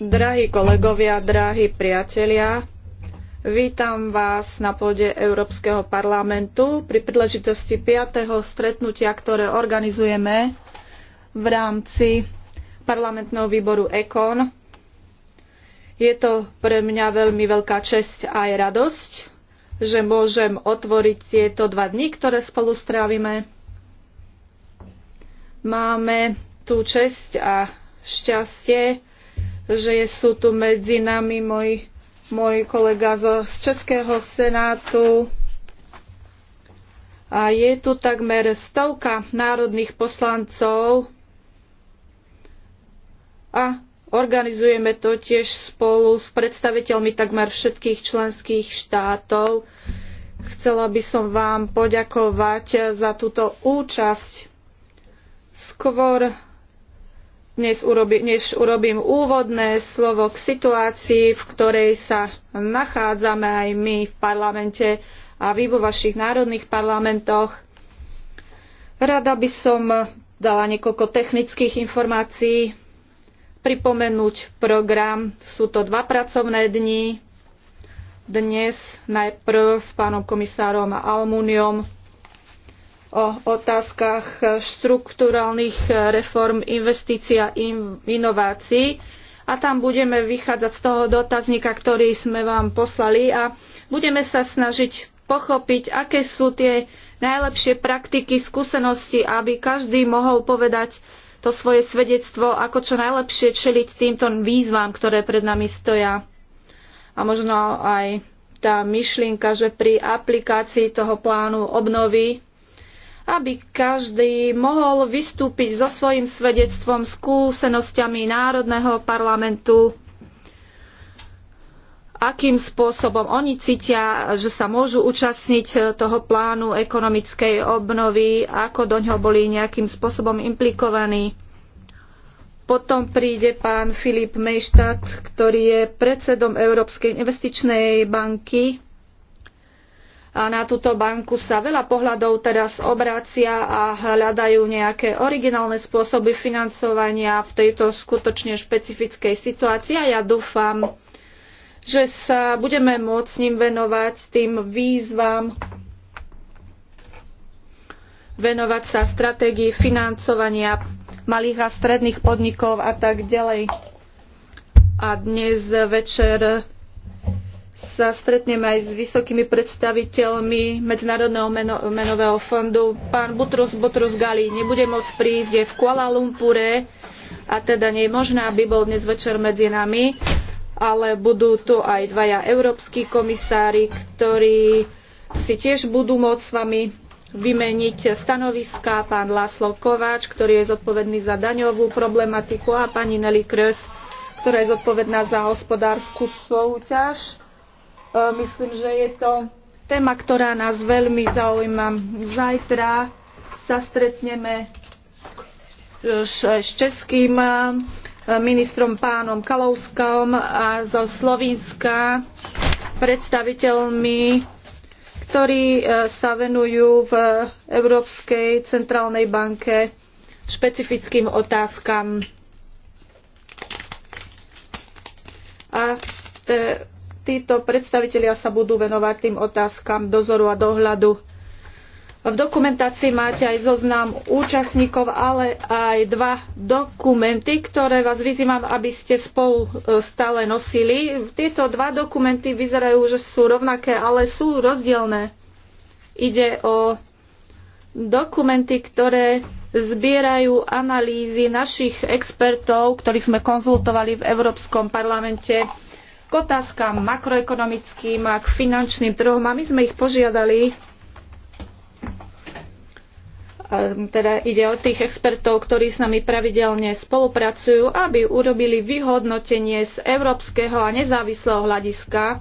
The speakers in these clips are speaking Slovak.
Drahí kolegovia, drahí priatelia, vítam vás na pôde Európskeho parlamentu pri príležitosti 5. stretnutia, ktoré organizujeme v rámci parlamentného výboru ECON. Je to pre mňa veľmi veľká česť a aj radosť, že môžem otvoriť tieto dva dni, ktoré spolu strávime máme tú česť a šťastie, že sú tu medzi nami môj, môj kolega zo, z Českého senátu. A je tu takmer stovka národných poslancov a organizujeme to tiež spolu s predstaviteľmi takmer všetkých členských štátov. Chcela by som vám poďakovať za túto účasť. Skôr dnes urobi, než urobím úvodné slovo k situácii, v ktorej sa nachádzame aj my v parlamente a vy vo vašich národných parlamentoch. Rada by som dala niekoľko technických informácií, pripomenúť program. Sú to dva pracovné dni. Dnes najprv s pánom komisárom Almuniom o otázkach štruktúrálnych reform investícií a inovácií. A tam budeme vychádzať z toho dotazníka, ktorý sme vám poslali a budeme sa snažiť pochopiť, aké sú tie najlepšie praktiky, skúsenosti, aby každý mohol povedať to svoje svedectvo, ako čo najlepšie čeliť týmto výzvam, ktoré pred nami stoja. A možno aj tá myšlienka, že pri aplikácii toho plánu obnovy aby každý mohol vystúpiť so svojím svedectvom, skúsenosťami Národného parlamentu, akým spôsobom oni cítia, že sa môžu účastniť eh, toho plánu ekonomickej obnovy, ako do ňoho boli nejakým spôsobom implikovaní. Potom príde pán Filip Mejštát, ktorý je predsedom Európskej investičnej banky na túto banku sa veľa pohľadov teraz obracia a hľadajú nejaké originálne spôsoby financovania v tejto skutočne špecifickej situácii a ja dúfam, že sa budeme môcť ním venovať tým výzvam, venovať sa stratégii financovania malých a stredných podnikov a tak ďalej. A dnes večer sa stretneme aj s vysokými predstaviteľmi Medzinárodného meno- menového fondu. Pán Butros Butros Gali nebude môcť prísť, je v Kuala Lumpure a teda nie je možné, aby bol dnes večer medzi nami, ale budú tu aj dvaja európsky komisári, ktorí si tiež budú môcť s vami vymeniť stanoviská pán Laslo Kováč, ktorý je zodpovedný za daňovú problematiku a pani Nelly Kres, ktorá je zodpovedná za hospodárskú súťaž E, myslím, že je to téma, ktorá nás veľmi zaujíma. Zajtra sa stretneme e, s českým e, ministrom pánom Kalovskom a zo Slovenska predstaviteľmi, ktorí sa venujú v Európskej centrálnej banke špecifickým otázkam. A te, títo predstavitelia sa budú venovať tým otázkam dozoru a dohľadu. V dokumentácii máte aj zoznam účastníkov, ale aj dva dokumenty, ktoré vás vyzývam, aby ste spolu e, stále nosili. Tieto dva dokumenty vyzerajú, že sú rovnaké, ale sú rozdielne. Ide o dokumenty, ktoré zbierajú analýzy našich expertov, ktorých sme konzultovali v Európskom parlamente k otázkam makroekonomickým a k finančným trhom a my sme ich požiadali ehm, teda ide o tých expertov, ktorí s nami pravidelne spolupracujú, aby urobili vyhodnotenie z európskeho a nezávislého hľadiska,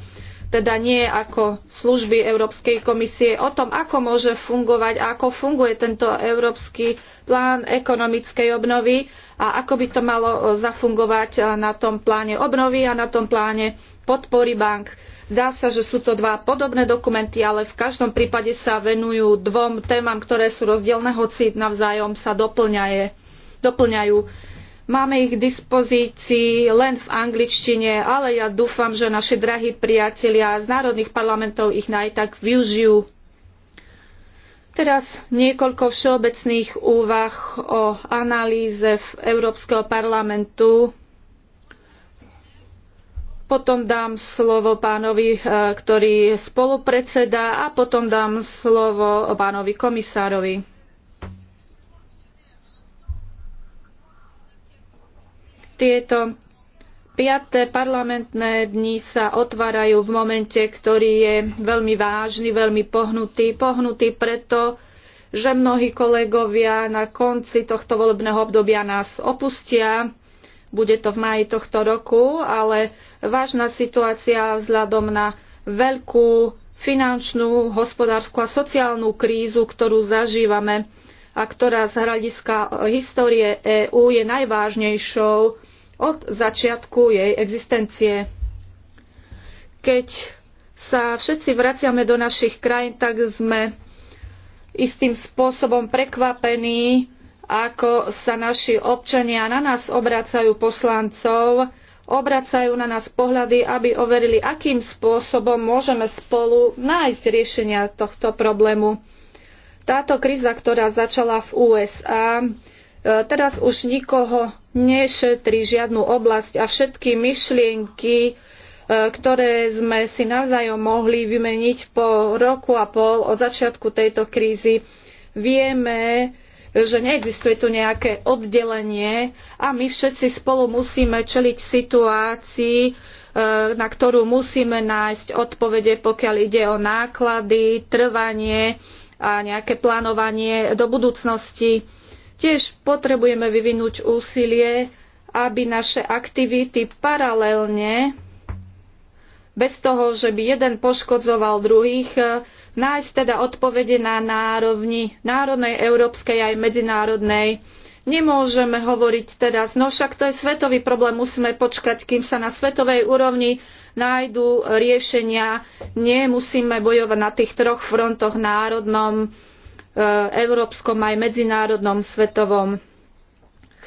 teda nie ako služby Európskej komisie, o tom, ako môže fungovať a ako funguje tento európsky plán ekonomickej obnovy a ako by to malo e, zafungovať e, na tom pláne obnovy a na tom pláne podpory bank. Zdá sa, že sú to dva podobné dokumenty, ale v každom prípade sa venujú dvom témam, ktoré sú rozdielne, hoci navzájom sa doplňajú. Máme ich k dispozícii len v angličtine, ale ja dúfam, že naši drahí priatelia z národných parlamentov ich aj tak využijú. Teraz niekoľko všeobecných úvah o analýze v Európskeho parlamentu. Potom dám slovo pánovi, eh, ktorý spolupredseda a potom dám slovo pánovi komisárovi. Tieto Piaté parlamentné dni sa otvárajú v momente, ktorý je veľmi vážny, veľmi pohnutý. Pohnutý preto, že mnohí kolegovia na konci tohto volebného obdobia nás opustia. Bude to v maji tohto roku, ale vážna situácia vzhľadom na veľkú finančnú, hospodárskú a sociálnu krízu, ktorú zažívame a ktorá z hľadiska histórie EÚ je najvážnejšou od začiatku jej existencie. Keď sa všetci vraciame do našich krajín, tak sme istým spôsobom prekvapení, ako sa naši občania na nás obracajú poslancov, obracajú na nás pohľady, aby overili, akým spôsobom môžeme spolu nájsť riešenia tohto problému. Táto kríza, ktorá začala v USA, E, teraz už nikoho nešetrí žiadnu oblasť a všetky myšlienky, e, ktoré sme si navzájom mohli vymeniť po roku a pol od začiatku tejto krízy, vieme, že neexistuje tu nejaké oddelenie a my všetci spolu musíme čeliť situácii, e, na ktorú musíme nájsť odpovede, pokiaľ ide o náklady, trvanie a nejaké plánovanie do budúcnosti Tiež potrebujeme vyvinúť úsilie, aby naše aktivity paralelne, bez toho, že by jeden poškodzoval druhých, eh, nájsť teda odpovede na nárovni národnej, európskej aj medzinárodnej. Nemôžeme hovoriť teraz, no však to je svetový problém, musíme počkať, kým sa na svetovej úrovni nájdú riešenia. Nie musíme bojovať na tých troch frontoch národnom, E, európskom aj medzinárodnom svetovom.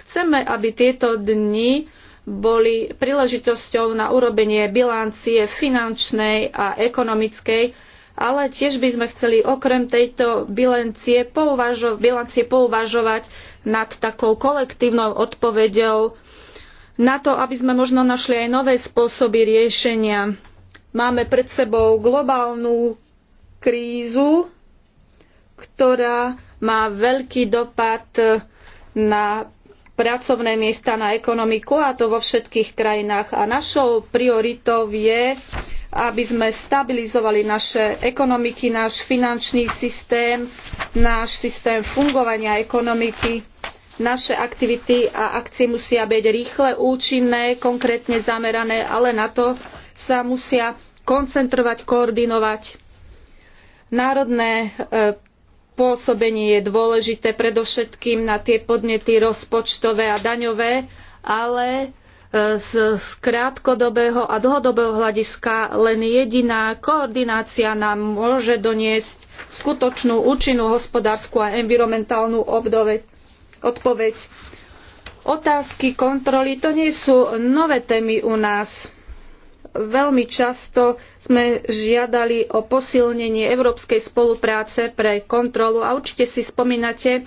Chceme, aby tieto dni boli príležitosťou na urobenie bilancie finančnej a ekonomickej, ale tiež by sme chceli okrem tejto bilancie, pouvažo- bilancie pouvažovať nad takou kolektívnou odpoveďou na to, aby sme možno našli aj nové spôsoby riešenia. Máme pred sebou globálnu krízu, ktorá má veľký dopad na pracovné miesta, na ekonomiku a to vo všetkých krajinách. A našou prioritou je, aby sme stabilizovali naše ekonomiky, náš finančný systém, náš systém fungovania ekonomiky. Naše aktivity a akcie musia byť rýchle, účinné, konkrétne zamerané, ale na to sa musia koncentrovať, koordinovať národné e, pôsobenie je dôležité predovšetkým na tie podnety rozpočtové a daňové, ale e, z, z krátkodobého a dlhodobého hľadiska len jediná koordinácia nám môže doniesť skutočnú účinnú hospodársku a environmentálnu obdove, odpoveď. Otázky kontroly to nie sú nové témy u nás veľmi často sme žiadali o posilnenie európskej spolupráce pre kontrolu a určite si spomínate,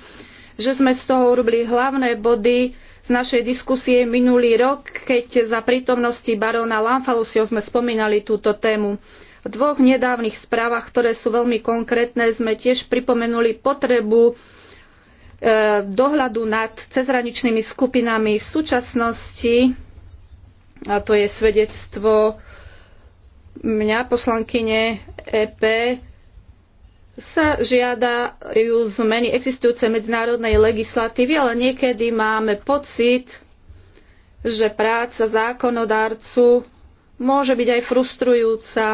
že sme z toho urobili hlavné body z našej diskusie minulý rok, keď za prítomnosti baróna Lamfalusio sme spomínali túto tému. V dvoch nedávnych správach, ktoré sú veľmi konkrétne, sme tiež pripomenuli potrebu e, dohľadu nad cezhraničnými skupinami v súčasnosti a to je svedectvo mňa, poslankyne EP, sa žiadajú zmeny existujúcej medzinárodnej legislatívy, ale niekedy máme pocit, že práca zákonodárcu môže byť aj frustrujúca.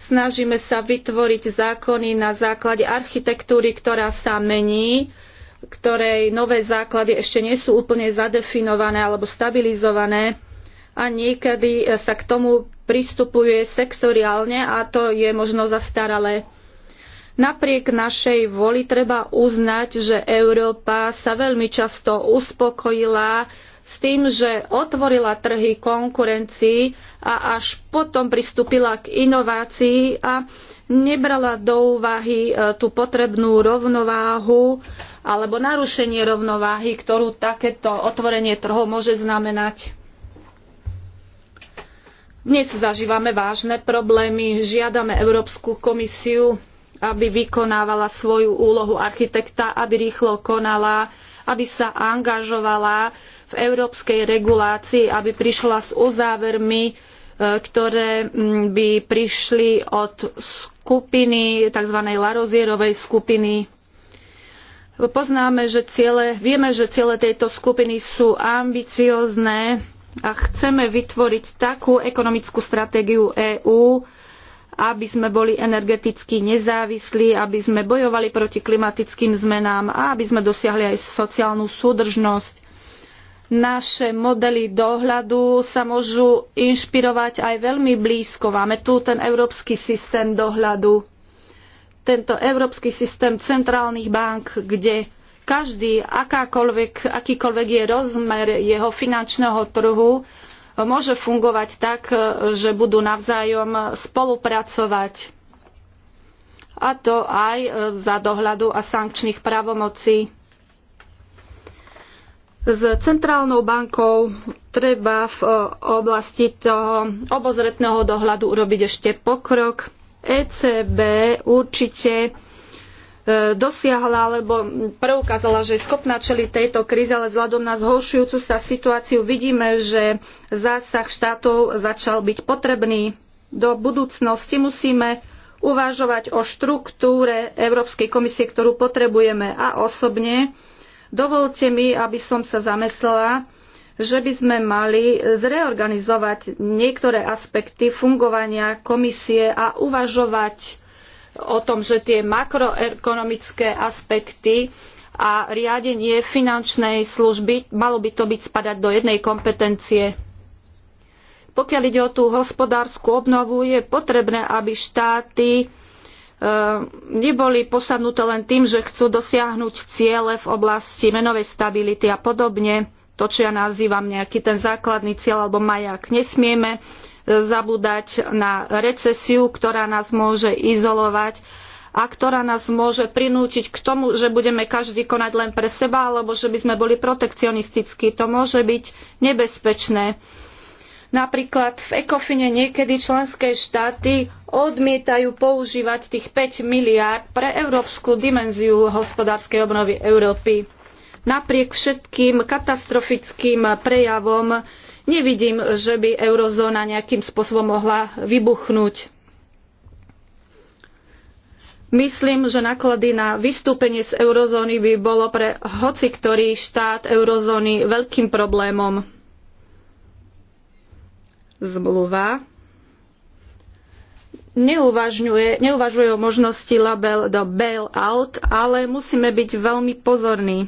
Snažíme sa vytvoriť zákony na základe architektúry, ktorá sa mení ktorej nové základy ešte nie sú úplne zadefinované alebo stabilizované a niekedy e, sa k tomu pristupuje sektoriálne a to je možno zastaralé. Napriek našej voli treba uznať, že Európa sa veľmi často uspokojila s tým, že otvorila trhy konkurencii a až potom pristúpila k inovácii a nebrala do úvahy e, tú potrebnú rovnováhu alebo narušenie rovnováhy, ktorú takéto otvorenie trhu môže znamenať. Dnes zažívame vážne problémy, žiadame Európsku komisiu, aby vykonávala svoju úlohu architekta, aby rýchlo konala, aby sa angažovala v európskej regulácii, aby prišla s uzávermi, e, ktoré by prišli od skupiny skupiny, tzv. Larozierovej skupiny. Poznáme, že ciele, vieme, že ciele tejto skupiny sú ambiciozne a chceme vytvoriť takú ekonomickú stratégiu EÚ, aby sme boli energeticky nezávislí, aby sme bojovali proti klimatickým zmenám a aby sme dosiahli aj sociálnu súdržnosť naše modely dohľadu sa môžu inšpirovať aj veľmi blízko. Máme tu ten európsky systém dohľadu, tento európsky systém centrálnych bank, kde každý, akákoľvek, akýkoľvek je rozmer jeho finančného trhu, môže fungovať tak, že budú navzájom spolupracovať. A to aj za dohľadu a sankčných právomocí s centrálnou bankou treba v e, oblasti toho obozretného dohľadu urobiť ešte pokrok. ECB určite e, dosiahla alebo preukázala, že je schopná čeliť tejto kríze, ale vzhľadom na zhoršujúcu sa situáciu vidíme, že zásah štátov začal byť potrebný. Do budúcnosti musíme uvažovať o štruktúre Európskej komisie, ktorú potrebujeme a osobne Dovolte mi, aby som sa zamyslela, že by sme mali zreorganizovať niektoré aspekty fungovania komisie a uvažovať o tom, že tie makroekonomické aspekty a riadenie finančnej služby, malo by to byť spadať do jednej kompetencie. Pokiaľ ide o tú hospodárskú obnovu, je potrebné, aby štáty Ehm, neboli posadnuté len tým, že chcú dosiahnuť ciele v oblasti menovej stability a podobne. To, čo ja nazývam nejaký ten základný cieľ alebo majak. Nesmieme e, zabúdať na recesiu, ktorá nás môže izolovať a ktorá nás môže prinútiť k tomu, že budeme každý konať len pre seba, alebo že by sme boli protekcionistickí. To môže byť nebezpečné. Napríklad v Ekofine niekedy členské štáty odmietajú používať tých 5 miliárd pre európsku dimenziu hospodárskej obnovy Európy. Napriek všetkým katastrofickým prejavom nevidím, že by eurozóna nejakým spôsobom mohla vybuchnúť. Myslím, že náklady na vystúpenie z eurozóny by bolo pre hoci ktorý štát eurozóny veľkým problémom zmluva neuvažňuje, neuvažuje o možnosti label do bail-out, ale musíme byť veľmi pozorní.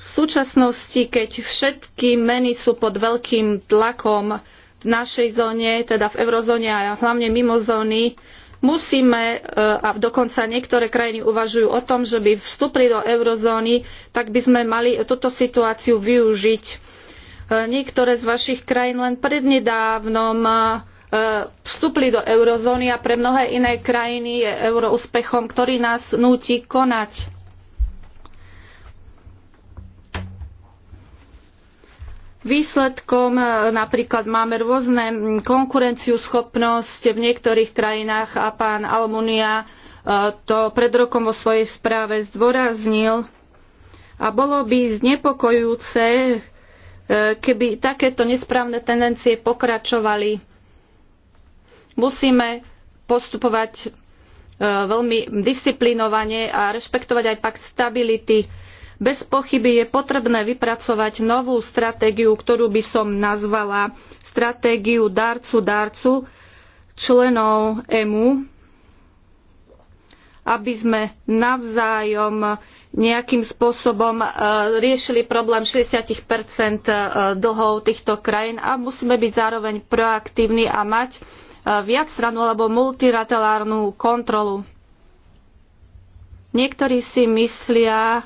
V súčasnosti, keď všetky meny sú pod veľkým tlakom v našej zóne, teda v eurozóne a hlavne mimo zóny, musíme, e, a dokonca niektoré krajiny uvažujú o tom, že by vstúpli do eurozóny, tak by sme mali túto situáciu využiť Niektoré z vašich krajín len prednedávnom e, vstúpli do eurozóny a pre mnohé iné krajiny je euro úspechom, ktorý nás núti konať. Výsledkom e, napríklad máme rôzne konkurencieschopnosť v niektorých krajinách a pán Almunia e, to pred rokom vo svojej správe zdôraznil. A bolo by znepokojúce, E, keby takéto nesprávne tendencie pokračovali. Musíme postupovať e, veľmi disciplinovane a rešpektovať aj pakt stability. Bez pochyby je potrebné vypracovať novú stratégiu, ktorú by som nazvala stratégiu darcu-darcu členov EMU, aby sme navzájom nejakým spôsobom e, riešili problém 60 e, dlhov týchto krajín a musíme byť zároveň proaktívni a mať e, viacstrannú alebo multilaterálnu kontrolu. Niektorí si myslia,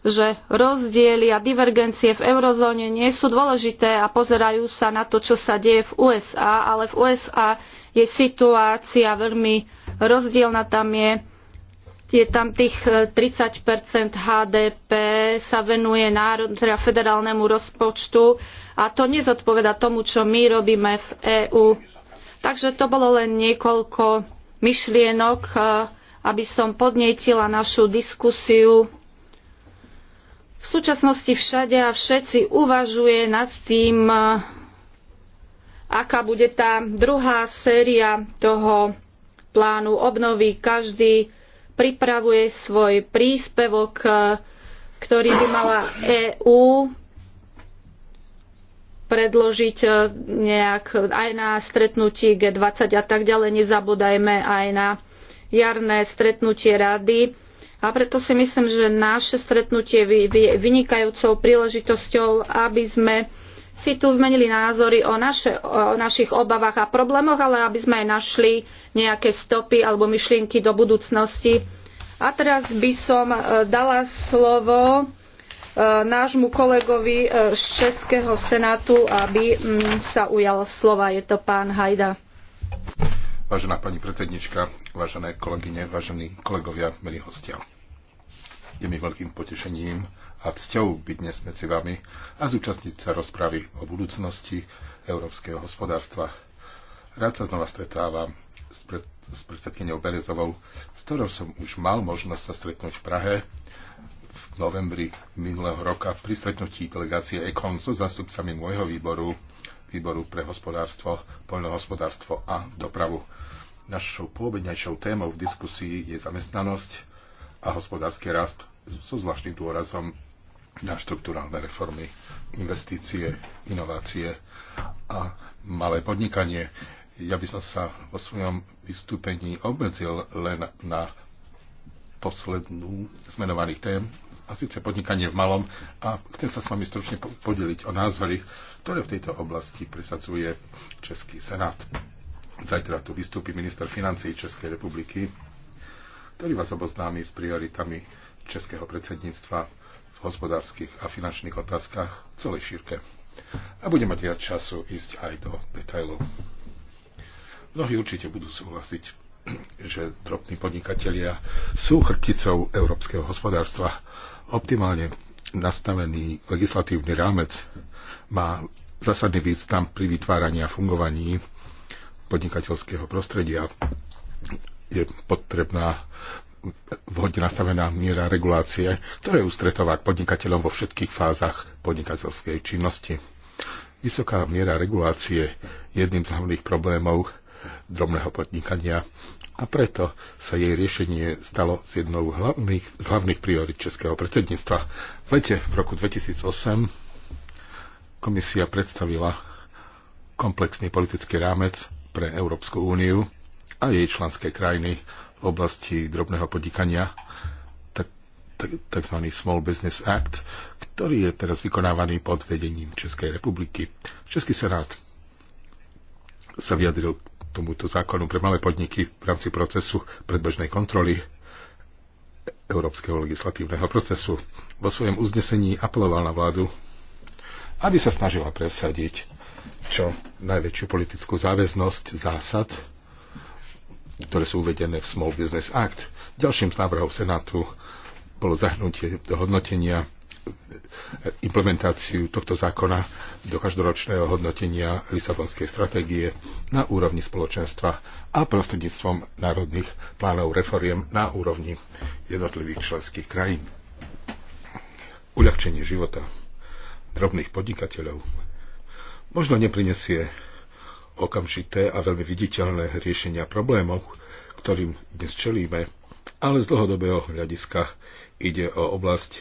že rozdiely a divergencie v eurozóne nie sú dôležité a pozerajú sa na to, čo sa deje v USA, ale v USA je situácia veľmi rozdielna. Tam je je tam tých 30 e, HDP sa venuje národ, teda federálnemu rozpočtu a to nezodpoveda tomu, čo my robíme v EÚ. Takže to bolo len niekoľko myšlienok, e, aby som podnietila našu diskusiu. V súčasnosti všade a všetci uvažuje nad tým, e, aká bude tá druhá séria toho plánu obnovy. Každý pripravuje svoj príspevok, e, ktorý by mala EÚ predložiť e, nejak aj na stretnutí G20 a tak ďalej. Nezabúdajme aj na jarné stretnutie rady. A preto si myslím, že naše stretnutie je vynikajúcou príležitosťou, aby sme si tu zmenili názory o, naše, o našich obavách a problémoch, ale aby sme aj našli nejaké stopy alebo myšlienky do budúcnosti. A teraz by som e, dala slovo e, nášmu kolegovi e, z Českého senátu, aby mm, sa ujal slova. Je to pán Hajda. Vážená pani predsednička, vážené kolegyne, vážení kolegovia, milí hostia. Je mi veľkým potešením a cťou byť dnes medzi vami a zúčastniť sa rozpravy o budúcnosti európskeho hospodárstva. Rád sa znova stretávam s, pred, s predsedkyňou Berezovou, s ktorou som už mal možnosť sa stretnúť v Prahe v novembri minulého roka pri stretnutí delegácie ECON so zástupcami môjho výboru, výboru pre hospodárstvo, poľnohospodárstvo a dopravu. Našou pôbednejšou témou v diskusii je zamestnanosť a hospodársky rast so zvláštnym dôrazom na štruktúrálne reformy, investície, inovácie a malé podnikanie. Ja by som sa vo svojom vystúpení obmedzil len na poslednú z menovaných tém, a síce podnikanie v malom. A chcem sa s vami stručne podeliť o názory, ktoré v tejto oblasti presadzuje Český senát. Zajtra tu vystúpi minister financií Českej republiky, ktorý vás oboznámi s prioritami Českého predsedníctva v hospodárskych a finančných otázkach v celej šírke. A budeme mať viac času ísť aj do detajlov. Mnohí určite budú súhlasiť, že drobní podnikatelia sú chrbticou európskeho hospodárstva. Optimálne nastavený legislatívny rámec má zásadný význam pri vytváraní a fungovaní podnikateľského prostredia. Je potrebná vhodne nastavená miera regulácie, ktoré ustretová k podnikateľom vo všetkých fázach podnikateľskej činnosti. Vysoká miera regulácie je jedným z hlavných problémov drobného podnikania a preto sa jej riešenie stalo z jednou hlavných, z hlavných priorit Českého predsedníctva. V lete v roku 2008 komisia predstavila komplexný politický rámec pre Európsku úniu a jej členské krajiny oblasti drobného podnikania, tzv. Small Business Act, ktorý je teraz vykonávaný pod vedením Českej republiky. Český senát sa vyjadril k tomuto zákonu pre malé podniky v rámci procesu predbežnej kontroly európskeho legislatívneho procesu. Vo svojom uznesení apeloval na vládu, aby sa snažila presadiť čo najväčšiu politickú záväznosť zásad ktoré sú uvedené v Small Business Act. Ďalším z návrhov Senátu bolo zahrnutie do hodnotenia eh, implementáciu tohto zákona do každoročného hodnotenia Lisabonskej stratégie na úrovni spoločenstva a prostredníctvom národných plánov reforiem na úrovni jednotlivých členských krajín. Uľahčenie života drobných podnikateľov možno neprinesie okamžité a veľmi viditeľné riešenia problémov, ktorým dnes čelíme, ale z dlhodobého hľadiska ide o oblasť,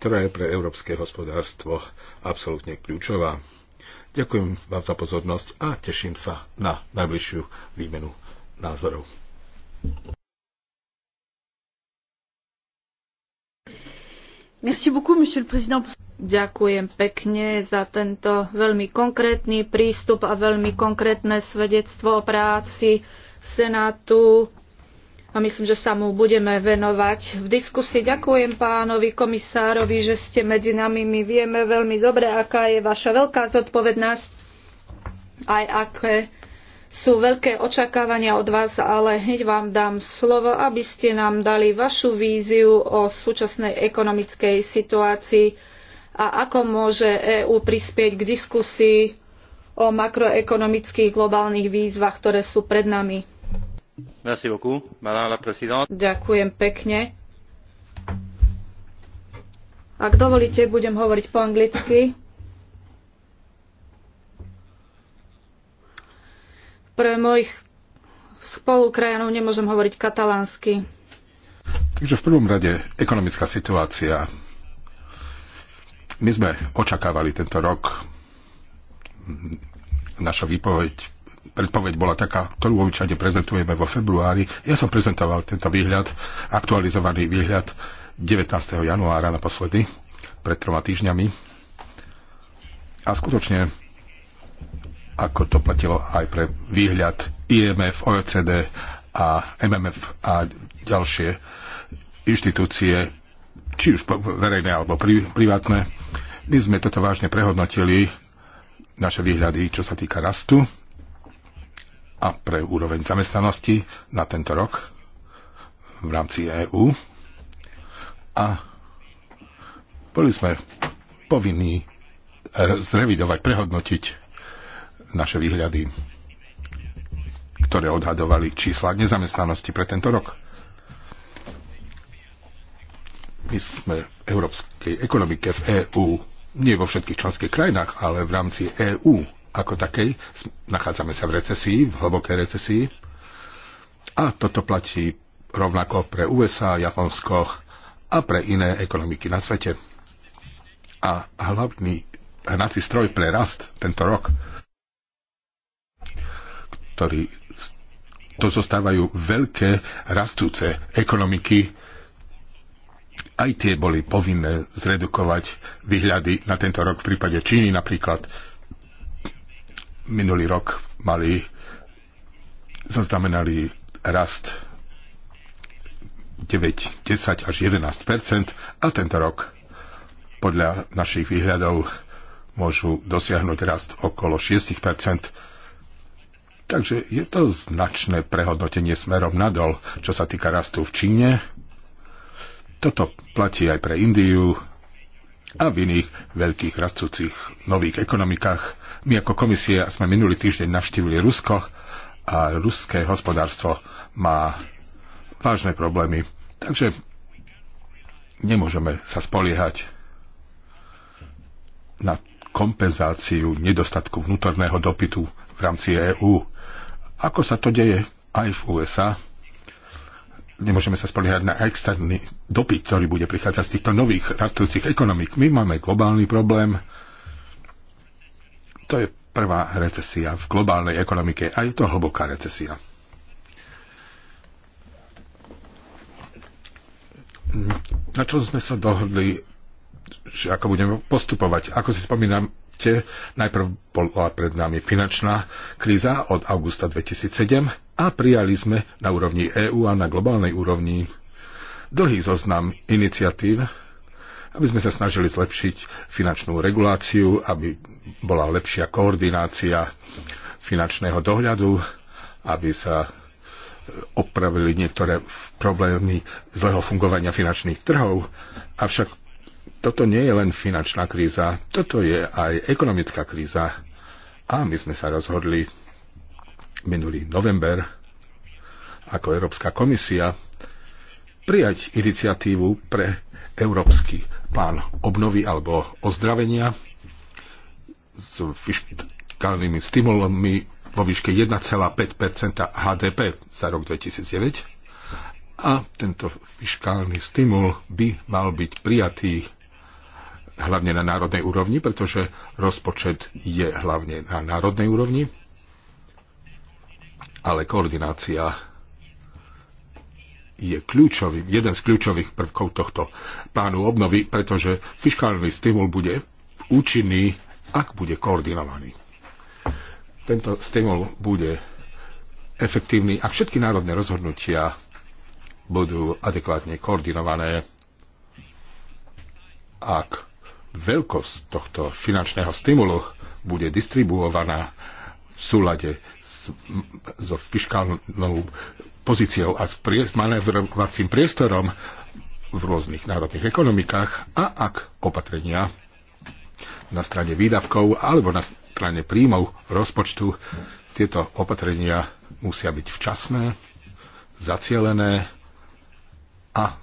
ktorá je pre európske hospodárstvo absolútne kľúčová. Ďakujem vám za pozornosť a teším sa na najbližšiu výmenu názorov. Ďakujem pekne za tento veľmi konkrétny prístup a veľmi konkrétne svedectvo o práci Senátu. A myslím, že sa mu budeme venovať v diskusii. Ďakujem pánovi komisárovi, že ste medzi nami. My vieme veľmi dobre, aká je vaša veľká zodpovednosť, aj aké sú veľké očakávania od vás, ale hneď vám dám slovo, aby ste nám dali vašu víziu o súčasnej ekonomickej situácii a ako môže EÚ prispieť k diskusii o makroekonomických globálnych výzvach, ktoré sú pred nami. Ďakujem pekne. Ak dovolíte, budem hovoriť po anglicky. pre mojich spolukrajanov nemôžem hovoriť katalánsky. Takže v prvom rade ekonomická situácia. My sme očakávali tento rok. Naša výpoveď, predpoveď bola taká, ktorú obyčajne prezentujeme vo februári. Ja som prezentoval tento výhľad, aktualizovaný výhľad 19. januára naposledy, pred troma týždňami. A skutočne ako to platilo aj pre výhľad IMF, OECD a MMF a ďalšie inštitúcie, či už verejné alebo pri, privátne. My sme toto vážne prehodnotili, naše výhľady, čo sa týka rastu a pre úroveň zamestnanosti na tento rok v rámci EÚ. A boli sme povinní zrevidovať, prehodnotiť naše výhľady, ktoré odhadovali čísla nezamestnanosti pre tento rok. My sme v európskej ekonomike, v EÚ, nie vo všetkých členských krajinách, ale v rámci EÚ ako takej, nachádzame sa v recesii, v hlbokej recesii. A toto platí rovnako pre USA, Japonsko a pre iné ekonomiky na svete. A hlavný hnací stroj pre rast tento rok sektory. To zostávajú veľké rastúce ekonomiky. Aj tie boli povinné zredukovať výhľady na tento rok v prípade Číny napríklad. Minulý rok mali zaznamenali rast 9, 10 až 11 a tento rok podľa našich výhľadov môžu dosiahnuť rast okolo 6 Takže je to značné prehodnotenie smerom nadol, čo sa týka rastu v Číne. Toto platí aj pre Indiu a v iných veľkých rastúcich nových ekonomikách. My ako komisia sme minulý týždeň navštívili Rusko a ruské hospodárstvo má vážne problémy. Takže nemôžeme sa spoliehať na kompenzáciu nedostatku vnútorného dopytu v rámci EÚ. Ako sa to deje aj v USA? Nemôžeme sa spoliehať na externý dopyt, ktorý bude prichádzať z týchto nových rastúcich ekonomík. My máme globálny problém. To je prvá recesia v globálnej ekonomike a je to hlboká recesia. Na čo sme sa dohodli, že ako budeme postupovať? Ako si spomínam, svete. Najprv bola pred nami finančná kríza od augusta 2007 a prijali sme na úrovni EÚ a na globálnej úrovni dlhý zoznam iniciatív, aby sme sa snažili zlepšiť finančnú reguláciu, aby bola lepšia koordinácia finančného dohľadu, aby sa e, opravili niektoré problémy zlého fungovania finančných trhov. Avšak toto nie je len finančná kríza, toto je aj ekonomická kríza. A my sme sa rozhodli minulý november ako Európska komisia prijať iniciatívu pre Európsky plán obnovy alebo ozdravenia s fiskálnymi stimulmi vo výške 1,5 HDP za rok 2009 a tento fiskálny stimul by mal byť prijatý hlavne na národnej úrovni, pretože rozpočet je hlavne na národnej úrovni, ale koordinácia je kľúčový, jeden z kľúčových prvkov tohto plánu obnovy, pretože fiskálny stimul bude účinný, ak bude koordinovaný. Tento stimul bude efektívny a všetky národné rozhodnutia budú adekvátne koordinované. Ak veľkosť tohto finančného stimulu bude distribuovaná v súlade s, so fiskálnou pozíciou a s prie, manévrovacím priestorom v rôznych národných ekonomikách a ak opatrenia na strane výdavkov alebo na strane príjmov rozpočtu tieto opatrenia musia byť včasné, zacielené a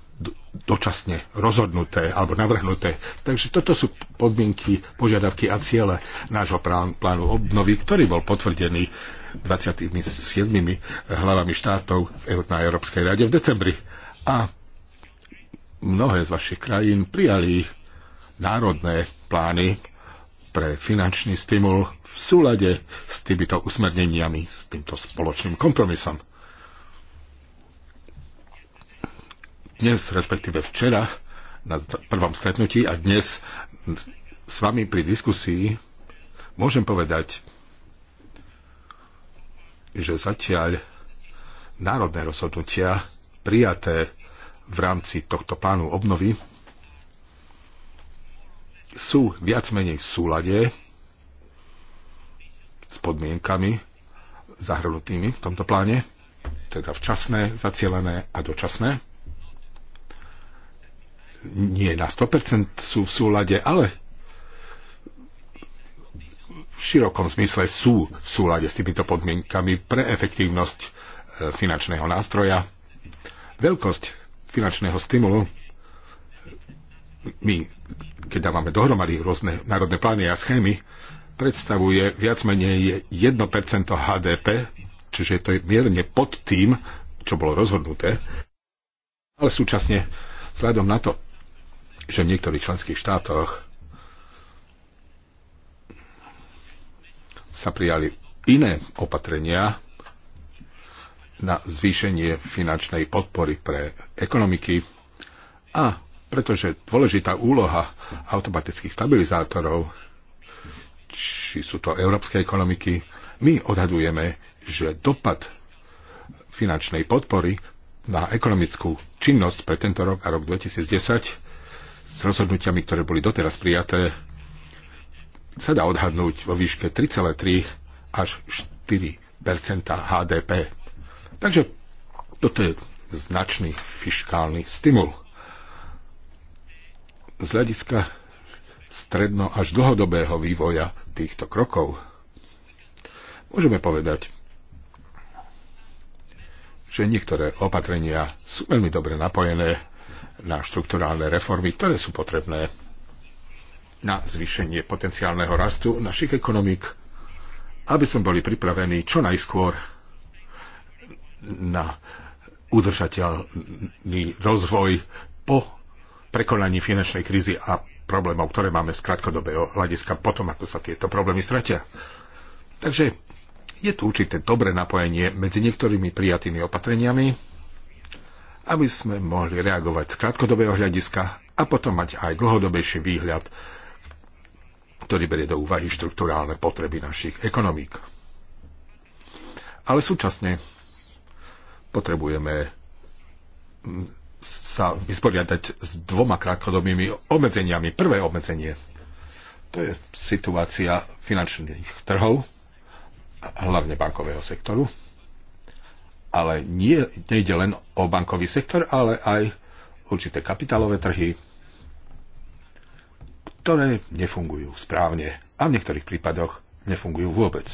dočasne rozhodnuté alebo navrhnuté. Takže toto sú podmienky, požiadavky a ciele nášho plánu obnovy, ktorý bol potvrdený 27 hlavami štátov na Európskej rade v decembri. A mnohé z vašich krajín prijali národné plány pre finančný stimul v súlade s týmito usmerneniami, s týmto spoločným kompromisom. dnes, respektíve včera, na prvom stretnutí a dnes s vami pri diskusii môžem povedať, že zatiaľ národné rozhodnutia prijaté v rámci tohto plánu obnovy sú viac menej v súlade s podmienkami zahrnutými v tomto pláne, teda včasné, zacielené a dočasné nie na 100% sú v súlade, ale v širokom zmysle sú v súlade s týmito podmienkami pre efektívnosť e, finančného nástroja. Veľkosť finančného stimulu my, keď dávame dohromady rôzne národné plány a schémy, predstavuje viac menej 1% HDP, čiže to je mierne pod tým, čo bolo rozhodnuté, ale súčasne vzhľadom na to, že v niektorých členských štátoch sa prijali iné opatrenia na zvýšenie finančnej podpory pre ekonomiky a pretože dôležitá úloha automatických stabilizátorov, či sú to európske ekonomiky, my odhadujeme, že dopad finančnej podpory na ekonomickú činnosť pre tento rok a rok 2010 s rozhodnutiami, ktoré boli doteraz prijaté, sa dá odhadnúť vo výške 3,3 až 4 HDP. Takže toto je značný fiškálny stimul. Z hľadiska stredno až dlhodobého vývoja týchto krokov môžeme povedať, že niektoré opatrenia sú veľmi dobre napojené na štrukturálne reformy, ktoré sú potrebné na zvýšenie potenciálneho rastu našich ekonomik, aby sme boli pripravení čo najskôr na udržateľný rozvoj po prekonaní finančnej krízy a problémov, ktoré máme z krátkodobého hľadiska potom, ako sa tieto problémy stratia. Takže je tu určité dobré napojenie medzi niektorými prijatými opatreniami, aby sme mohli reagovať z krátkodobého hľadiska a potom mať aj dlhodobejší výhľad, ktorý berie do úvahy štruktúrálne potreby našich ekonomík. Ale súčasne potrebujeme sa vysporiadať s dvoma krátkodobými obmedzeniami. Prvé obmedzenie to je situácia finančných trhov, hlavne bankového sektoru, ale nie, nejde len o bankový sektor, ale aj určité kapitálové trhy, ktoré nefungujú správne a v niektorých prípadoch nefungujú vôbec.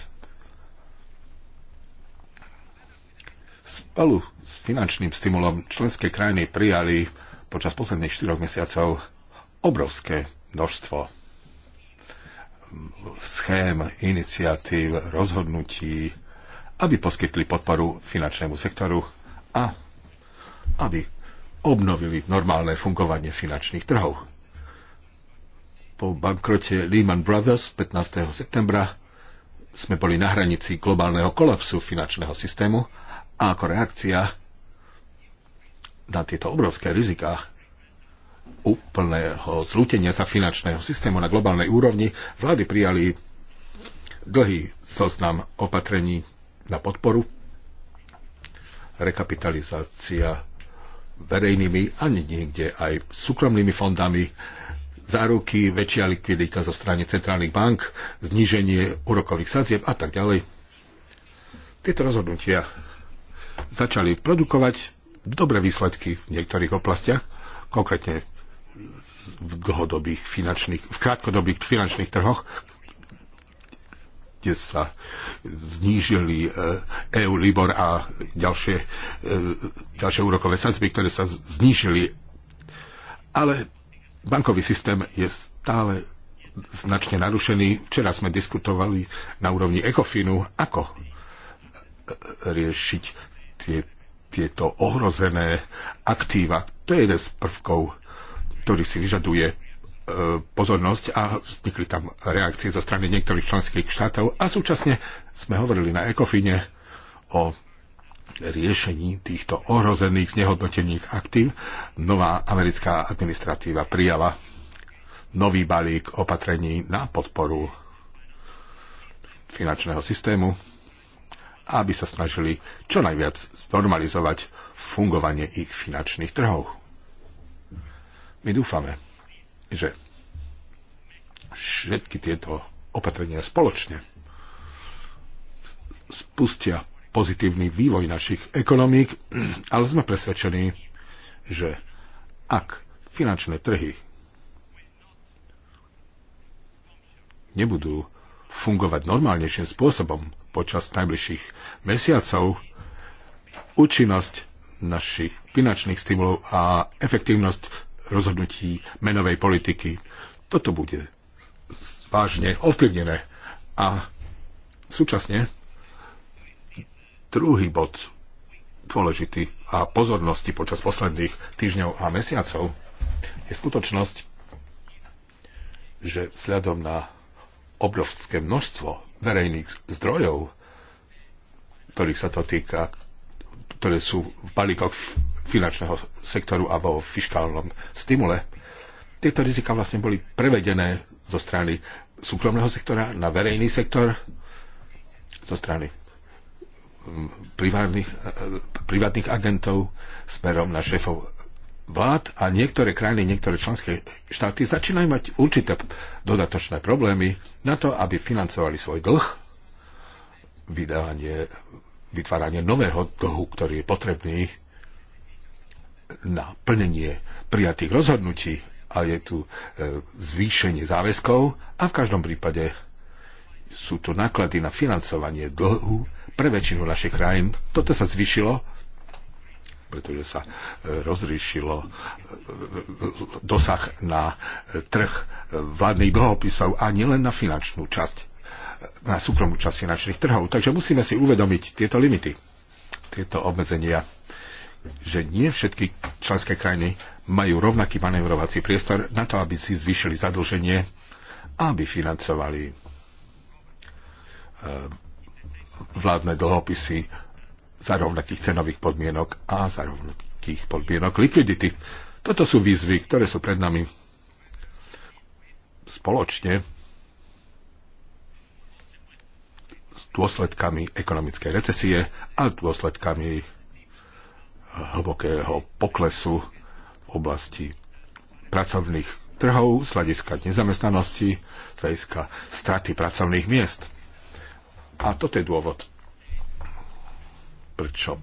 Spolu s finančným stimulom členské krajiny prijali počas posledných 4 mesiacov obrovské množstvo schém, iniciatív, rozhodnutí, aby poskytli podporu finančnému sektoru a aby obnovili normálne fungovanie finančných trhov. Po bankrote Lehman Brothers 15. septembra sme boli na hranici globálneho kolapsu finančného systému a ako reakcia na tieto obrovské riziká úplného zlútenia sa finančného systému na globálnej úrovni vlády prijali dlhý zoznam opatrení na podporu. Rekapitalizácia verejnými a niekde aj súkromnými fondami záruky, väčšia likvidita zo strany centrálnych bank, zníženie úrokových sadzieb a tak ďalej. Tieto rozhodnutia začali produkovať dobré výsledky v niektorých oblastiach, konkrétne v dlhodobých finančných, v krátkodobých finančných trhoch, kde sa znížili EU-Libor e a ďalšie, e, ďalšie úrokové sadzby, ktoré sa znížili. Ale bankový systém je stále značne narušený. Včera sme diskutovali na úrovni ECOFINu, ako e, riešiť tie, tieto ohrozené aktíva. To je jeden z prvkov, ktorý si vyžaduje E, pozornosť a vznikli tam reakcie zo strany niektorých členských štátov a súčasne sme hovorili na ECOFINE o riešení týchto ohrozených znehodnotených aktív. Nová americká administratíva prijala nový balík opatrení na podporu finančného systému, aby sa snažili čo najviac znormalizovať fungovanie ich finančných trhov. My dúfame, že všetky tieto opatrenia spoločne spustia pozitívny vývoj našich ekonomík, ale sme presvedčení, že ak finančné trhy nebudú fungovať normálnejším spôsobom počas najbližších mesiacov, účinnosť našich finančných stimulov a efektívnosť rozhodnutí menovej politiky. Toto bude vážne ovplyvnené. A súčasne druhý bod dôležitý a pozornosti počas posledných týždňov a mesiacov je skutočnosť, že vzhľadom na obrovské množstvo verejných zdrojov, ktorých sa to týka, ktoré sú v balíkoch finančného sektoru alebo v fiskálnom stimule. Tieto rizika vlastne boli prevedené zo strany súkromného sektora na verejný sektor, zo strany mm, privátnych, eh, privátnych agentov smerom na šéfov vlád a niektoré krajiny, niektoré členské štáty začínajú mať určité dodatočné problémy na to, aby financovali svoj dlh, vydávanie vytváranie nového dlhu, ktorý je potrebný na plnenie prijatých rozhodnutí a je tu e, zvýšenie záväzkov a v každom prípade sú tu náklady na financovanie dlhu pre väčšinu našich krajín. Toto sa zvýšilo, pretože sa e, rozriešilo e, dosah na trh vládnych dlhopisov a nielen na finančnú časť na súkromnú časť finančných trhov. Takže musíme si uvedomiť tieto limity, tieto obmedzenia, že nie všetky členské krajiny majú rovnaký manevrovací priestor na to, aby si zvýšili zadlženie, aby financovali e, vládne dlhopisy za rovnakých cenových podmienok a za rovnakých podmienok likvidity. Toto sú výzvy, ktoré sú pred nami spoločne dôsledkami ekonomickej recesie a s dôsledkami eh, hlbokého poklesu v oblasti pracovných trhov, z hľadiska nezamestnanosti, z hľadiska straty pracovných miest. A toto je dôvod, prečo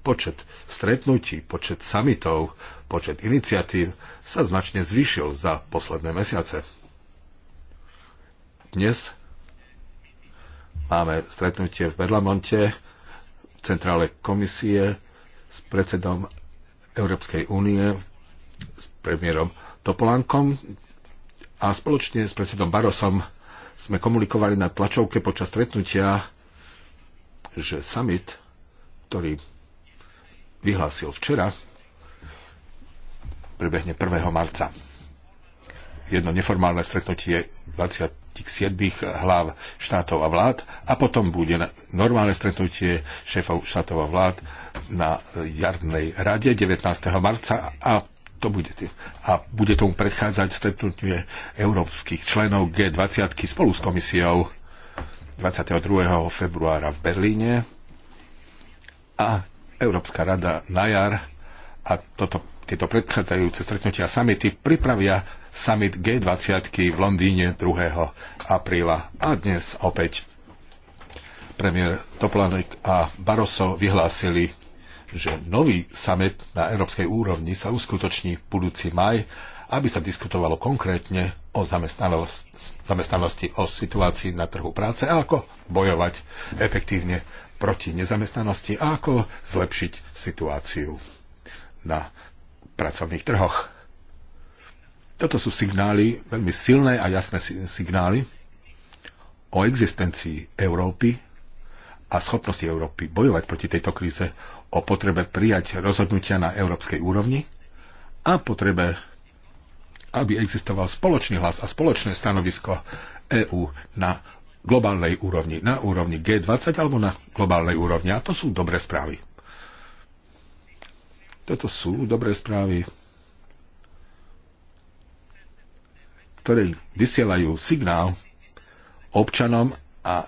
počet stretnutí, počet samitov, počet iniciatív sa značne zvýšil za posledné mesiace. Dnes Máme stretnutie v Berlamonte, v centrále komisie s predsedom Európskej únie, s premiérom Topolankom a spoločne s predsedom Barosom sme komunikovali na tlačovke počas stretnutia, že summit, ktorý vyhlásil včera, prebehne 1. marca. Jedno neformálne stretnutie 20 siedmých eh, hlav štátov a vlád a potom bude normálne stretnutie šéfov štátov a vlád na eh, jarnej rade 19. marca a to bude. A bude tomu predchádzať stretnutie európskych členov G20 spolu s komisiou 22. februára v Berlíne a Európska rada na jar a toto, tieto predchádzajúce stretnutia samity pripravia summit G20 v Londýne 2. apríla a dnes opäť premiér Toplanek a Barroso vyhlásili, že nový summit na európskej úrovni sa uskutoční v budúci maj, aby sa diskutovalo konkrétne o zamestnanosti, o situácii na trhu práce a ako bojovať efektívne proti nezamestnanosti a ako zlepšiť situáciu na pracovných trhoch. Toto sú signály, veľmi silné a jasné signály o existencii Európy a schopnosti Európy bojovať proti tejto kríze, o potrebe prijať rozhodnutia na európskej úrovni a potrebe, aby existoval spoločný hlas a spoločné stanovisko EÚ na globálnej úrovni, na úrovni G20 alebo na globálnej úrovni. A to sú dobré správy. Toto sú dobré správy ktoré vysielajú signál občanom a e,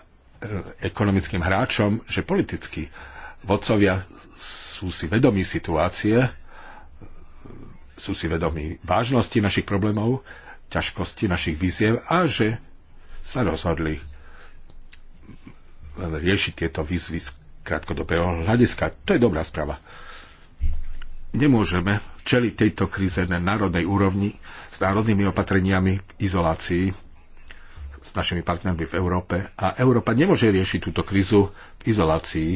ekonomickým hráčom, že politicky. vodcovia sú si vedomí situácie, sú si vedomí vážnosti našich problémov, ťažkosti našich víziev a že sa rozhodli e, riešiť tieto výzvy z krátkodobého hľadiska. To je dobrá správa nemôžeme čeliť tejto kríze na národnej úrovni s národnými opatreniami v izolácii s našimi partnermi v Európe a Európa nemôže riešiť túto krízu v izolácii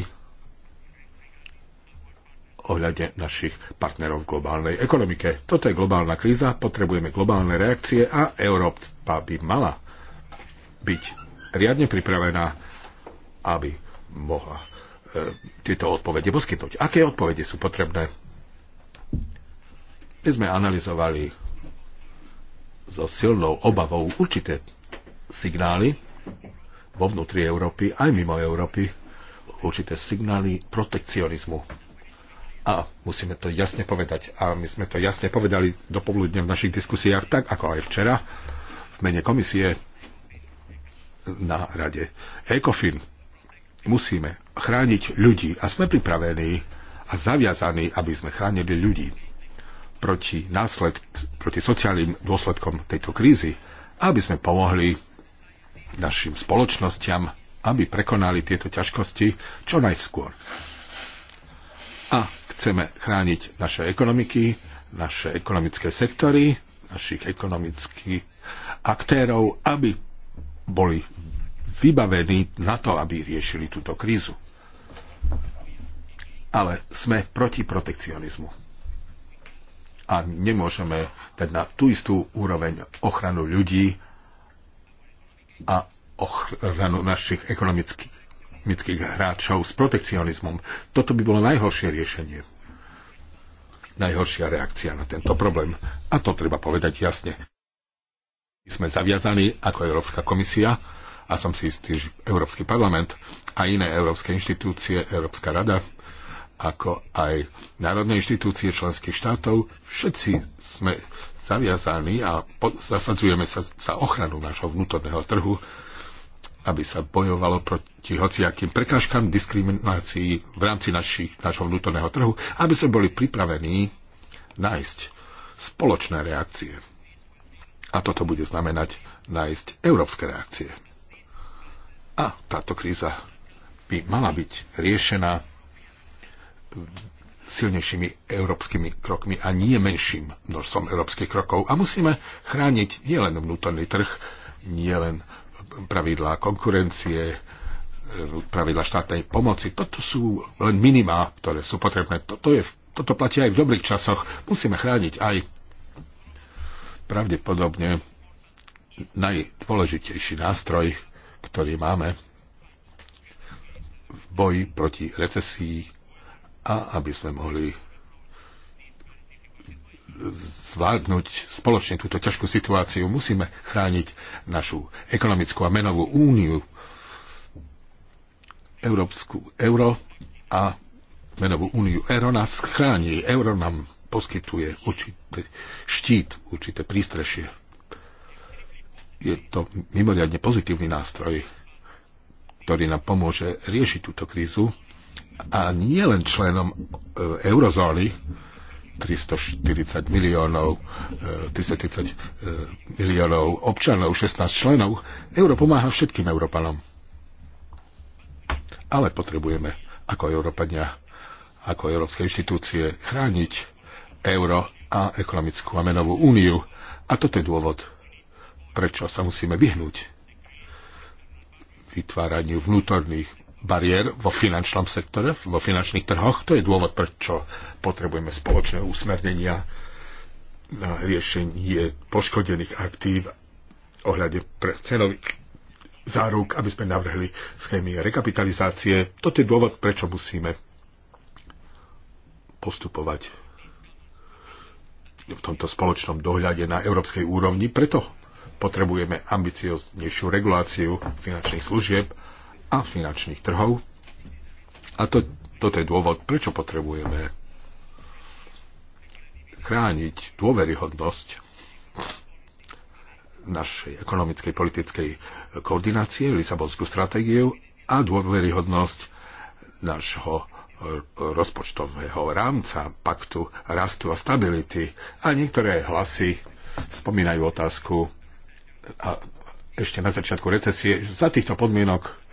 ohľade našich partnerov v globálnej ekonomike. Toto je globálna kríza, potrebujeme globálne reakcie a Európa by mala byť riadne pripravená, aby mohla e, tieto odpovede poskytnúť. Aké odpovede sú potrebné? My sme analyzovali so silnou obavou určité signály vo vnútri Európy, aj mimo Európy, určité signály protekcionizmu. A musíme to jasne povedať. A my sme to jasne povedali do poludne v našich diskusiách, tak ako aj včera v mene komisie na rade. ECOFIN musíme chrániť ľudí a sme pripravení a zaviazaní, aby sme chránili ľudí proti, násled, proti sociálnym dôsledkom tejto krízy, aby sme pomohli našim spoločnostiam, aby prekonali tieto ťažkosti čo najskôr. A chceme chrániť naše ekonomiky, naše ekonomické sektory, našich ekonomických aktérov, aby boli vybavení na to, aby riešili túto krízu. Ale sme proti protekcionizmu a nemôžeme dať na tú istú úroveň ochranu ľudí a ochranu našich ekonomických hráčov s protekcionizmom. Toto by bolo najhoršie riešenie. Najhoršia reakcia na tento problém. A to treba povedať jasne. My sme zaviazaní ako Európska komisia a som si istý, že Európsky parlament a iné európske inštitúcie, Európska rada, ako aj národné inštitúcie členských štátov, všetci sme zaviazaní a zasadzujeme sa za ochranu nášho vnútorného trhu, aby sa bojovalo proti hociakým prekážkam diskriminácii v rámci našich, našho vnútorného trhu, aby sme boli pripravení nájsť spoločné reakcie. A toto bude znamenať nájsť európske reakcie. A táto kríza by mala byť riešená silnejšími európskymi krokmi a nie menším množstvom európskych krokov. A musíme chrániť nielen vnútorný trh, nielen pravidlá konkurencie, pravidla štátnej pomoci. Toto sú len minimá, ktoré sú potrebné. Toto, je, toto platí aj v dobrých časoch. Musíme chrániť aj pravdepodobne najdôležitejší nástroj, ktorý máme v boji proti recesii a aby sme mohli zvládnuť spoločne túto ťažkú situáciu, musíme chrániť našu ekonomickú a menovú úniu, Európsku euro a menovú úniu. Euro nás chráni, euro nám poskytuje určité štít, určité prístrešie. Je to mimoriadne pozitívny nástroj, ktorý nám pomôže riešiť túto krízu a nie len členom e, eurozóny, 340 miliónov, 330 e, e, miliónov občanov, 16 členov. Euro pomáha všetkým Európanom. Ale potrebujeme ako Európania, ako európske inštitúcie chrániť euro a ekonomickú a menovú úniu. A toto je dôvod, prečo sa musíme vyhnúť vytváraniu vnútorných bariér vo finančnom sektore, vo finančných trhoch. To je dôvod, prečo potrebujeme spoločné usmernenia na riešenie poškodených aktív ohľade pre cenových záruk, aby sme navrhli schémy rekapitalizácie. Toto je dôvod, prečo musíme postupovať v tomto spoločnom dohľade na európskej úrovni. Preto potrebujeme ambicioznejšiu reguláciu finančných služieb a finančných trhov. A to, toto je dôvod, prečo potrebujeme chrániť dôveryhodnosť našej ekonomickej politickej koordinácie, Lisabonskú stratégiu a dôveryhodnosť nášho rozpočtového rámca, paktu rastu a stability. A niektoré hlasy spomínajú otázku a ešte na začiatku recesie. Za týchto podmienok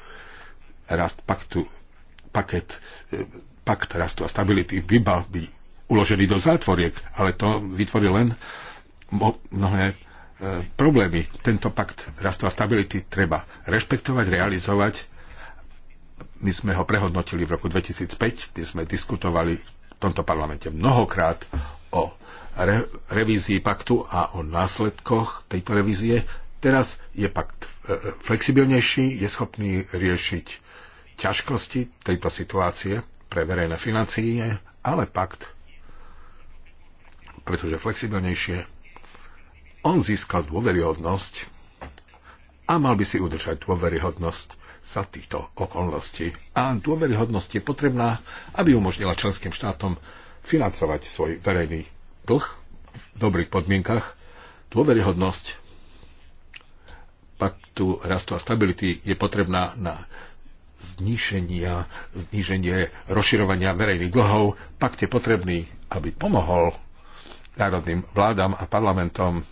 rast paktu, paket, e, pakt rastu a stability by mal byť uložený do zátvoriek, ale to vytvorí len mnohé e, problémy. Tento pakt rastu a stability treba rešpektovať, realizovať. My sme ho prehodnotili v roku 2005, kde sme diskutovali v tomto parlamente mnohokrát o re- revízii paktu a o následkoch tejto revízie. Teraz je pakt e, flexibilnejší, je schopný riešiť ťažkosti tejto situácie pre verejné financie, ale pakt, pretože flexibilnejšie, on získal dôveryhodnosť a mal by si udržať dôveryhodnosť za týchto okolností. A dôveryhodnosť je potrebná, aby umožnila členským štátom financovať svoj verejný dlh v dobrých podmienkach. Dôveryhodnosť paktu rastu a stability je potrebná na znišenia, zniženie rozširovania verejných dlhov, Pak je potrebný, aby pomohol národným vládam a parlamentom,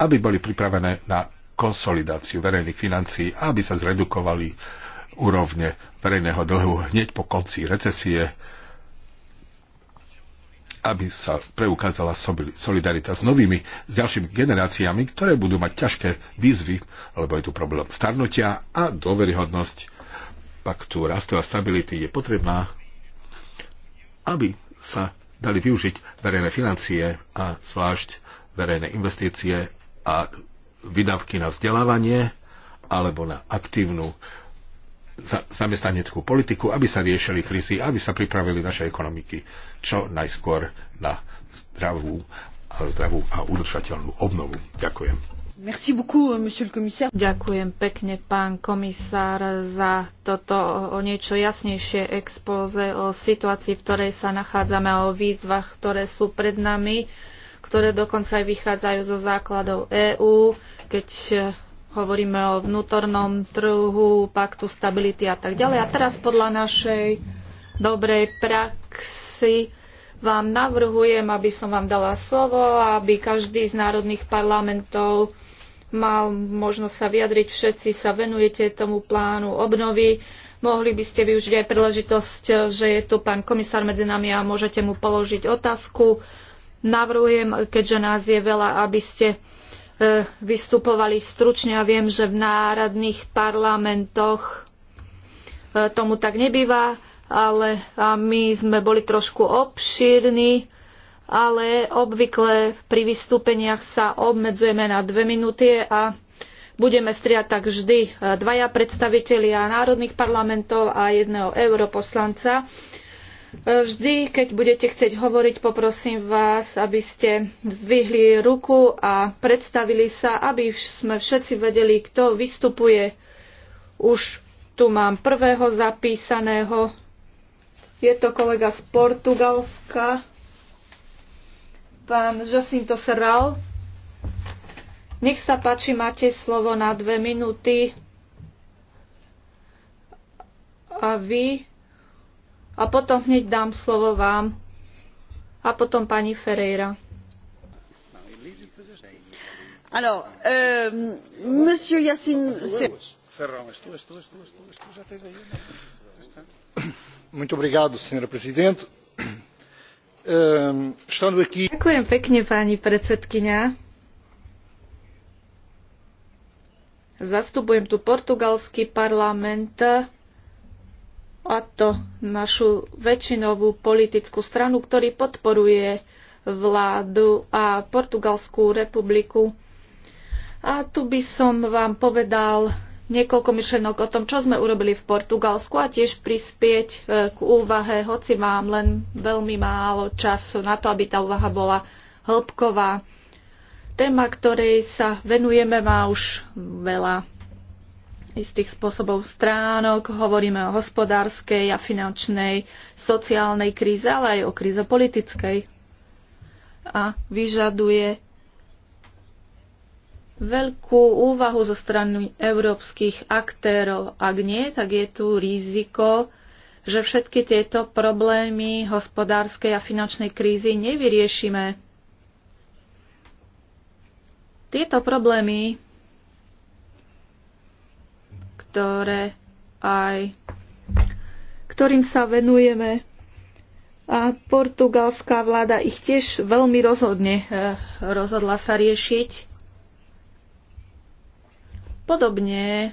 aby boli pripravené na konsolidáciu verejných financií a aby sa zredukovali úrovne verejného dlhu hneď po konci recesie, aby sa preukázala solidarita s novými, s ďalšími generáciami, ktoré budú mať ťažké výzvy, lebo je tu problém starnutia a dôveryhodnosť paktu rastu a stability je potrebná, aby sa dali využiť verejné financie a zvlášť verejné investície a vydavky na vzdelávanie alebo na aktívnu za, zamestnaneckú politiku, aby sa riešili krízy, aby sa pripravili naše ekonomiky čo najskôr na zdravú a zdravú a udržateľnú obnovu. Ďakujem. Euh, Ďakujem pekne, pán komisár, za toto o niečo jasnejšie expoze o situácii, v ktorej sa nachádzame a o výzvach, ktoré sú pred nami, ktoré dokonca aj vychádzajú zo základov EÚ, keď eh, hovoríme o vnútornom trhu, paktu stability a tak ďalej. A teraz podľa našej dobrej praxi vám navrhujem, aby som vám dala slovo, aby každý z národných parlamentov mal možnosť sa vyjadriť. Všetci sa venujete tomu plánu obnovy. Mohli by ste využiť aj príležitosť, že je tu pán komisár medzi nami a môžete mu položiť otázku. Navrhujem, keďže nás je veľa, aby ste e, vystupovali stručne a viem, že v národných parlamentoch e, tomu tak nebýva, ale my sme boli trošku obšírni ale obvykle pri vystúpeniach sa obmedzujeme na dve minúty a budeme striať tak vždy dvaja predstavitelia národných parlamentov a jedného europoslanca. Vždy, keď budete chcieť hovoriť, poprosím vás, aby ste zdvihli ruku a predstavili sa, aby sme všetci vedeli, kto vystupuje. Už tu mám prvého zapísaného. Je to kolega z Portugalska. Pán Jacinto Serral, nech sa páči, máte slovo na dve minúty. A vy. A potom hneď dám slovo vám. A potom pani Ferreira. Alors, euh, Monsieur Yassine. Muito obrigado, senhora Presidente. Ehm, Ďakujem pekne, pani predsedkynia. Zastupujem tu portugalský parlament a to našu väčšinovú politickú stranu, ktorý podporuje vládu a Portugalskú republiku. A tu by som vám povedal niekoľko myšlenok o tom, čo sme urobili v Portugalsku a tiež prispieť e, k úvahe, hoci mám len veľmi málo času na to, aby tá úvaha bola hĺbková. Téma, ktorej sa venujeme, má už veľa istých spôsobov stránok. Hovoríme o hospodárskej a finančnej, sociálnej kríze, ale aj o kríze politickej. A vyžaduje veľkú úvahu zo strany európskych aktérov. Ak nie, tak je tu riziko, že všetky tieto problémy hospodárskej a finančnej krízy nevyriešime. Tieto problémy, ktoré aj ktorým sa venujeme a portugalská vláda ich tiež veľmi rozhodne eh, rozhodla sa riešiť Podobne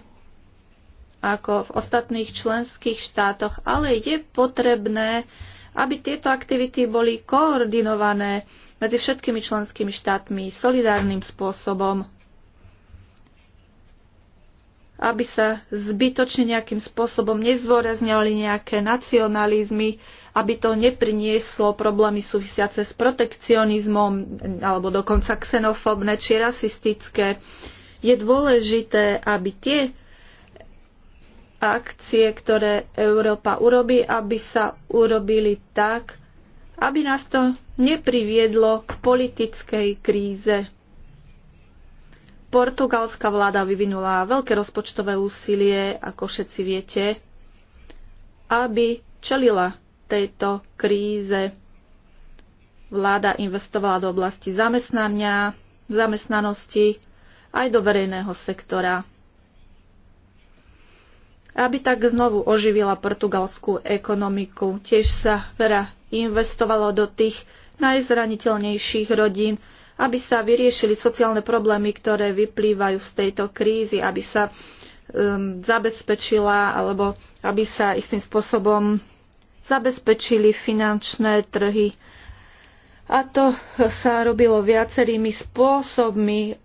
ako v ostatných členských štátoch, ale je potrebné, aby tieto aktivity boli koordinované medzi všetkými členskými štátmi solidárnym spôsobom, aby sa zbytočne nejakým spôsobom nezvorazňali nejaké nacionalizmy, aby to neprinieslo problémy súvisiace s protekcionizmom alebo dokonca xenofobné či rasistické. Uh, je dôležité, aby tie akcie, ktoré Európa urobí, aby sa urobili tak, aby nás to nepriviedlo k politickej kríze. Portugalská vláda vyvinula veľké rozpočtové úsilie, ako všetci viete, aby čelila tejto kríze. Vláda investovala do oblasti zamestnania, zamestnanosti, aj do verejného sektora. Aby tak znovu oživila portugalskú ekonomiku, tiež sa vera investovalo do tých najzraniteľnejších rodín, aby sa vyriešili sociálne problémy, ktoré vyplývajú z tejto krízy, aby sa um, zabezpečila alebo aby sa istým spôsobom zabezpečili finančné trhy. A to sa robilo viacerými spôsobmi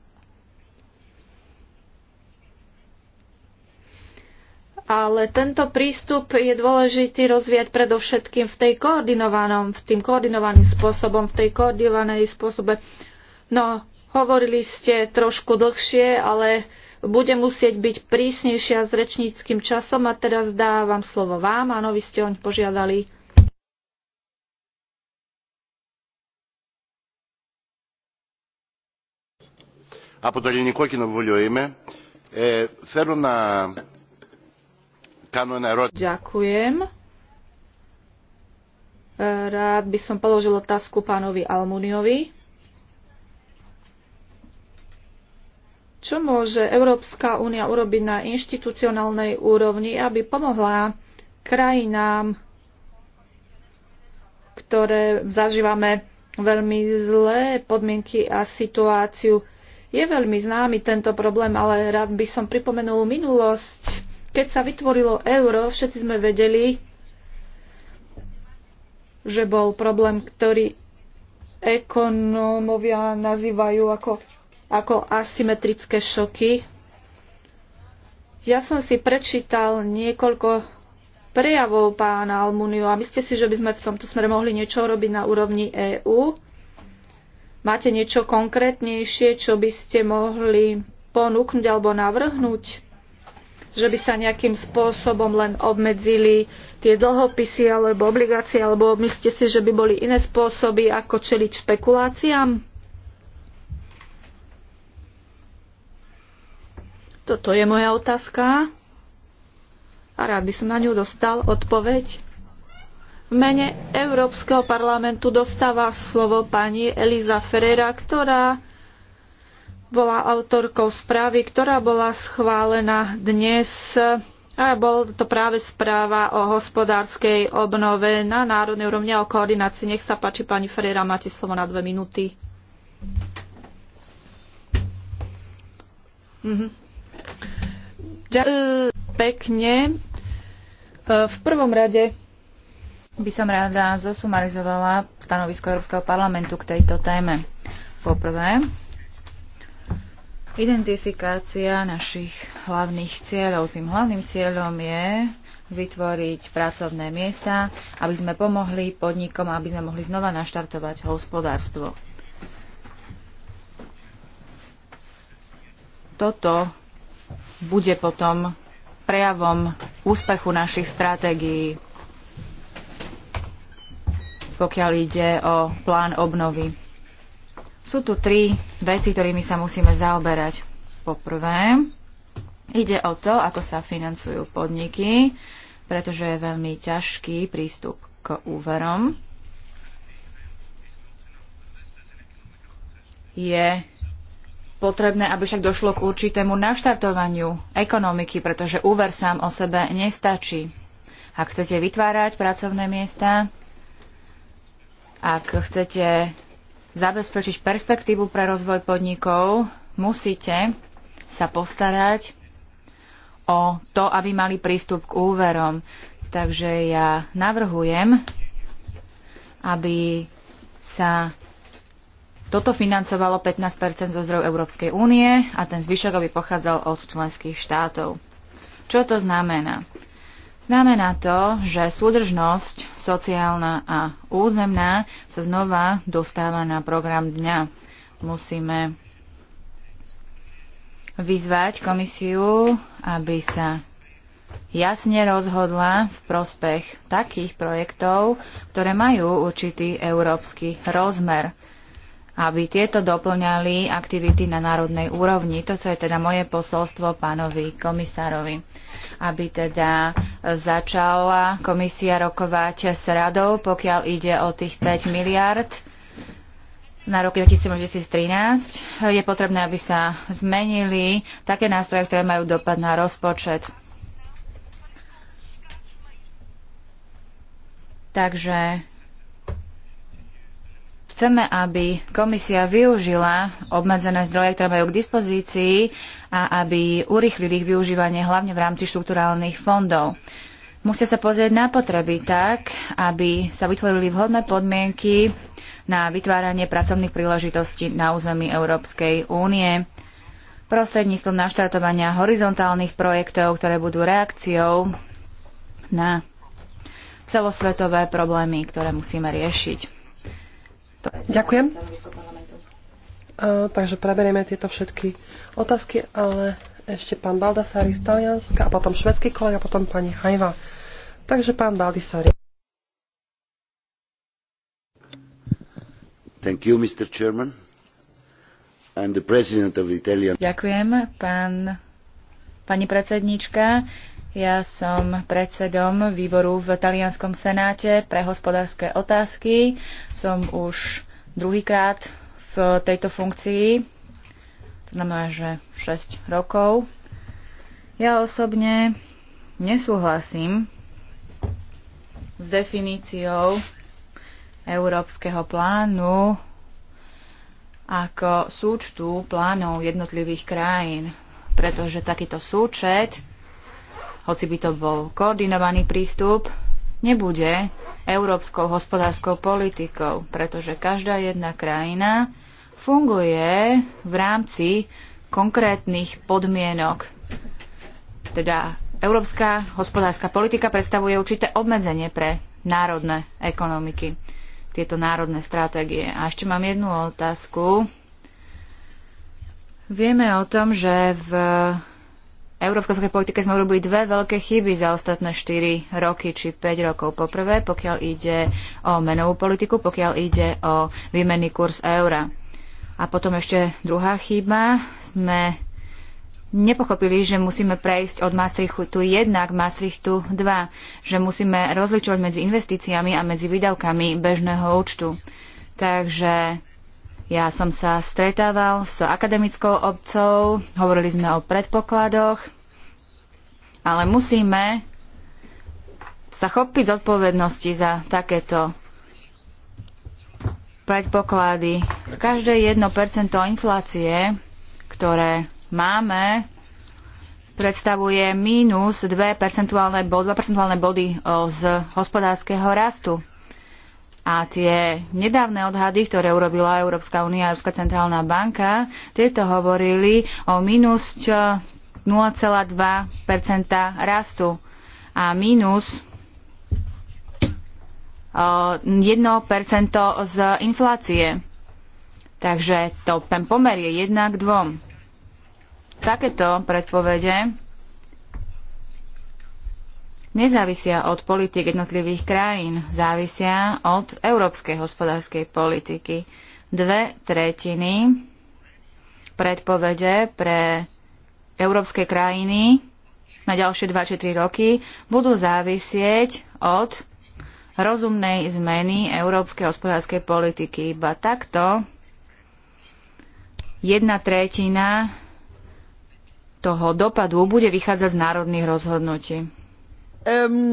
ale tento prístup je dôležitý rozvíjať predovšetkým v tej koordinovanom, v tým koordinovaným spôsobom, v tej koordinovanej spôsobe. No, hovorili ste trošku dlhšie, ale bude musieť byť prísnejšia s rečníckým časom a teraz dávam slovo vám. Áno, vy ste oň požiadali. A το ελληνικό κοινοβούλιο είμαι. Ε, Ďakujem. Rád by som položil otázku pánovi Almuniovi. Čo môže Európska únia urobiť na inštitucionálnej úrovni, aby pomohla krajinám, ktoré zažívame veľmi zlé podmienky a situáciu? Je veľmi známy tento problém, ale rád by som pripomenul minulosť keď sa vytvorilo euro, všetci sme vedeli, že bol problém, ktorý ekonómovia nazývajú ako, ako asymetrické šoky. Ja som si prečítal niekoľko prejavov pána Almuniu a myslíte si, že by sme v tomto smere mohli niečo robiť na úrovni EÚ? Máte niečo konkrétnejšie, čo by ste mohli ponúknuť alebo navrhnúť? že by sa nejakým spôsobom len obmedzili tie dlhopisy alebo obligácie, alebo myslíte si, že by boli iné spôsoby, ako čeliť špekuláciám? Toto je moja otázka a rád by som na ňu dostal odpoveď. V mene Európskeho parlamentu dostáva slovo pani Eliza Ferreira, ktorá bola autorkou správy, ktorá bola schválená dnes a bol to práve správa o hospodárskej obnove na národnej úrovni a o koordinácii. Nech sa páči, pani Ferreira, máte slovo na dve minúty. Mhm. Pekne. E, v prvom rade by som rada zosumarizovala stanovisko Európskeho parlamentu k tejto téme. Poprvé, Identifikácia našich hlavných cieľov. Tým hlavným cieľom je vytvoriť pracovné miesta, aby sme pomohli podnikom, aby sme mohli znova naštartovať hospodárstvo. Toto bude potom prejavom úspechu našich stratégií, pokiaľ ide o plán obnovy. Sú tu tri veci, ktorými sa musíme zaoberať. Poprvé, ide o to, ako sa financujú podniky, pretože je veľmi ťažký prístup k úverom. Je potrebné, aby však došlo k určitému naštartovaniu ekonomiky, pretože úver sám o sebe nestačí. Ak chcete vytvárať pracovné miesta, ak chcete zabezpečiť perspektívu pre rozvoj podnikov, musíte sa postarať o to, aby mali prístup k úverom. Takže ja navrhujem, aby sa toto financovalo 15 zo zdrojov Európskej únie a ten zvyšok by pochádzal od členských štátov. Čo to znamená? Znamená to, že súdržnosť sociálna a územná sa znova dostáva na program dňa. Musíme vyzvať komisiu, aby sa jasne rozhodla v prospech takých projektov, ktoré majú určitý európsky rozmer aby tieto doplňali aktivity na národnej úrovni. Toto je teda moje posolstvo pánovi komisárovi aby teda začala komisia rokovať s radou, pokiaľ ide o tých 5 miliard na roky 2013. Je potrebné, aby sa zmenili také nástroje, ktoré majú dopad na rozpočet. Takže Chceme, aby komisia využila obmedzené zdroje, ktoré majú k dispozícii a aby urýchlili ich využívanie hlavne v rámci štruktúrálnych fondov. Musia sa pozrieť na potreby tak, aby sa vytvorili vhodné podmienky na vytváranie pracovných príležitostí na území Európskej únie prostredníctvom naštartovania horizontálnych projektov, ktoré budú reakciou na celosvetové problémy, ktoré musíme riešiť. Ďakujem. E, takže preberieme tieto všetky otázky, ale ešte pán Baldassari z Talianska a potom švedský kolega, potom pani Hajva. Takže pán Baldassari. Thank you, Mr. Chairman. I'm the president of Italian. Ďakujem, pán, pani predsedníčka. Ja som predsedom výboru v Talianskom senáte pre hospodárske otázky. Som už druhýkrát v tejto funkcii, to znamená, že 6 rokov. Ja osobne nesúhlasím s definíciou európskeho plánu ako súčtu plánov jednotlivých krajín, pretože takýto súčet hoci by to bol koordinovaný prístup, nebude európskou hospodárskou politikou, pretože každá jedna krajina funguje v rámci konkrétnych podmienok. Teda európska hospodárska politika predstavuje určité obmedzenie pre národné ekonomiky, tieto národné stratégie. A ešte mám jednu otázku. Vieme o tom, že v európskej politike sme urobili dve veľké chyby za ostatné 4 roky či 5 rokov. Poprvé, pokiaľ ide o menovú politiku, pokiaľ ide o výmenný kurz eura. A potom ešte druhá chyba, sme nepochopili, že musíme prejsť od Maastrichtu 1 k Maastrichtu 2, že musíme rozličovať medzi investíciami a medzi výdavkami bežného účtu. Takže ja som sa stretával s akademickou obcov, hovorili sme o predpokladoch, ale musíme sa chopiť zodpovednosti za takéto predpoklady. Každé 1% inflácie, ktoré máme, predstavuje mínus 2 percentuálne, 2 percentuálne body z hospodárskeho rastu. A tie nedávne odhady, ktoré urobila Európska únia a Európska centrálna banka, tieto hovorili o minus 0,2 rastu a minus 1% z inflácie. Takže to, ten pomer je 1 k 2. Takéto predpovede nezávisia od politik jednotlivých krajín, závisia od európskej hospodárskej politiky. Dve tretiny predpovede pre európske krajiny na ďalšie 2 či 3 roky budú závisieť od rozumnej zmeny európskej hospodárskej politiky. Iba takto jedna tretina toho dopadu bude vychádzať z národných rozhodnutí.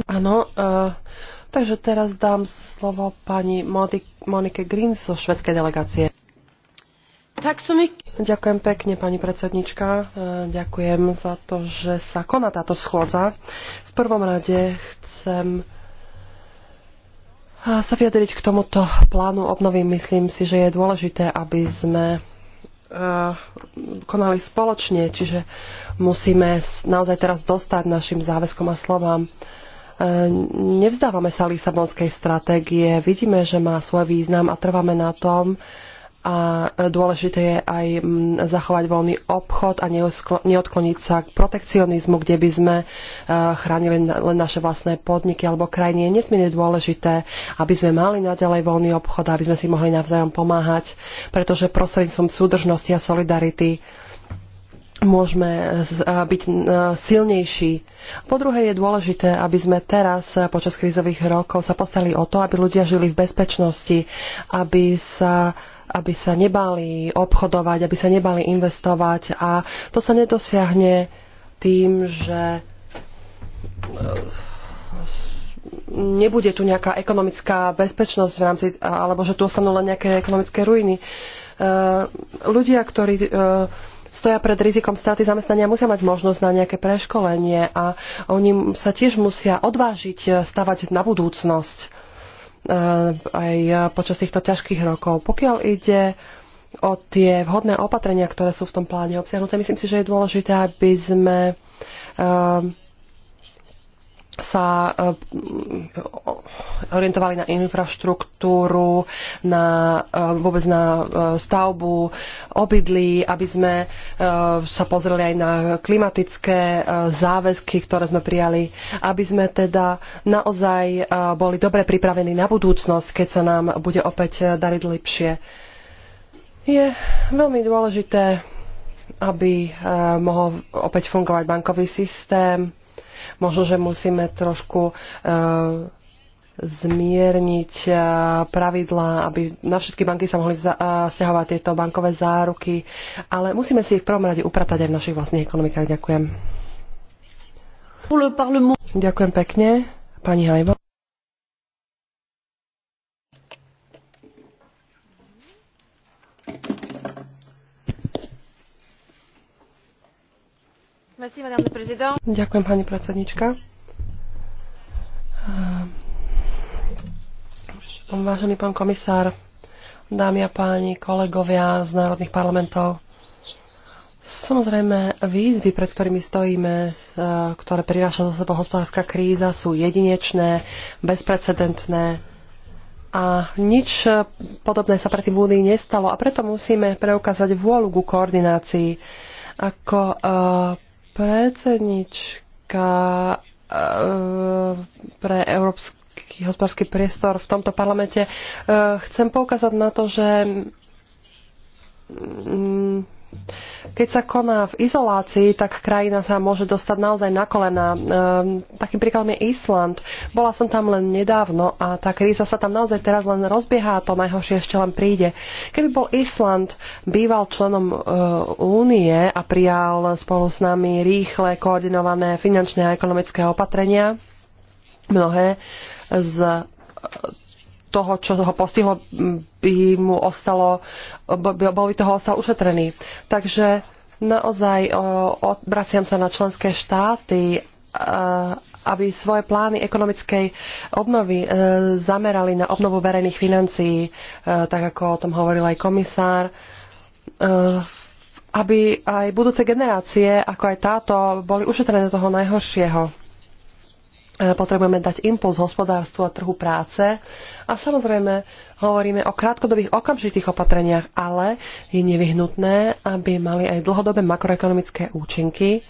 Áno, uh, takže teraz dám slovo pani Monike Green zo švedskej delegácie. Ďakujem pekne, pani predsednička. E, ďakujem za to, že sa koná táto schôdza. V prvom rade chcem e, sa vyjadriť k tomuto plánu obnovy. Myslím si, že je dôležité, aby sme Eh, konali spoločne, čiže musíme naozaj teraz dostať našim záväzkom a slovám. Eh, nevzdávame sa Lisabonskej stratégie, vidíme, že má svoj význam a trváme na tom, a dôležité je aj mm, zachovať voľný obchod a neodkloniť sa k protekcionizmu, kde by sme e, chránili len naše vlastné podniky alebo krajiny. Je nesmierne dôležité, aby sme mali naďalej voľný obchod, aby sme si mohli navzájom pomáhať, pretože prostredníctvom súdržnosti a solidarity môžeme e, e, byť silnejší. Po druhé je dôležité, aby sme teraz počas krízových rokov sa postali o to, aby ľudia žili v bezpečnosti, aby sa aby sa nebali obchodovať, aby sa nebali investovať a to sa nedosiahne tým, že e, nebude tu nejaká ekonomická bezpečnosť v rámci, alebo že tu ostanú len nejaké ekonomické ruiny. E, ľudia, ktorí e, stoja pred rizikom straty zamestnania, musia mať možnosť na nejaké preškolenie a oni sa tiež musia odvážiť stavať na budúcnosť. Eh, aj počas týchto ťažkých rokov. Pokiaľ ide o tie vhodné opatrenia, ktoré sú v tom pláne obsiahnuté, myslím si, že je dôležité, aby sme eh, sa eh, orientovali na infraštruktúru, na, eh, vôbec na eh, stavbu obydlí, aby sme sa pozreli aj na klimatické záväzky, ktoré sme prijali, aby sme teda naozaj boli dobre pripravení na budúcnosť, keď sa nám bude opäť dariť lepšie. Je veľmi dôležité, aby mohol opäť fungovať bankový systém, Možno, že musíme trošku eh, zmierniť eh, pravidlá, aby na všetky banky sa mohli eh, stiahovať tieto bankové záruky, ale musíme si ich v prvom rade upratať aj v našich vlastných ekonomikách. Ďakujem. Ďakujem pekne. Pani Hajva. Ďakujem, pani predsednička. Ehm, vážený pán komisár, dámy a páni, kolegovia z národných parlamentov, Samozrejme, výzvy, pred ktorými stojíme, e, ktoré prináša zo sebou hospodárska kríza, sú jedinečné, bezprecedentné a nič e, podobné sa predtým v Únii nestalo a preto musíme preukázať vôľu ku koordinácii. Ako e, predsednička eh, pre európsky hospodársky priestor v tomto parlamente. Eh, chcem poukázať na to, že mm, keď sa koná v izolácii, tak krajina sa môže dostať naozaj na kolená. Ehm, takým príkladom je Island. Bola som tam len nedávno a tá kríza sa tam naozaj teraz len rozbieha a to najhoršie ešte len príde. Keby bol Island býval členom e, únie a prijal spolu s nami rýchle koordinované finančné a ekonomické opatrenia, mnohé z toho, čo ho postihlo, by mu ostalo, bol by toho ostal ušetrený. Takže naozaj obraciam sa na členské štáty, aby svoje plány ekonomickej obnovy e, zamerali na obnovu verejných financií, e, tak ako o tom hovoril aj komisár e, aby aj budúce generácie, ako aj táto, boli ušetrené toho najhoršieho. E, potrebujeme dať impuls hospodárstvu a trhu práce. A samozrejme hovoríme o krátkodobých okamžitých opatreniach, ale je nevyhnutné, aby mali aj dlhodobé makroekonomické účinky.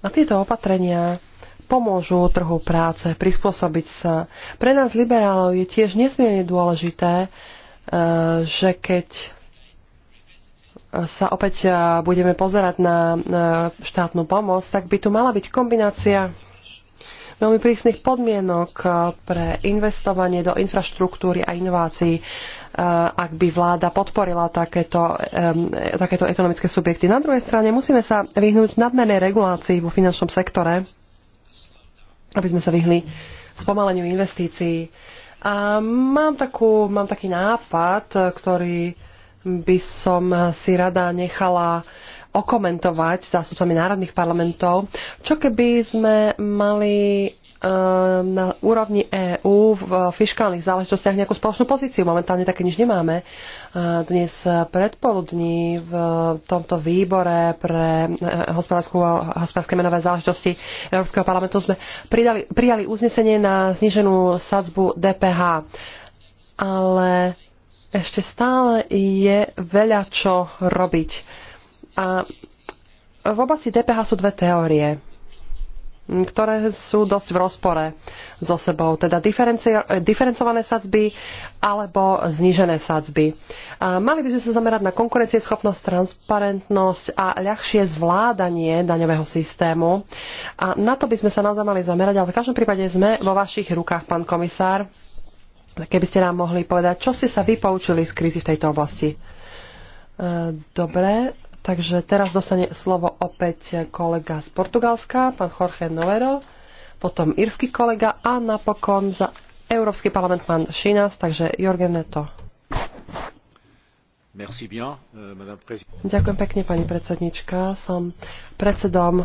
A tieto opatrenia pomôžu trhu práce prispôsobiť sa. Pre nás liberálov je tiež nesmierne dôležité, e, že keď sa opäť e, budeme pozerať na štátnu pomoc, tak by tu mala byť kombinácia veľmi prísnych podmienok eh, pre investovanie do infraštruktúry a inovácií, eh, ak by vláda podporila takéto, takéto ekonomické subjekty. Na druhej strane musíme sa vyhnúť nadmernej regulácii vo finančnom sektore, aby sme sa vyhli spomaleniu investícií. A mám, takú, mám taký nápad, ktorý by som si rada nechala okomentovať zástupcami národných parlamentov, čo keby sme mali e, na úrovni EÚ v fiskálnych záležitostiach nejakú spoločnú pozíciu. Momentálne také nič nemáme. E, dnes predpoludní v tomto výbore pre e, hospodárske menové záležitosti Európskeho parlamentu sme pridali, prijali uznesenie na zniženú sadzbu DPH. Ale ešte stále je veľa čo robiť a v oblasti DPH sú dve teórie, ktoré sú dosť v rozpore so sebou. Teda diferencované sadzby alebo znížené sadzby. A mali by sme sa zamerať na konkurencieschopnosť, transparentnosť a ľahšie zvládanie daňového systému. A na to by sme sa naozaj mali zamerať, ale v každom prípade sme vo vašich rukách, pán komisár. Keby ste nám mohli povedať, čo ste sa vy poučili z krízy v tejto oblasti. E, dobre, Takže teraz dostane slovo opäť kolega z Portugalska, pán Jorge Novero, potom írsky kolega a napokon za Európsky parlament pán Šinas, takže Jorgen Neto. Merci bien, euh, madame Ďakujem pekne, pani predsednička. Som predsedom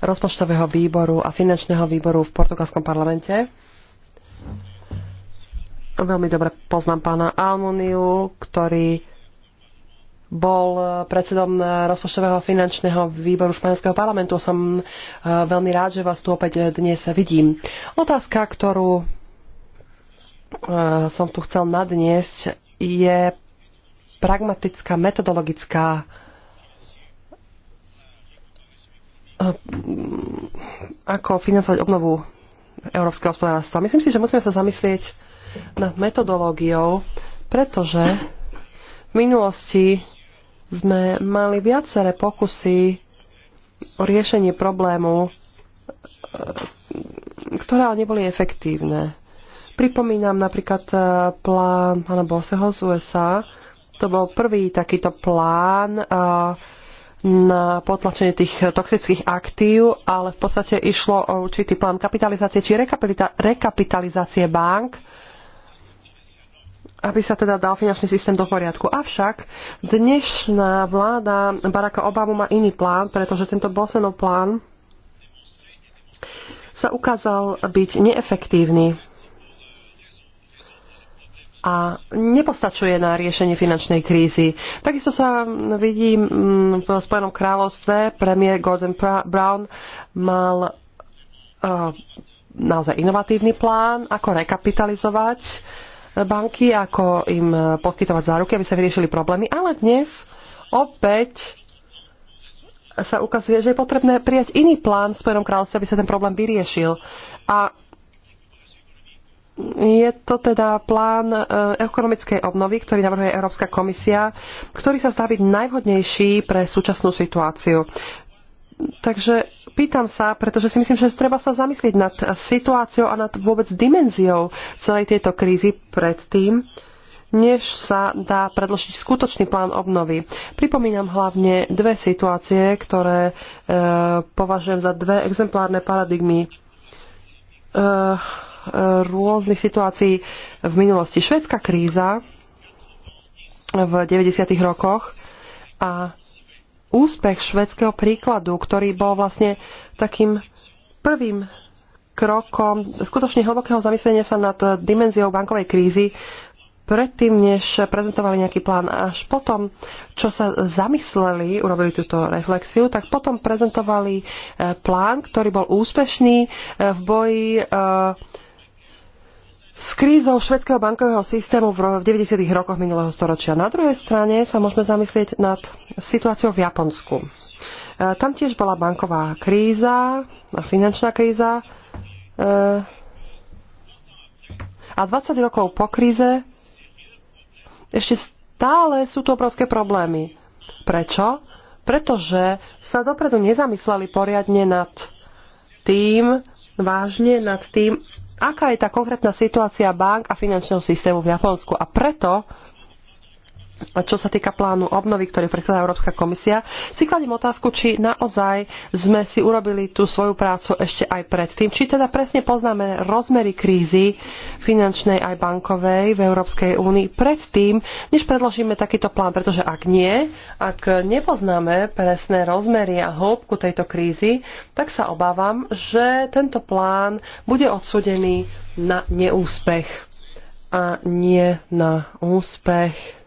rozpočtového výboru a finančného výboru v portugalskom parlamente. Veľmi dobre poznám pána Almuniu, ktorý bol eh, predsedom eh, rozpočtového finančného výboru Španielského parlamentu. Som eh, veľmi rád, že vás tu opäť dnes vidím. Otázka, ktorú som tu chcel nadniesť, je pragmatická, metodologická ako financovať obnovu európskeho hospodárstva. Myslím si, že musíme sa zamyslieť nad metodológiou, pretože v minulosti sme mali viaceré pokusy o riešenie problému, e, ktoré ale neboli efektívne. Pripomínam napríklad e, plán pána Boseho z USA. To bol prvý takýto plán e, na potlačenie tých toxických aktív, ale v podstate išlo o určitý plán kapitalizácie či rekapitalizácie bank, aby sa teda dal finančný systém do poriadku. Avšak dnešná vláda Baracka Obama má iný plán, pretože tento Bosenov plán sa ukázal byť neefektívny a nepostačuje na riešenie finančnej krízy. Takisto sa vidí mm, v Spojenom kráľovstve premiér Gordon Brown mal eh, naozaj inovatívny plán, ako rekapitalizovať banky, ako im eh, poskytovať záruky, aby sa vyriešili problémy, ale dnes opäť sa ukazuje, že je potrebné prijať iný plán v Spojenom kráľovstve, aby sa ten problém vyriešil. A je to teda plán eh, ekonomickej obnovy, ktorý navrhuje Európska komisia, ktorý sa zdá byť najvhodnejší pre súčasnú situáciu takže pýtam sa, pretože si myslím, že treba sa zamyslieť nad situáciou a nad vôbec dimenziou celej tejto krízy predtým, než sa dá predložiť skutočný plán obnovy. Pripomínam hlavne dve situácie, ktoré e, považujem za dve exemplárne paradigmy e, e, rôznych situácií v minulosti. Švedská kríza v 90. rokoch a úspech švedského príkladu, ktorý bol vlastne takým prvým krokom skutočne hlbokého zamyslenia sa nad dimenziou bankovej krízy, predtým, než prezentovali nejaký plán. Až potom, čo sa zamysleli, urobili túto reflexiu, tak potom prezentovali eh, plán, ktorý bol úspešný eh, v boji eh, s krízou švedského bankového systému v 90. rokoch minulého storočia. Na druhej strane sa môžeme zamyslieť nad situáciou v Japonsku. E, tam tiež bola banková kríza, finančná kríza. E, a 20 rokov po kríze ešte stále sú tu obrovské problémy. Prečo? Pretože sa dopredu nezamysleli poriadne nad tým, vážne nad tým, aká je tá konkrétna situácia bank a finančného systému v Japonsku. A preto čo sa týka plánu obnovy, ktorý predkladá Európska komisia, si kladím otázku, či naozaj sme si urobili tú svoju prácu ešte aj predtým, či teda presne poznáme rozmery krízy finančnej aj bankovej v Európskej únii predtým, než predložíme takýto plán, pretože ak nie, ak nepoznáme presné rozmery a hĺbku tejto krízy, tak sa obávam, že tento plán bude odsudený na neúspech a nie na úspech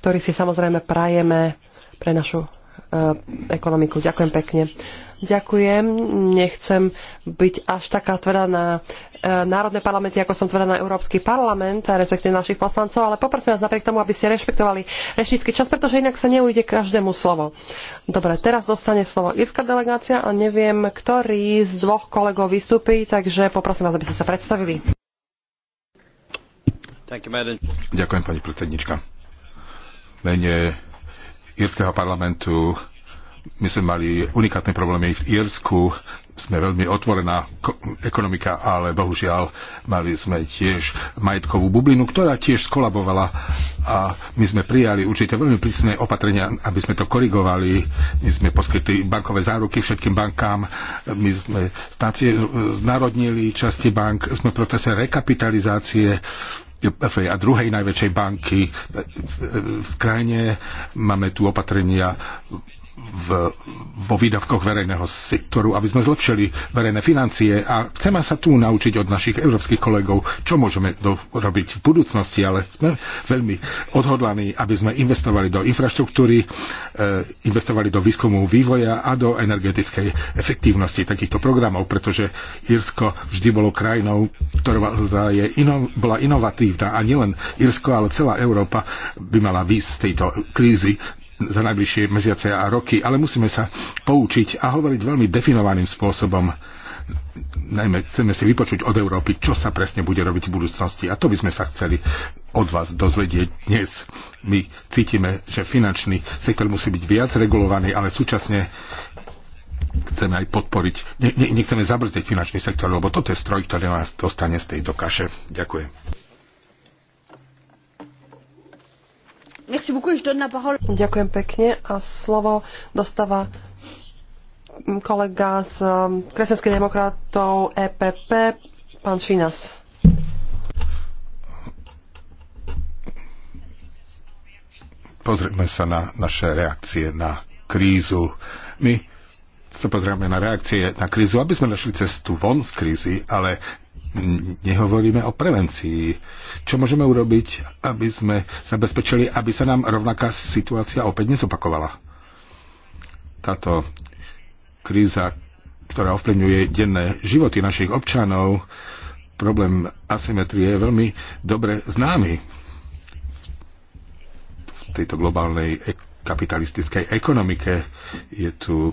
ktorý si samozrejme prajeme pre našu eh, ekonomiku. Ďakujem pekne. Ďakujem. Nechcem byť až taká tvrdá na eh, národné parlamenty, ako som tvrdá na Európsky parlament, a respektíve našich poslancov, ale poprosím vás napriek tomu, aby ste rešpektovali rečnícky čas, pretože inak sa neujde každému slovo. Dobre, teraz dostane slovo írska delegácia a neviem, ktorý z dvoch kolegov vystúpi, takže poprosím vás, aby ste sa predstavili. Ďakujem, pani predsednička. Mene Írskeho parlamentu my sme mali unikátne problémy v Írsku, sme veľmi otvorená ekonomika, ale bohužiaľ mali sme tiež majetkovú bublinu, ktorá tiež skolabovala a my sme prijali určite veľmi prísne opatrenia, aby sme to korigovali. My sme poskytli bankové záruky všetkým bankám, my sme znárodnili časti bank, sme v procese rekapitalizácie a druhej najväčšej banky v krajine. Máme tu opatrenia v, vo výdavkoch verejného sektoru, aby sme zlepšili verejné financie a chceme sa tu naučiť od našich európskych kolegov, čo môžeme robiť v budúcnosti, ale sme veľmi odhodlaní, aby sme investovali do infraštruktúry, e, investovali do výskumu vývoja a do energetickej efektívnosti takýchto programov, pretože Irsko vždy bolo krajinou, ktorá je ino, bola inovatívna a nielen Írsko, ale celá Európa by mala výjsť z tejto krízy za najbližšie mesiace a roky, ale musíme sa poučiť a hovoriť veľmi definovaným spôsobom. Najmä chceme si vypočuť od Európy, čo sa presne bude robiť v budúcnosti. A to by sme sa chceli od vás dozvedieť dnes. My cítime, že finančný sektor musí byť viac regulovaný, ale súčasne chceme aj podporiť, ne, ne, nechceme zabrzdiť finančný sektor, lebo toto je stroj, ktorý nás dostane z tej dokaše. Ďakujem. Ďakujem pekne a slovo dostáva mm, kolega z mm, demokratov EPP, pán Pozrieme sa na naše reakcie na krízu. My sa pozrieme na reakcie na krízu, aby sme našli cestu von z krízy, ale nehovoríme o prevencii. Čo môžeme urobiť, aby sme zabezpečili, aby sa nám rovnaká situácia opäť nezopakovala? Táto kríza, ktorá ovplyvňuje denné životy našich občanov, problém asymetrie je veľmi dobre známy v tejto globálnej e- kapitalistickej ekonomike. Je tu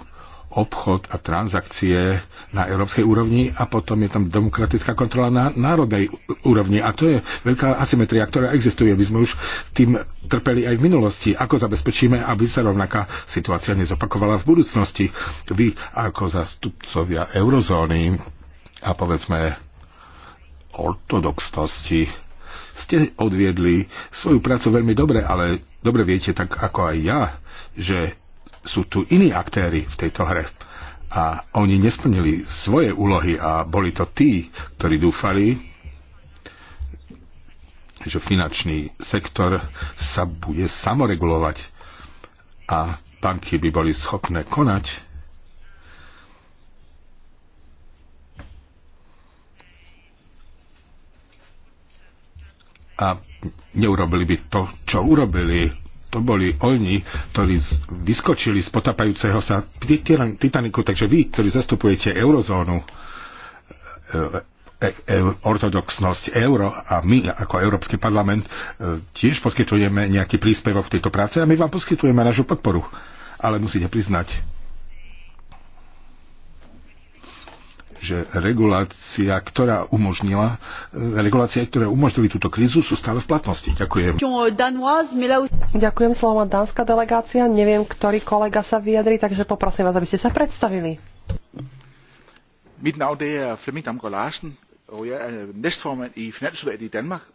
obchod a transakcie na európskej úrovni a potom je tam demokratická kontrola na národnej úrovni. A to je veľká asymetria, ktorá existuje. My sme už tým trpeli aj v minulosti. Ako zabezpečíme, aby sa rovnaká situácia nezopakovala v budúcnosti? Vy ako zastupcovia eurozóny a povedzme ortodoxnosti ste odviedli svoju prácu veľmi dobre, ale dobre viete, tak ako aj ja, že sú tu iní aktéry v tejto hre a oni nesplnili svoje úlohy a boli to tí, ktorí dúfali, že finančný sektor sa bude samoregulovať a banky by boli schopné konať a neurobili by to, čo urobili to boli oni, ktorí vyskočili z potapajúceho sa Titaniku, takže vy, ktorí zastupujete eurozónu, e, e, e, ortodoxnosť euro a my ako Európsky parlament e, tiež poskytujeme nejaký príspevok v tejto práce a my vám poskytujeme našu podporu. Ale musíte priznať, že regulácia, ktorá umožnila, e, regulácia, ktoré umožnili túto krízu, sú stále v platnosti. Ďakujem. Ďakujem, slovo má dánska delegácia. Neviem, ktorý kolega sa vyjadri, takže poprosím vás, aby ste sa predstavili. Mit navn det er Flemming Damgaard Larsen, og jeg er næstformand i Finansudvalget i Danmark.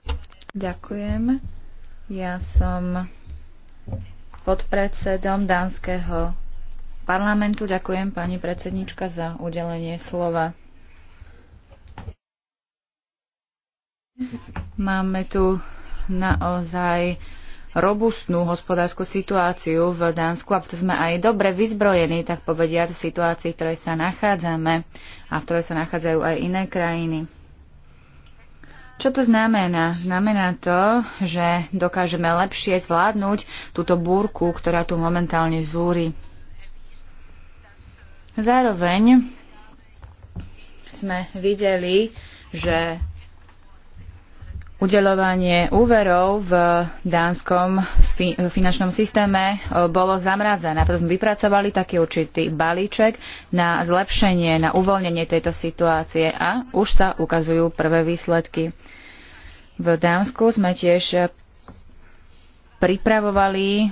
Ďakujem. Ja som podpredsedom Dánskeho parlamentu. Ďakujem pani predsednička za udelenie slova. Máme tu naozaj robustnú hospodárskú situáciu v Dánsku a preto sme aj dobre vyzbrojení, tak povediať, v situácii, v ktorej sa nachádzame a v ktorej sa nachádzajú aj iné krajiny. Čo to znamená? Znamená to, že dokážeme lepšie zvládnuť túto búrku, ktorá tu momentálne zúri. Zároveň sme videli, že udelovanie úverov v dánskom finančnom systéme e, bolo zamrazené. Preto sme vypracovali taký určitý balíček na zlepšenie, na uvoľnenie tejto situácie a už sa ukazujú prvé výsledky. V Dánsku sme tiež pripravovali e,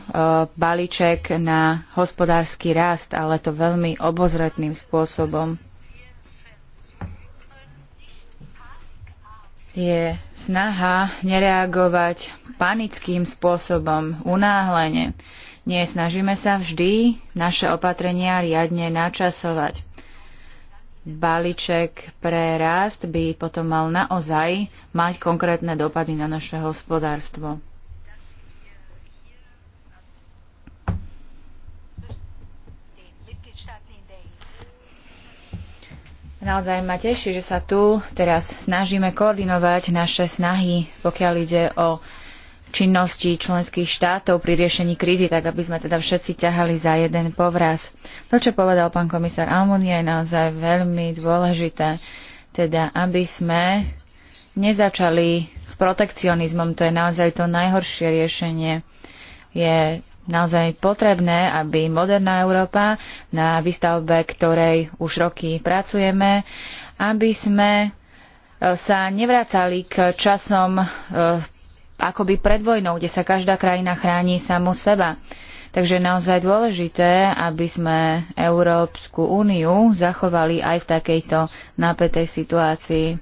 balíček na hospodársky rast, ale to veľmi obozretným spôsobom. Je snaha nereagovať panickým spôsobom, unáhlene. Nie, snažíme sa vždy naše opatrenia riadne načasovať. Balíček pre rast by potom mal naozaj mať konkrétne dopady na naše hospodárstvo. Naozaj ma teší, že sa tu teraz snažíme koordinovať naše snahy, pokiaľ ide o činnosti členských štátov pri riešení krízy, tak aby sme teda všetci ťahali za jeden povraz. To, čo povedal pán komisár Almunia, je naozaj veľmi dôležité. Teda, aby sme nezačali s protekcionizmom, to je naozaj to najhoršie riešenie. Je naozaj potrebné, aby moderná Európa, na výstavbe ktorej už roky pracujeme, aby sme e, sa nevracali k časom e, akoby pred vojnou, kde sa každá krajina chráni samu seba. Takže je naozaj dôležité, aby sme Európsku úniu zachovali aj v takejto napätej situácii.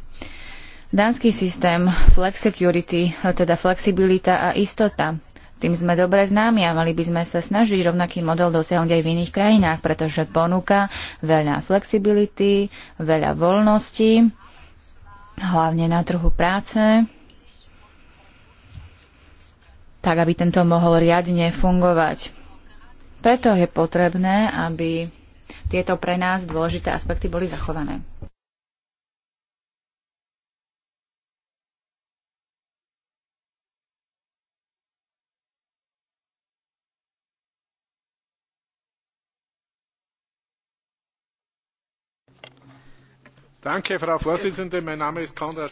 Dánsky systém flexicurity, e, teda flexibilita a istota. Tým sme dobre známi a mali by sme sa snažiť rovnaký model dosiahnuť aj v iných krajinách, pretože ponúka veľa flexibility, veľa voľnosti, hlavne na trhu práce, tak aby tento mohol riadne fungovať. Preto je potrebné, aby tieto pre nás dôležité aspekty boli zachované.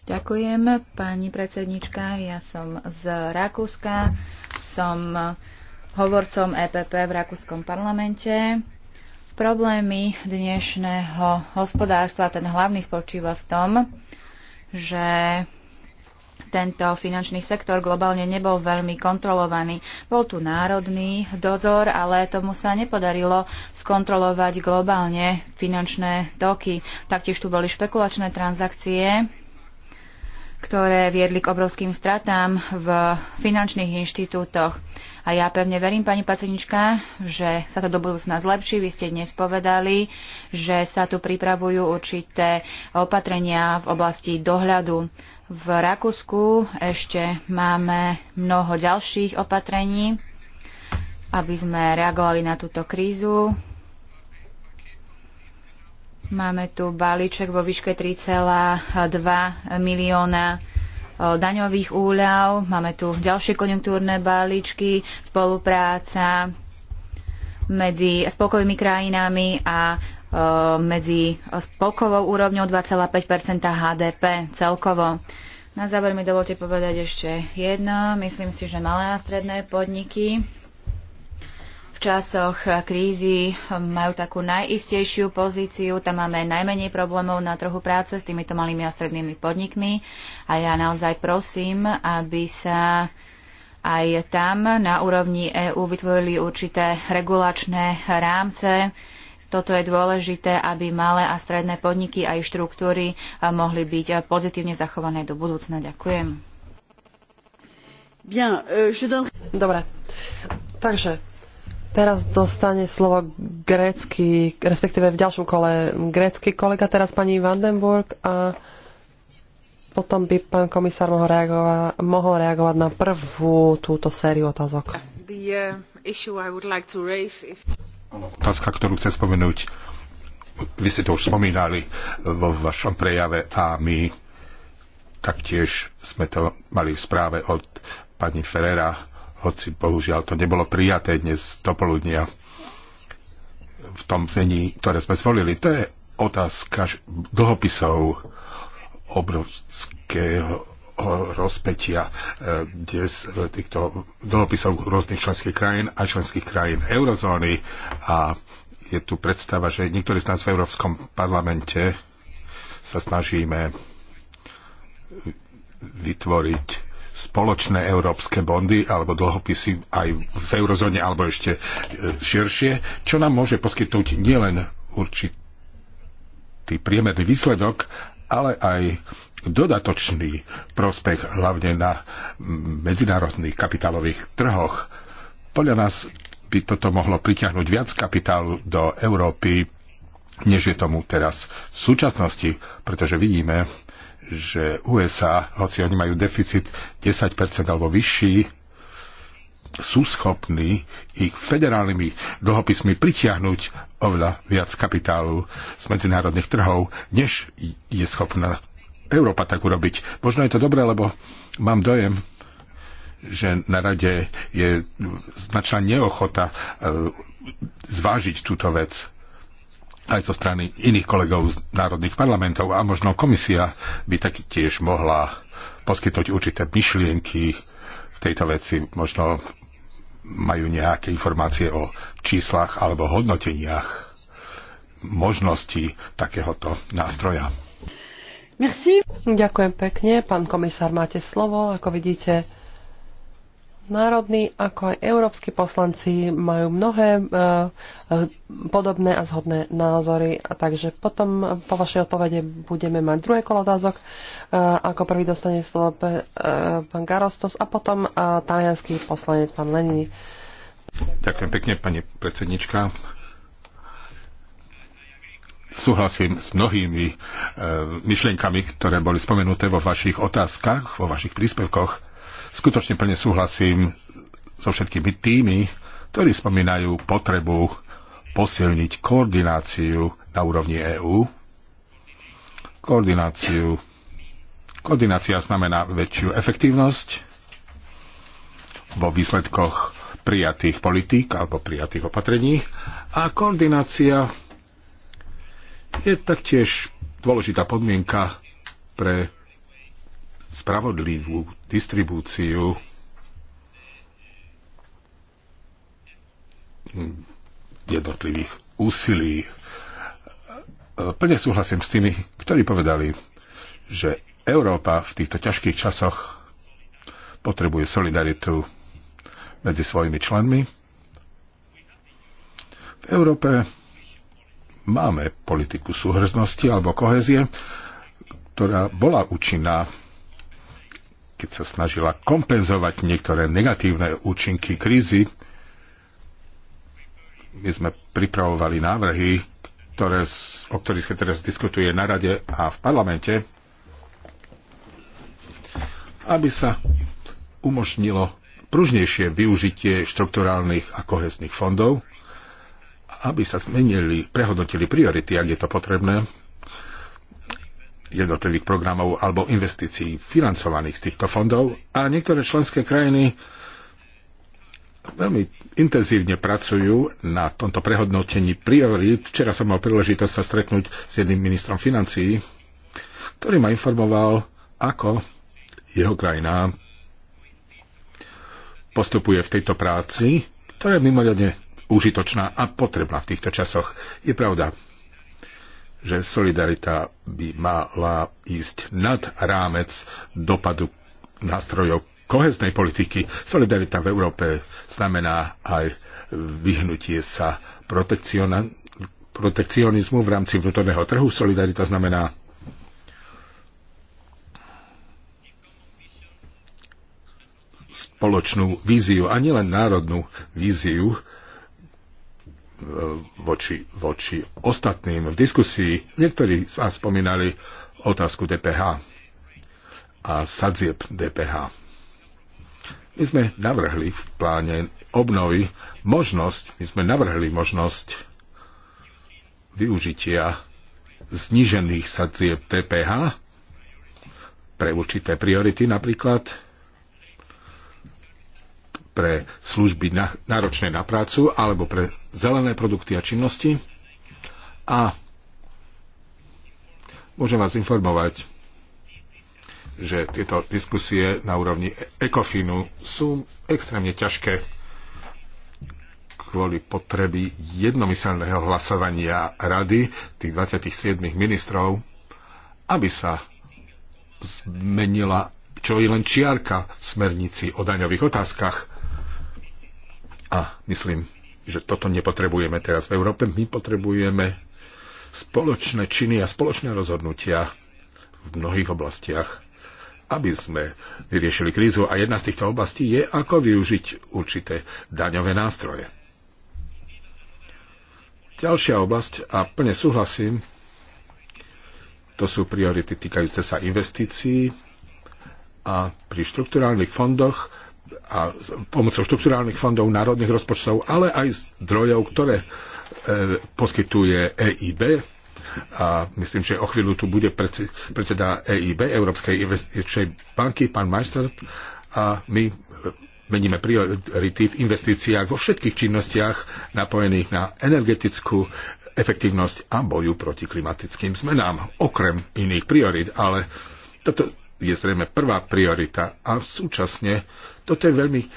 Ďakujem, pani predsednička. Ja som z Rakúska, som hovorcom EPP v Rakúskom parlamente. Problémy dnešného hospodárstva, ten hlavný spočíva v tom, že tento finančný sektor globálne nebol veľmi kontrolovaný. Bol tu národný dozor, ale tomu sa nepodarilo skontrolovať globálne finančné toky. Taktiež tu boli špekulačné transakcie, ktoré viedli k obrovským stratám v finančných inštitútoch. A ja pevne verím, pani Pacenička, že sa to do budúcna zlepší. Vy ste dnes povedali, že sa tu pripravujú určité opatrenia v oblasti dohľadu. V Rakúsku ešte máme mnoho ďalších opatrení, aby sme reagovali na túto krízu. Máme tu balíček vo výške 3,2 milióna daňových úľav, máme tu ďalšie konjunktúrne balíčky, spolupráca medzi spolkovými krajinami a Eh, medzi spolkovou úrovňou 2,5 HDP celkovo. Na záver mi dovolte povedať ešte jedno. Myslím si, že malé a stredné podniky v časoch krízy eh, majú takú najistejšiu pozíciu. Tam máme najmenej problémov na trhu práce s týmito malými a strednými podnikmi. A ja naozaj prosím, aby sa aj tam na úrovni EÚ vytvorili určité regulačné rámce, toto je dôležité, aby malé a stredné podniky a ich štruktúry e, mohli byť e, pozitívne zachované do budúcna. Ďakujem. Bien, euh, je don... Dobre. Takže teraz dostane slovo grécky, respektíve v ďalšom kole grécky kolega, teraz pani Vandenburg a potom by pán komisár mohol reagovať, mohol reagovať na prvú túto sériu otázok. The, uh, like is otázka, ktorú chcem spomenúť. Vy ste to už spomínali vo vašom prejave a my taktiež sme to mali v správe od pani Ferrera, hoci bohužiaľ to nebolo prijaté dnes do poludnia v tom znení, ktoré sme zvolili. To je otázka dlhopisov obrovského rozpetia e, dnes e, týchto dlhopisov rôznych členských krajín a členských krajín eurozóny a je tu predstava, že niektorí z nás v Európskom parlamente sa snažíme vytvoriť spoločné európske bondy alebo dlhopisy aj v eurozóne alebo ešte e, širšie, čo nám môže poskytnúť nielen určitý priemerný výsledok, ale aj dodatočný prospech hlavne na medzinárodných kapitálových trhoch. Podľa nás by toto mohlo priťahnuť viac kapitálu do Európy, než je tomu teraz v súčasnosti, pretože vidíme, že USA, hoci oni majú deficit 10% alebo vyšší, sú schopní ich federálnymi dlhopismi pritiahnuť oveľa viac kapitálu z medzinárodných trhov, než je schopná Európa tak urobiť. Možno je to dobré, lebo mám dojem, že na rade je značná neochota e, zvážiť túto vec aj zo strany iných kolegov z národných parlamentov a možno komisia by tak tiež mohla poskytnúť určité myšlienky v tejto veci. Možno majú nejaké informácie o číslach alebo hodnoteniach možnosti takéhoto nástroja. Merci. Ďakujem pekne. Pán komisár, máte slovo. Ako vidíte, národní ako aj európsky poslanci majú mnohé uh, podobné a zhodné názory. A takže potom po vašej odpovede budeme mať druhé kolo otázok. Uh, ako prvý dostane slovo pe, uh, pán Garostos a potom uh, talianský poslanec pán Lenin. Ďakujem pekne, pani predsednička súhlasím s mnohými e, myšlienkami, ktoré boli spomenuté vo vašich otázkach, vo vašich príspevkoch. Skutočne plne súhlasím so všetkými tými, ktorí spomínajú potrebu posilniť koordináciu na úrovni EÚ. Koordináciu. Koordinácia znamená väčšiu efektívnosť vo výsledkoch prijatých politík alebo prijatých opatrení a koordinácia je taktiež dôležitá podmienka pre spravodlivú distribúciu jednotlivých úsilí. Plne súhlasím s tými, ktorí povedali, že Európa v týchto ťažkých časoch potrebuje solidaritu medzi svojimi členmi. V Európe máme politiku súhrznosti alebo kohezie, ktorá bola účinná, keď sa snažila kompenzovať niektoré negatívne účinky krízy. My sme pripravovali návrhy, ktoré, o ktorých sa teraz diskutuje na rade a v parlamente, aby sa umožnilo pružnejšie využitie štrukturálnych a kohezných fondov, aby sa zmenili, prehodnotili priority, ak je to potrebné, jednotlivých programov alebo investícií financovaných z týchto fondov a niektoré členské krajiny veľmi intenzívne pracujú na tomto prehodnotení priorít. Včera som mal príležitosť sa stretnúť s jedným ministrom financií, ktorý ma informoval, ako jeho krajina postupuje v tejto práci, ktorá je mimoriadne užitočná a potrebná v týchto časoch. Je pravda, že solidarita by mala ísť nad rámec dopadu nástrojov koheznej politiky. Solidarita v Európe znamená aj vyhnutie sa protekcionizmu v rámci vnútorného trhu. Solidarita znamená spoločnú víziu a nielen národnú víziu, voči, voči ostatným. V diskusii niektorí z vás spomínali otázku DPH a sadzieb DPH. My sme navrhli v pláne obnovy možnosť, my sme navrhli možnosť využitia znižených sadzieb DPH pre určité priority, napríklad pre služby náročné na prácu alebo pre zelené produkty a činnosti. A môžem vás informovať, že tieto diskusie na úrovni ECOFINu sú extrémne ťažké kvôli potreby jednomyselného hlasovania rady tých 27 ministrov, aby sa zmenila čo i len čiarka v smernici o daňových otázkach a myslím, že toto nepotrebujeme teraz v Európe. My potrebujeme spoločné činy a spoločné rozhodnutia v mnohých oblastiach, aby sme vyriešili krízu. A jedna z týchto oblastí je, ako využiť určité daňové nástroje. Ďalšia oblasť, a plne súhlasím, to sú priority týkajúce sa investícií a pri štrukturálnych fondoch a pomocou štrukturálnych fondov národných rozpočtov, ale aj zdrojov, ktoré e, poskytuje EIB. A myslím, že o chvíľu tu bude predseda EIB, Európskej investičnej banky, pán Majster, a my e, meníme priority v investíciách vo všetkých činnostiach napojených na energetickú efektívnosť a boju proti klimatickým zmenám, okrem iných priorit. Ale toto, je zrejme prvá priorita a súčasne toto je veľmi e,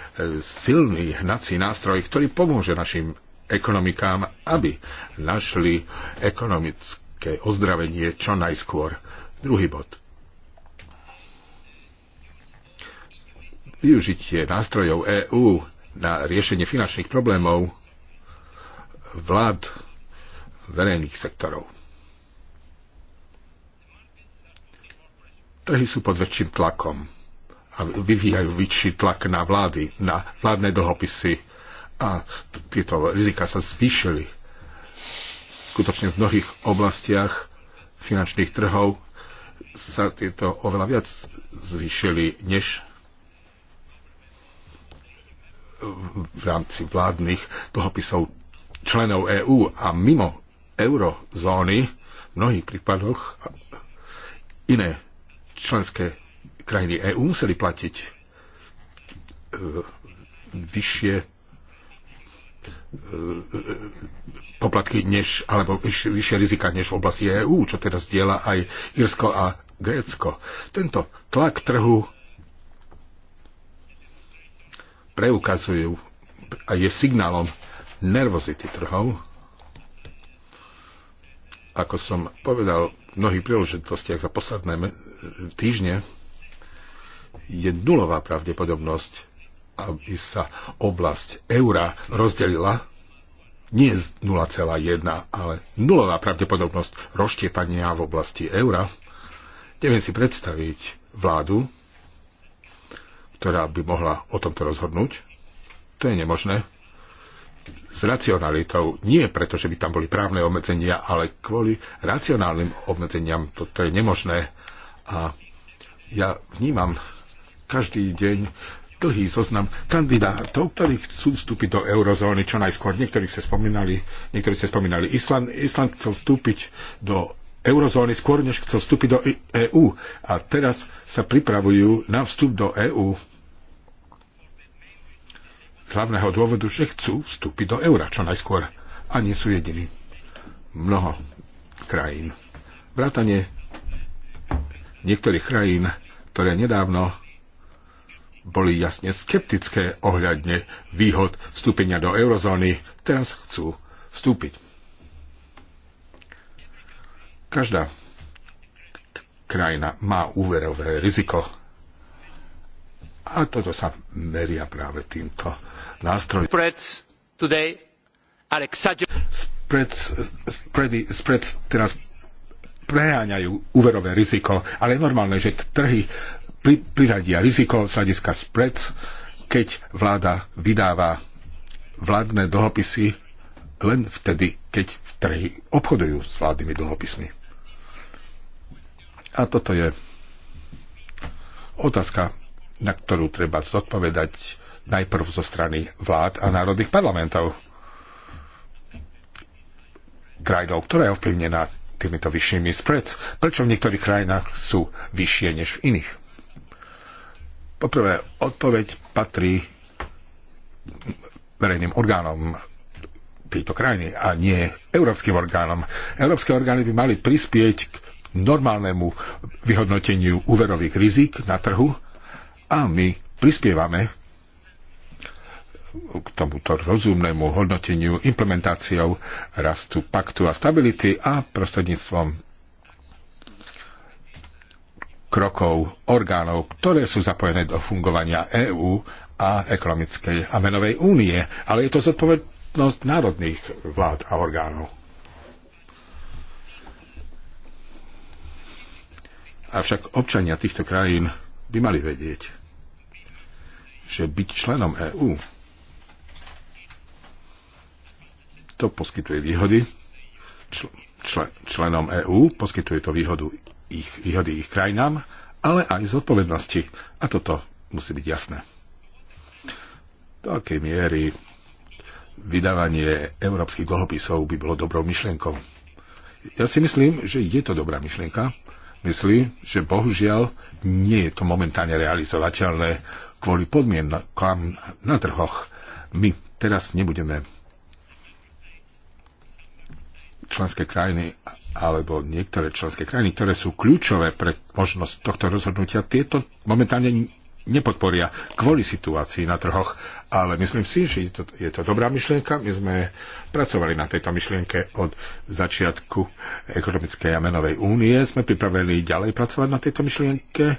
silný hnací nástroj, ktorý pomôže našim ekonomikám, aby našli ekonomické ozdravenie čo najskôr. Druhý bod. Využitie nástrojov EÚ na riešenie finančných problémov vlád verejných sektorov. Trhy sú pod väčším tlakom a vyvíjajú väčší tlak na vlády, na vládne dlhopisy a tieto rizika sa zvýšili. Skutočne v mnohých oblastiach finančných trhov sa tieto oveľa viac zvýšili než v rámci vládnych dlhopisov členov EÚ a mimo eurozóny v mnohých prípadoch iné členské krajiny EÚ museli platiť e, vyššie e, e, poplatky než, alebo vyššie rizika než v oblasti EÚ, čo teraz diela aj Irsko a Grécko. Tento tlak trhu preukazujú a je signálom nervozity trhov. Ako som povedal, mnohých príležitostiach za posledné týždne je nulová pravdepodobnosť, aby sa oblasť eura rozdelila nie z 0,1, ale nulová pravdepodobnosť rozštiepania v oblasti eura. Neviem si predstaviť vládu, ktorá by mohla o tomto rozhodnúť. To je nemožné s racionalitou. Nie preto, že by tam boli právne obmedzenia, ale kvôli racionálnym obmedzeniam. Toto je nemožné. A ja vnímam každý deň dlhý zoznam kandidátov, ktorí chcú vstúpiť do eurozóny čo najskôr. Niektorí ste spomínali, niektorí ste spomínali Island. Island chcel vstúpiť do eurozóny skôr, než chcel vstúpiť do EÚ. E A teraz sa pripravujú na vstup do EÚ hlavného dôvodu, že chcú vstúpiť do eura čo najskôr. A nie sú jediní. Mnoho krajín. Vrátanie niektorých krajín, ktoré nedávno boli jasne skeptické ohľadne výhod vstúpenia do eurozóny, teraz chcú vstúpiť. Každá krajina má úverové riziko a toto sa meria práve týmto nástroj. Spread, teraz preháňajú úverové riziko, ale je normálne, že trhy pri, priradia riziko z hľadiska spreads, keď vláda vydáva vládne dlhopisy len vtedy, keď trhy obchodujú s vládnymi dlhopismi. A toto je otázka, na ktorú treba zodpovedať najprv zo strany vlád a národných parlamentov. Krajinou, ktorá je ovplyvnená týmito vyššími spreads. Prečo v niektorých krajinách sú vyššie než v iných? Poprvé, odpoveď patrí verejným orgánom tejto krajiny a nie európskym orgánom. Európske orgány by mali prispieť k normálnemu vyhodnoteniu úverových rizik na trhu a my prispievame k tomuto rozumnému hodnoteniu implementáciou rastu paktu a stability a prostredníctvom krokov orgánov, ktoré sú zapojené do fungovania EÚ a ekonomickej a menovej únie. Ale je to zodpovednosť národných vlád a orgánov. Avšak občania týchto krajín by mali vedieť, že byť členom EÚ To poskytuje výhody čl- čl- členom EÚ, poskytuje to výhodu ich, výhody ich krajinám, ale aj zodpovednosti. A toto musí byť jasné. Do akej miery vydávanie európskych dlhopisov by bolo dobrou myšlienkou. Ja si myslím, že je to dobrá myšlienka. Myslím, že bohužiaľ nie je to momentálne realizovateľné kvôli podmienkám na trhoch. My teraz nebudeme členské krajiny alebo niektoré členské krajiny, ktoré sú kľúčové pre možnosť tohto rozhodnutia, tieto momentálne nepodporia kvôli situácii na trhoch. Ale myslím si, že je to, je to dobrá myšlienka. My sme pracovali na tejto myšlienke od začiatku ekonomickej a menovej únie. Sme pripravení ďalej pracovať na tejto myšlienke.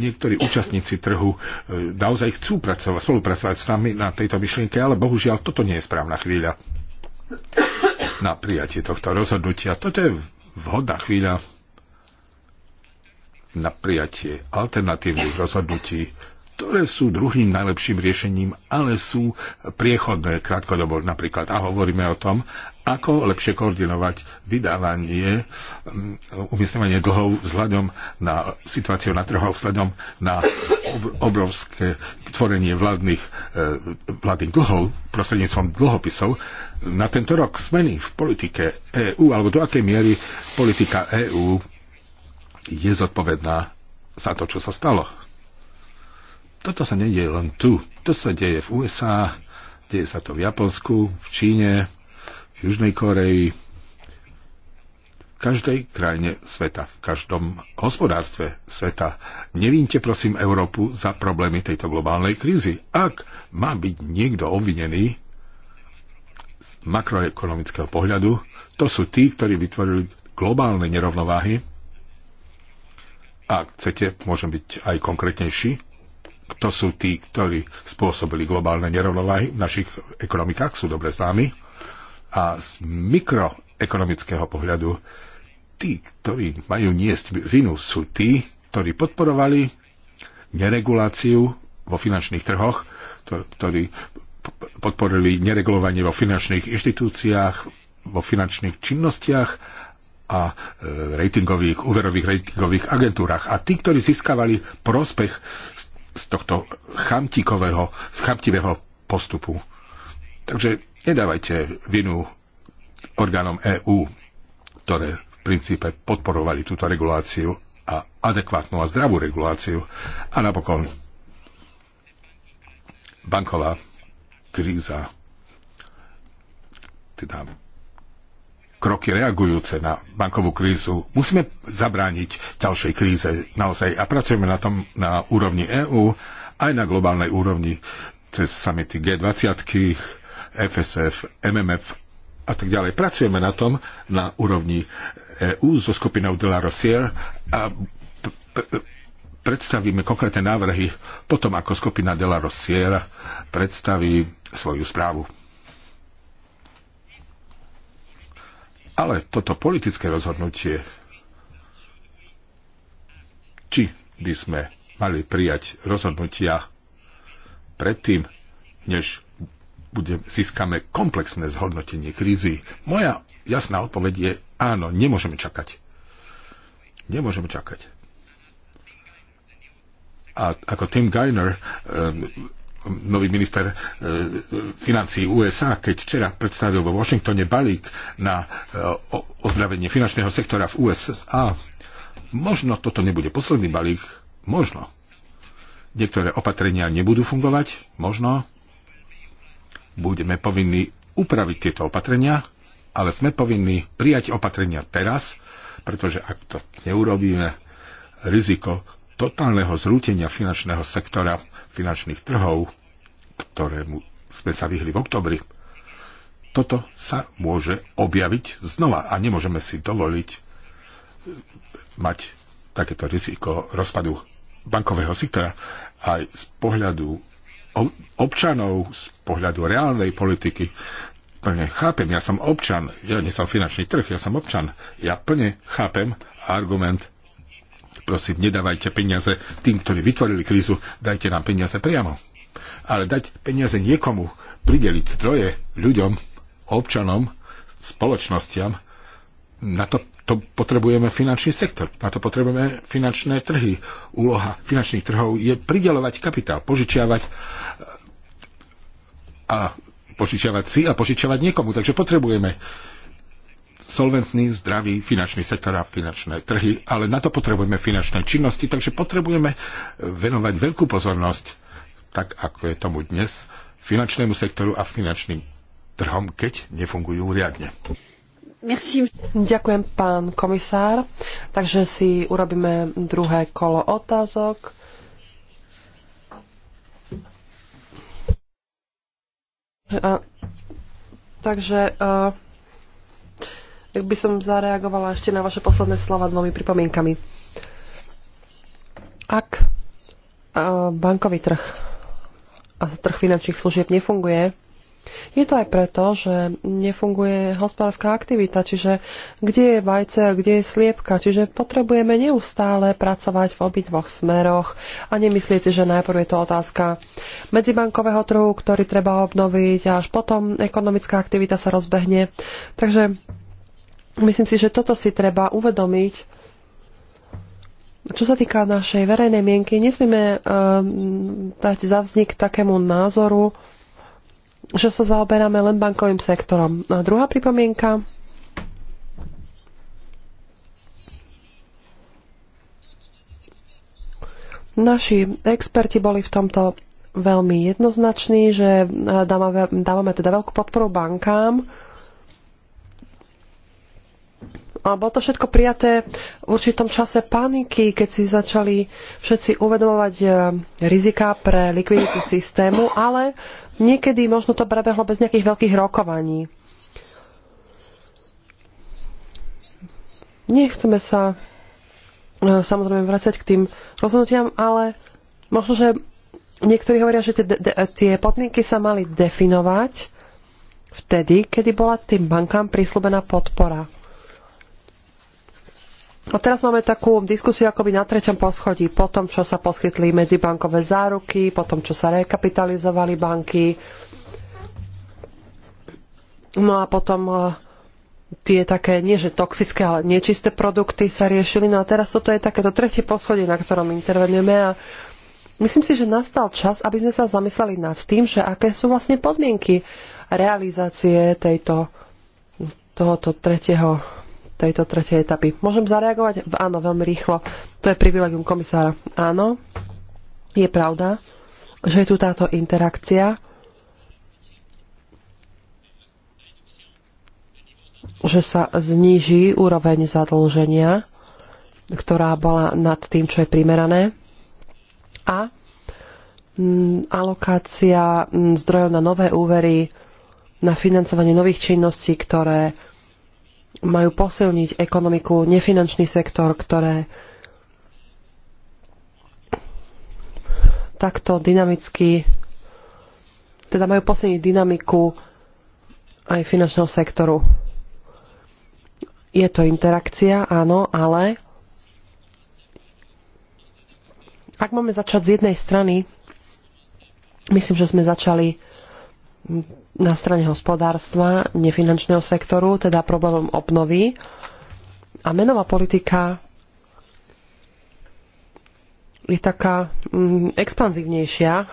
Niektorí účastníci trhu e, naozaj chcú pracovať, spolupracovať s nami na tejto myšlienke, ale bohužiaľ toto nie je správna chvíľa na prijatie tohto rozhodnutia. Toto je vhodná chvíľa na prijatie alternatívnych rozhodnutí, ktoré sú druhým najlepším riešením, ale sú priechodné krátkodobo napríklad. A hovoríme o tom, ako lepšie koordinovať vydávanie, mm, umiestňovanie dlhov vzhľadom na situáciu na trhoch, vzhľadom na obrovské tvorenie vládnych, eh, vládnych dlhov prostredníctvom dlhopisov, na tento rok zmeny v politike EÚ, alebo do akej miery politika EÚ je zodpovedná za to, čo sa stalo. Toto sa nedieje len tu. To sa deje v USA, deje sa to v Japonsku, v Číne, v Južnej Koreji, v každej krajine sveta, v každom hospodárstve sveta. Nevínte prosím Európu za problémy tejto globálnej krízy. Ak má byť niekto obvinený, makroekonomického pohľadu, to sú tí, ktorí vytvorili globálne nerovnováhy. Ak chcete, môžem byť aj konkrétnejší. Kto sú tí, ktorí spôsobili globálne nerovnováhy v našich ekonomikách, sú dobre známi. A z mikroekonomického pohľadu tí, ktorí majú niesť vinu, sú tí, ktorí podporovali nereguláciu vo finančných trhoch, ktorí podporili neregulovanie vo finančných inštitúciách, vo finančných činnostiach a e, ratingových, úverových ratingových agentúrach. A tí, ktorí získavali prospech z tohto chamtikového, chamtivého postupu. Takže nedávajte vinu orgánom EÚ, ktoré v princípe podporovali túto reguláciu a adekvátnu a zdravú reguláciu. A napokon banková kríza, teda kroky reagujúce na bankovú krízu. Musíme zabrániť ďalšej kríze naozaj a pracujeme na tom na úrovni EÚ aj na globálnej úrovni cez samity G20, FSF, MMF a tak ďalej. Pracujeme na tom na úrovni EÚ so skupinou de la Rosier a predstavíme konkrétne návrhy potom, ako skupina Dela Rossiera predstaví svoju správu. Ale toto politické rozhodnutie, či by sme mali prijať rozhodnutia predtým, než budem, získame komplexné zhodnotenie krízy, moja jasná odpoveď je áno, nemôžeme čakať. Nemôžeme čakať a ako Tim Geiner, eh, nový minister eh, financí USA, keď včera predstavil vo Washingtone balík na eh, ozdravenie finančného sektora v USA, možno toto nebude posledný balík, možno. Niektoré opatrenia nebudú fungovať, možno. Budeme povinní upraviť tieto opatrenia, ale sme povinní prijať opatrenia teraz, pretože ak to neurobíme, riziko totálneho zrútenia finančného sektora, finančných trhov, ktorému sme sa vyhli v oktobri, toto sa môže objaviť znova a nemôžeme si dovoliť eh, mať takéto riziko rozpadu bankového sektora aj z pohľadu občanov, z pohľadu reálnej politiky. Plne chápem, ja som občan, ja nie som finančný trh, ja som občan. Ja plne chápem argument Prosím, nedávajte peniaze tým, ktorí vytvorili krízu, dajte nám peniaze priamo. Ale dať peniaze niekomu, prideliť stroje ľuďom, občanom, spoločnostiam, na to, to potrebujeme finančný sektor, na to potrebujeme finančné trhy. Úloha finančných trhov je pridelovať kapitál, požičiavať a požičiavať si a požičiavať niekomu. Takže potrebujeme solventný, zdravý finančný sektor a finančné trhy, ale na to potrebujeme finančné činnosti, takže potrebujeme eh, venovať veľkú pozornosť, tak ako je tomu dnes, finančnému sektoru a finančným trhom, keď nefungujú riadne. Merci. Ďakujem, pán komisár. Takže si urobíme druhé kolo otázok. A, takže uh, tak by som zareagovala ešte na vaše posledné slova dvomi pripomienkami. Ak e, bankový trh a trh finančných služieb nefunguje, je to aj preto, že nefunguje hospodárska aktivita, čiže kde je vajce a kde je sliepka, čiže potrebujeme neustále pracovať v obidvoch smeroch a nemyslíte, že najprv je to otázka medzibankového trhu, ktorý treba obnoviť a až potom ekonomická aktivita sa rozbehne. Takže Myslím si, že toto si treba uvedomiť. Čo sa týka našej verejnej mienky, nesmieme uh, dať za vznik takému názoru, že sa zaoberáme len bankovým sektorom. A druhá pripomienka. Naši experti boli v tomto veľmi jednoznační, že dávame, dávame teda veľkú podporu bankám, a bolo to všetko prijaté v určitom čase paniky, keď si začali všetci uvedomovať e, rizika pre likviditu systému, ale niekedy možno to prebehlo bez nejakých veľkých rokovaní. Nechceme sa e, samozrejme vracať k tým rozhodnutiam, ale možno, že niektorí hovoria, že tie, tie podmienky sa mali definovať vtedy, kedy bola tým bankám prislúbená podpora a teraz máme takú diskusiu akoby na treťom poschodí, po tom, čo sa poskytli medzibankové záruky, po tom, čo sa rekapitalizovali banky. No a potom eh, tie také, nie že toxické, ale nečisté produkty sa riešili. No a teraz toto je takéto tretie poschodie, na ktorom intervenujeme a myslím si, že nastal čas, aby sme sa zamysleli nad tým, že aké sú vlastne podmienky realizácie tejto, tohoto tretieho tejto tretej etapy. Môžem zareagovať? Áno, veľmi rýchlo. To je privilegium komisára. Áno, je pravda, že je tu táto interakcia, že sa zníži úroveň zadlženia, ktorá bola nad tým, čo je primerané. A mm, alokácia mm, zdrojov na nové úvery, na financovanie nových činností, ktoré majú posilniť ekonomiku, nefinančný sektor, ktoré takto dynamicky, teda majú posilniť dynamiku aj finančného sektoru. Je to interakcia, áno, ale ak máme začať z jednej strany, myslím, že sme začali na strane hospodárstva, nefinančného sektoru, teda problémom obnovy. A menová politika je taká mm, expanzívnejšia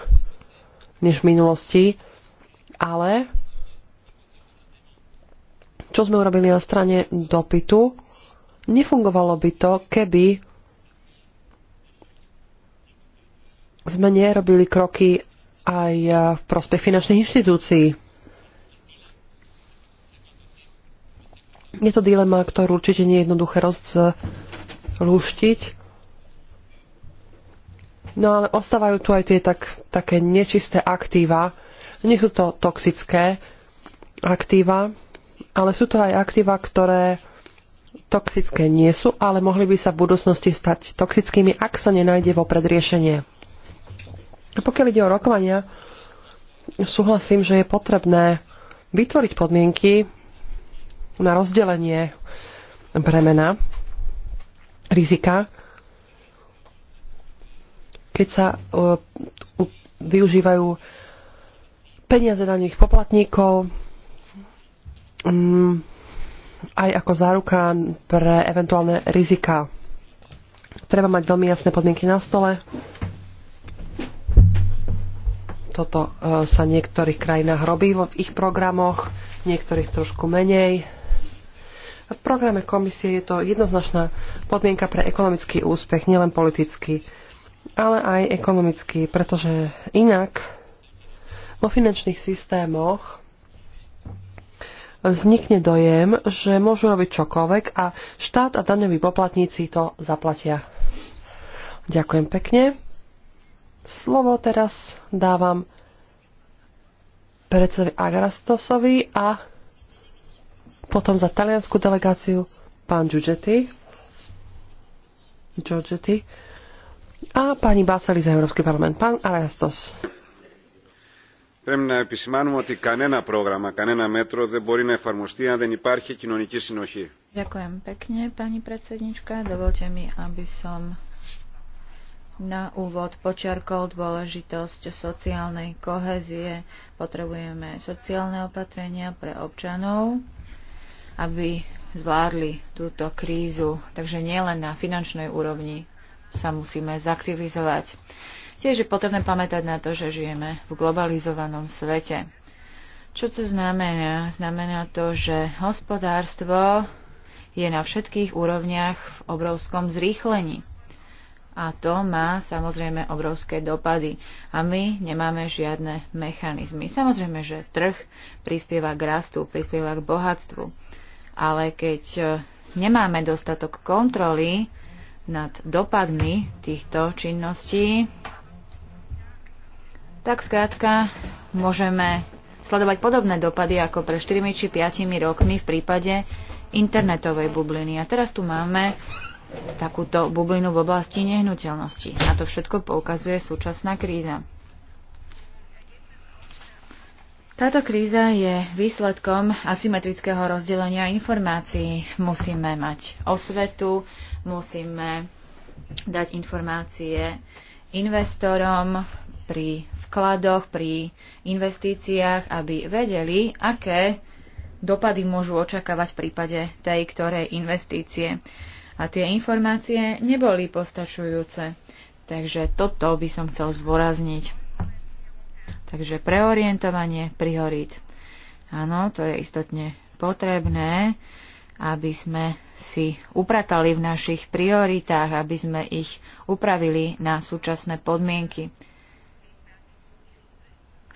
než v minulosti, ale čo sme urobili na strane dopytu, nefungovalo by to, keby sme nerobili kroky aj eh, v prospech finančných inštitúcií Je to dilema, ktorú určite nie je jednoduché rozluštiť. No ale ostávajú tu aj tie tak, také nečisté aktíva. Nie sú to toxické aktíva, ale sú to aj aktíva, ktoré toxické nie sú, ale mohli by sa v budúcnosti stať toxickými, ak sa nenájde vopred riešenie. A pokiaľ ide o rokovania, súhlasím, že je potrebné vytvoriť podmienky, na rozdelenie bremena, rizika, keď sa uh, uh, využívajú peniaze daných poplatníkov um, aj ako záruka pre eventuálne rizika. Treba mať veľmi jasné podmienky na stole. Toto uh, sa v niektorých krajinách robí v ich programoch, niektorých trošku menej v programe komisie je to jednoznačná podmienka pre ekonomický úspech, nielen politický, ale aj ekonomický, pretože inak vo finančných systémoch vznikne dojem, že môžu robiť čokoľvek a štát a daňoví poplatníci to zaplatia. Ďakujem pekne. Slovo teraz dávam predsedovi Agrastosovi a potom za taliansku delegáciu pán Giugetti, Giugetti a pani Báceli za Európsky parlament. Pán Arestos. Πρέπει να επισημάνουμε ότι κανένα πρόγραμμα, κανένα μέτρο δεν μπορεί να εφαρμοστεί αν δεν υπάρχει κοινωνική συνοχή. Ďakujem pekne, pani predsednička. Dovolte mi, aby som na úvod počiarkol dôležitosť sociálnej kohezie. Potrebujeme sociálne opatrenia pre občanov, aby zvládli túto krízu. Takže nielen na finančnej úrovni sa musíme zaktivizovať. Tiež je potrebné pamätať na to, že žijeme v globalizovanom svete. Čo to znamená? Znamená to, že hospodárstvo je na všetkých úrovniach v obrovskom zrýchlení. A to má samozrejme obrovské dopady. A my nemáme žiadne mechanizmy. Samozrejme, že trh prispieva k rastu, prispieva k bohatstvu ale keď e, nemáme dostatok kontroly nad dopadmi týchto činností, tak skrátka môžeme sledovať podobné dopady ako pre 4 či 5 rokmi v prípade internetovej bubliny. A teraz tu máme takúto bublinu v oblasti nehnuteľnosti. Na to všetko poukazuje súčasná kríza. Táto kríza je výsledkom asymetrického rozdelenia informácií. Musíme mať osvetu, musíme dať informácie investorom pri vkladoch, pri investíciách, aby vedeli, aké dopady môžu očakávať v prípade tej ktorej investície. A tie informácie neboli postačujúce. Takže toto by som chcel zdôrazniť. Takže preorientovanie priorít. Áno, to je istotne potrebné, aby sme si upratali v našich prioritách, aby sme ich upravili na súčasné podmienky.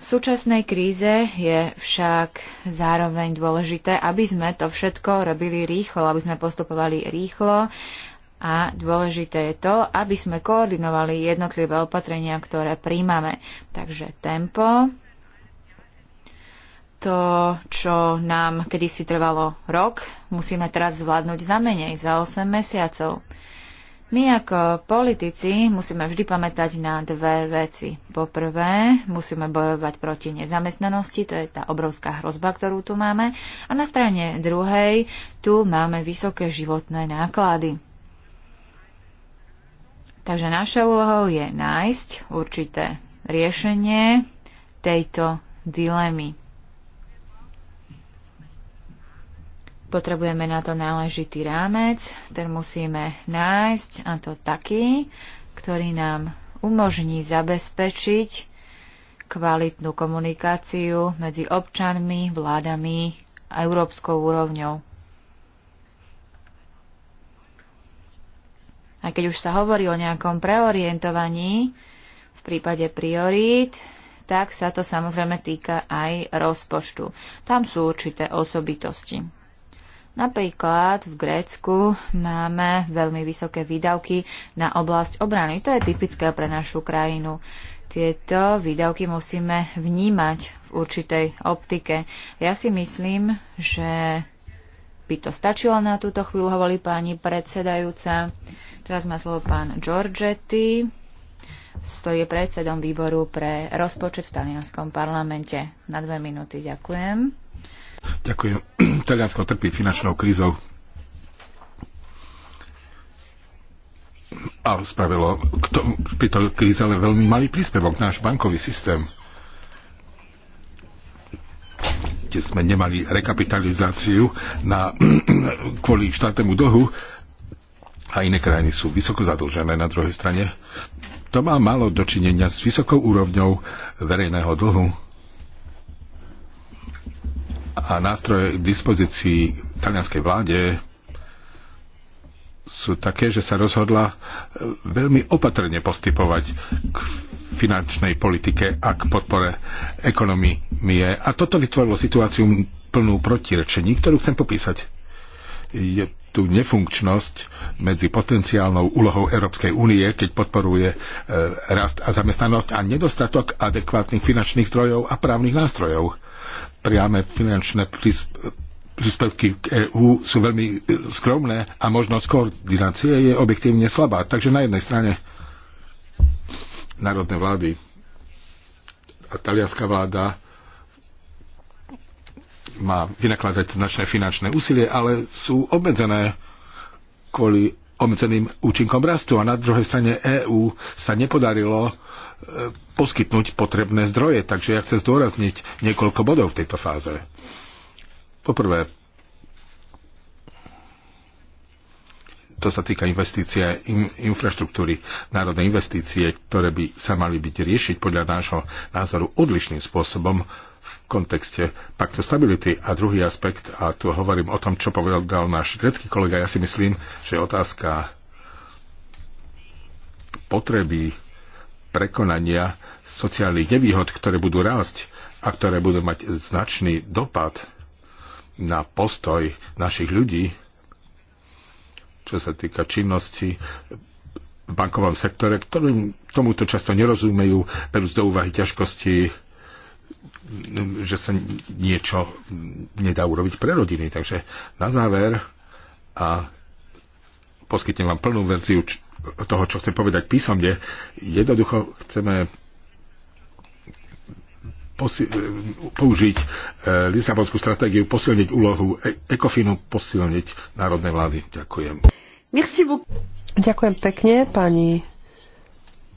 V súčasnej kríze je však zároveň dôležité, aby sme to všetko robili rýchlo, aby sme postupovali rýchlo, a dôležité je to, aby sme koordinovali jednotlivé opatrenia, ktoré príjmame. Takže tempo, to, čo nám kedysi trvalo rok, musíme teraz zvládnuť za menej, za 8 mesiacov. My ako politici musíme vždy pamätať na dve veci. Po prvé, musíme bojovať proti nezamestnanosti, to je tá obrovská hrozba, ktorú tu máme. A na strane druhej, tu máme vysoké životné náklady. Takže našou úlohou je nájsť určité riešenie tejto dilemy. Potrebujeme na to náležitý rámec, ten musíme nájsť, a to taký, ktorý nám umožní zabezpečiť kvalitnú komunikáciu medzi občanmi, vládami a európskou úrovňou. Aj keď už sa hovorí o nejakom preorientovaní v prípade priorít, tak sa to samozrejme týka aj rozpočtu. Tam sú určité osobitosti. Napríklad v Grécku máme veľmi vysoké výdavky na oblasť obrany. To je typické pre našu krajinu. Tieto výdavky musíme vnímať v určitej optike. Ja si myslím, že by to stačilo na túto chvíľu, hovorí pani predsedajúca. Teraz má slovo pán Giorgetti, stojí predsedom výboru pre rozpočet v talianskom parlamente. Na dve minúty ďakujem. Ďakujem. Taliansko trpí finančnou krízou a spravilo k, tomu, k tejto kríze ale veľmi malý príspevok náš bankový systém keď sme nemali rekapitalizáciu na, kvôli štátnemu dohu a iné krajiny sú vysoko zadlžené na druhej strane. To má málo dočinenia s vysokou úrovňou verejného dlhu a nástroje k dispozícii talianskej vláde sú také, že sa rozhodla e, veľmi opatrne postupovať k finančnej politike a k podpore ekonomie. A toto vytvorilo situáciu plnú protirečení, ktorú chcem popísať. Je tu nefunkčnosť medzi potenciálnou úlohou Európskej únie, keď podporuje e, rast a zamestnanosť a nedostatok adekvátnych finančných zdrojov a právnych nástrojov priame finančné príspevky k EÚ sú veľmi e, skromné a možnosť koordinácie je objektívne slabá. Takže na jednej strane národné vlády a talianská vláda má vynakladať značné finančné úsilie, ale sú obmedzené kvôli obmedzeným účinkom rastu. A na druhej strane EÚ sa nepodarilo e, poskytnúť potrebné zdroje. Takže ja chcem zdôrazniť niekoľko bodov v tejto fáze. Poprvé, to sa týka investície in, infraštruktúry, národné investície, ktoré by sa mali byť riešiť podľa nášho názoru odlišným spôsobom v kontexte paktu stability. A druhý aspekt, a tu hovorím o tom, čo povedal náš grecký kolega, ja si myslím, že otázka potreby prekonania sociálnych nevýhod, ktoré budú rásť a ktoré budú mať značný dopad na postoj našich ľudí, čo sa týka činnosti v bankovom sektore, ktorým tomuto často nerozumejú, berú do úvahy ťažkosti, že sa niečo nedá urobiť pre rodiny. Takže na záver a poskytnem vám plnú verziu toho, čo chcem povedať písomne. Jednoducho chceme posi- použiť e, Lisabonskú stratégiu, posilniť úlohu e- ECOFINu, posilniť národné vlády. Ďakujem. Merci beaucoup. Ďakujem pekne, pani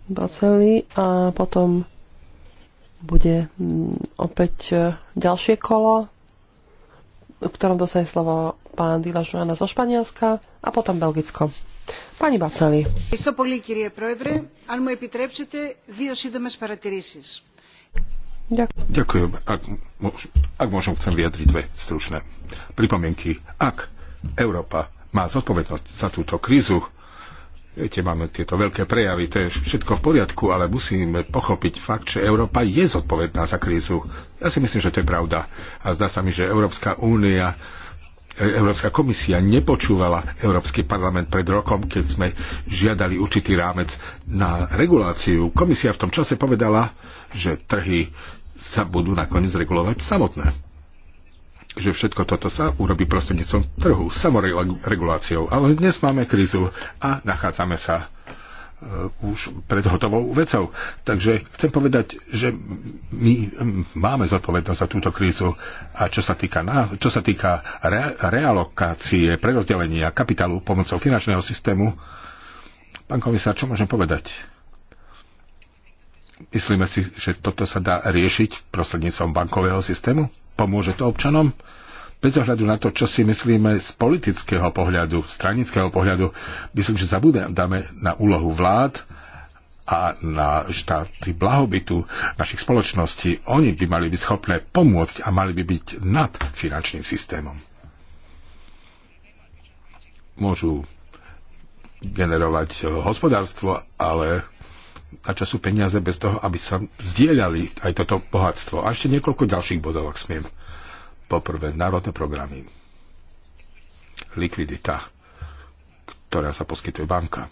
Baceli. A potom bude mm, opäť e, ďalšie kolo, v ktorom dostane slovo pán Dila Žuana zo Španielska a potom Belgicko. Pani Baceli. Ευχαριστώ πολύ κύριε Πρόεδρε. Αν μου επιτρέψετε, δύο σύντομες παρατηρήσεις. Ďakujem. Ak, ak môžem, chcem vyjadriť dve stručné pripomienky. Ak Európa má zodpovednosť za túto krízu, viete, máme tieto veľké prejavy, to je všetko v poriadku, ale musíme pochopiť fakt, že Európa je zodpovedná za krízu. Ja si myslím, že to je pravda. A zdá sa mi, že Európska únia e, Európska komisia nepočúvala Európsky parlament pred rokom, keď sme žiadali určitý rámec na reguláciu. Komisia v tom čase povedala, že trhy sa budú nakoniec regulovať samotné. Že všetko toto sa urobí prostredníctvom trhu, samoreguláciou. Ale dnes máme krízu a nachádzame sa e, už pred hotovou vecou. Takže chcem povedať, že my máme zodpovednosť za túto krízu a čo sa týka, na, čo sa týka re, realokácie, prerozdelenia kapitálu pomocou finančného systému, pán komisár, čo môžem povedať? Myslíme si, že toto sa dá riešiť prostredníctvom bankového systému? Pomôže to občanom? Bez ohľadu na to, čo si myslíme z politického pohľadu, stranického pohľadu, myslím, že zabudáme na úlohu vlád a na štáty blahobytu našich spoločností. Oni by mali byť schopné pomôcť a mali by byť nad finančným systémom. Môžu generovať hospodárstvo, ale a čo sú peniaze bez toho, aby sa zdieľali aj toto bohatstvo. A ešte niekoľko ďalších bodov, ak smiem. Poprvé, národné programy. Likvidita, ktorá sa poskytuje banka.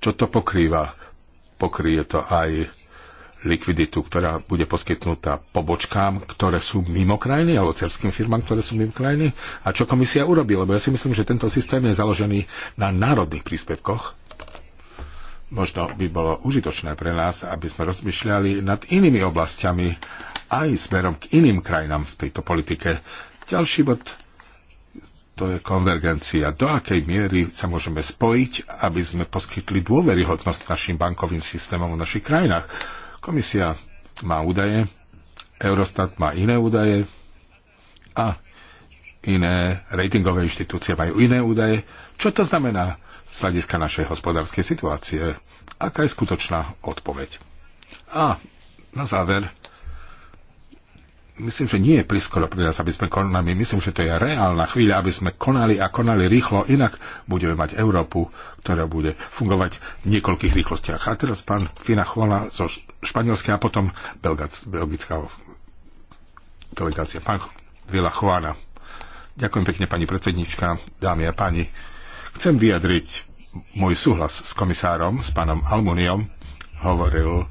Čo to pokrýva? Pokrie to aj likviditu, ktorá bude poskytnutá pobočkám, ktoré sú mimo krajiny, alebo cerským firmám, ktoré sú mimo krajiny. A čo komisia urobí? Lebo ja si myslím, že tento systém je založený na národných príspevkoch. Možno by bolo užitočné pre nás, aby sme rozmýšľali nad inými oblastiami aj smerom k iným krajinám v tejto politike. Ďalší bod to je konvergencia. Do akej miery sa môžeme spojiť, aby sme poskytli dôveryhodnosť našim bankovým systémom v našich krajinách Komisia má údaje, Eurostat má iné údaje a iné ratingové inštitúcie majú iné údaje. Čo to znamená z hľadiska našej hospodárskej situácie? Aká je skutočná odpoveď? A na záver myslím, že nie je priskoro pre nás, aby sme konali. Myslím, že to je reálna chvíľa, aby sme konali a konali rýchlo, inak budeme mať Európu, ktorá bude fungovať v niekoľkých rýchlostiach. A teraz pán Fina Chvola zo Španielska a potom Belgac, belgická delegácia. Pán Vila Chvána. Ďakujem pekne, pani predsednička, dámy a páni. Chcem vyjadriť môj súhlas s komisárom, s pánom Almuniom, hovoril,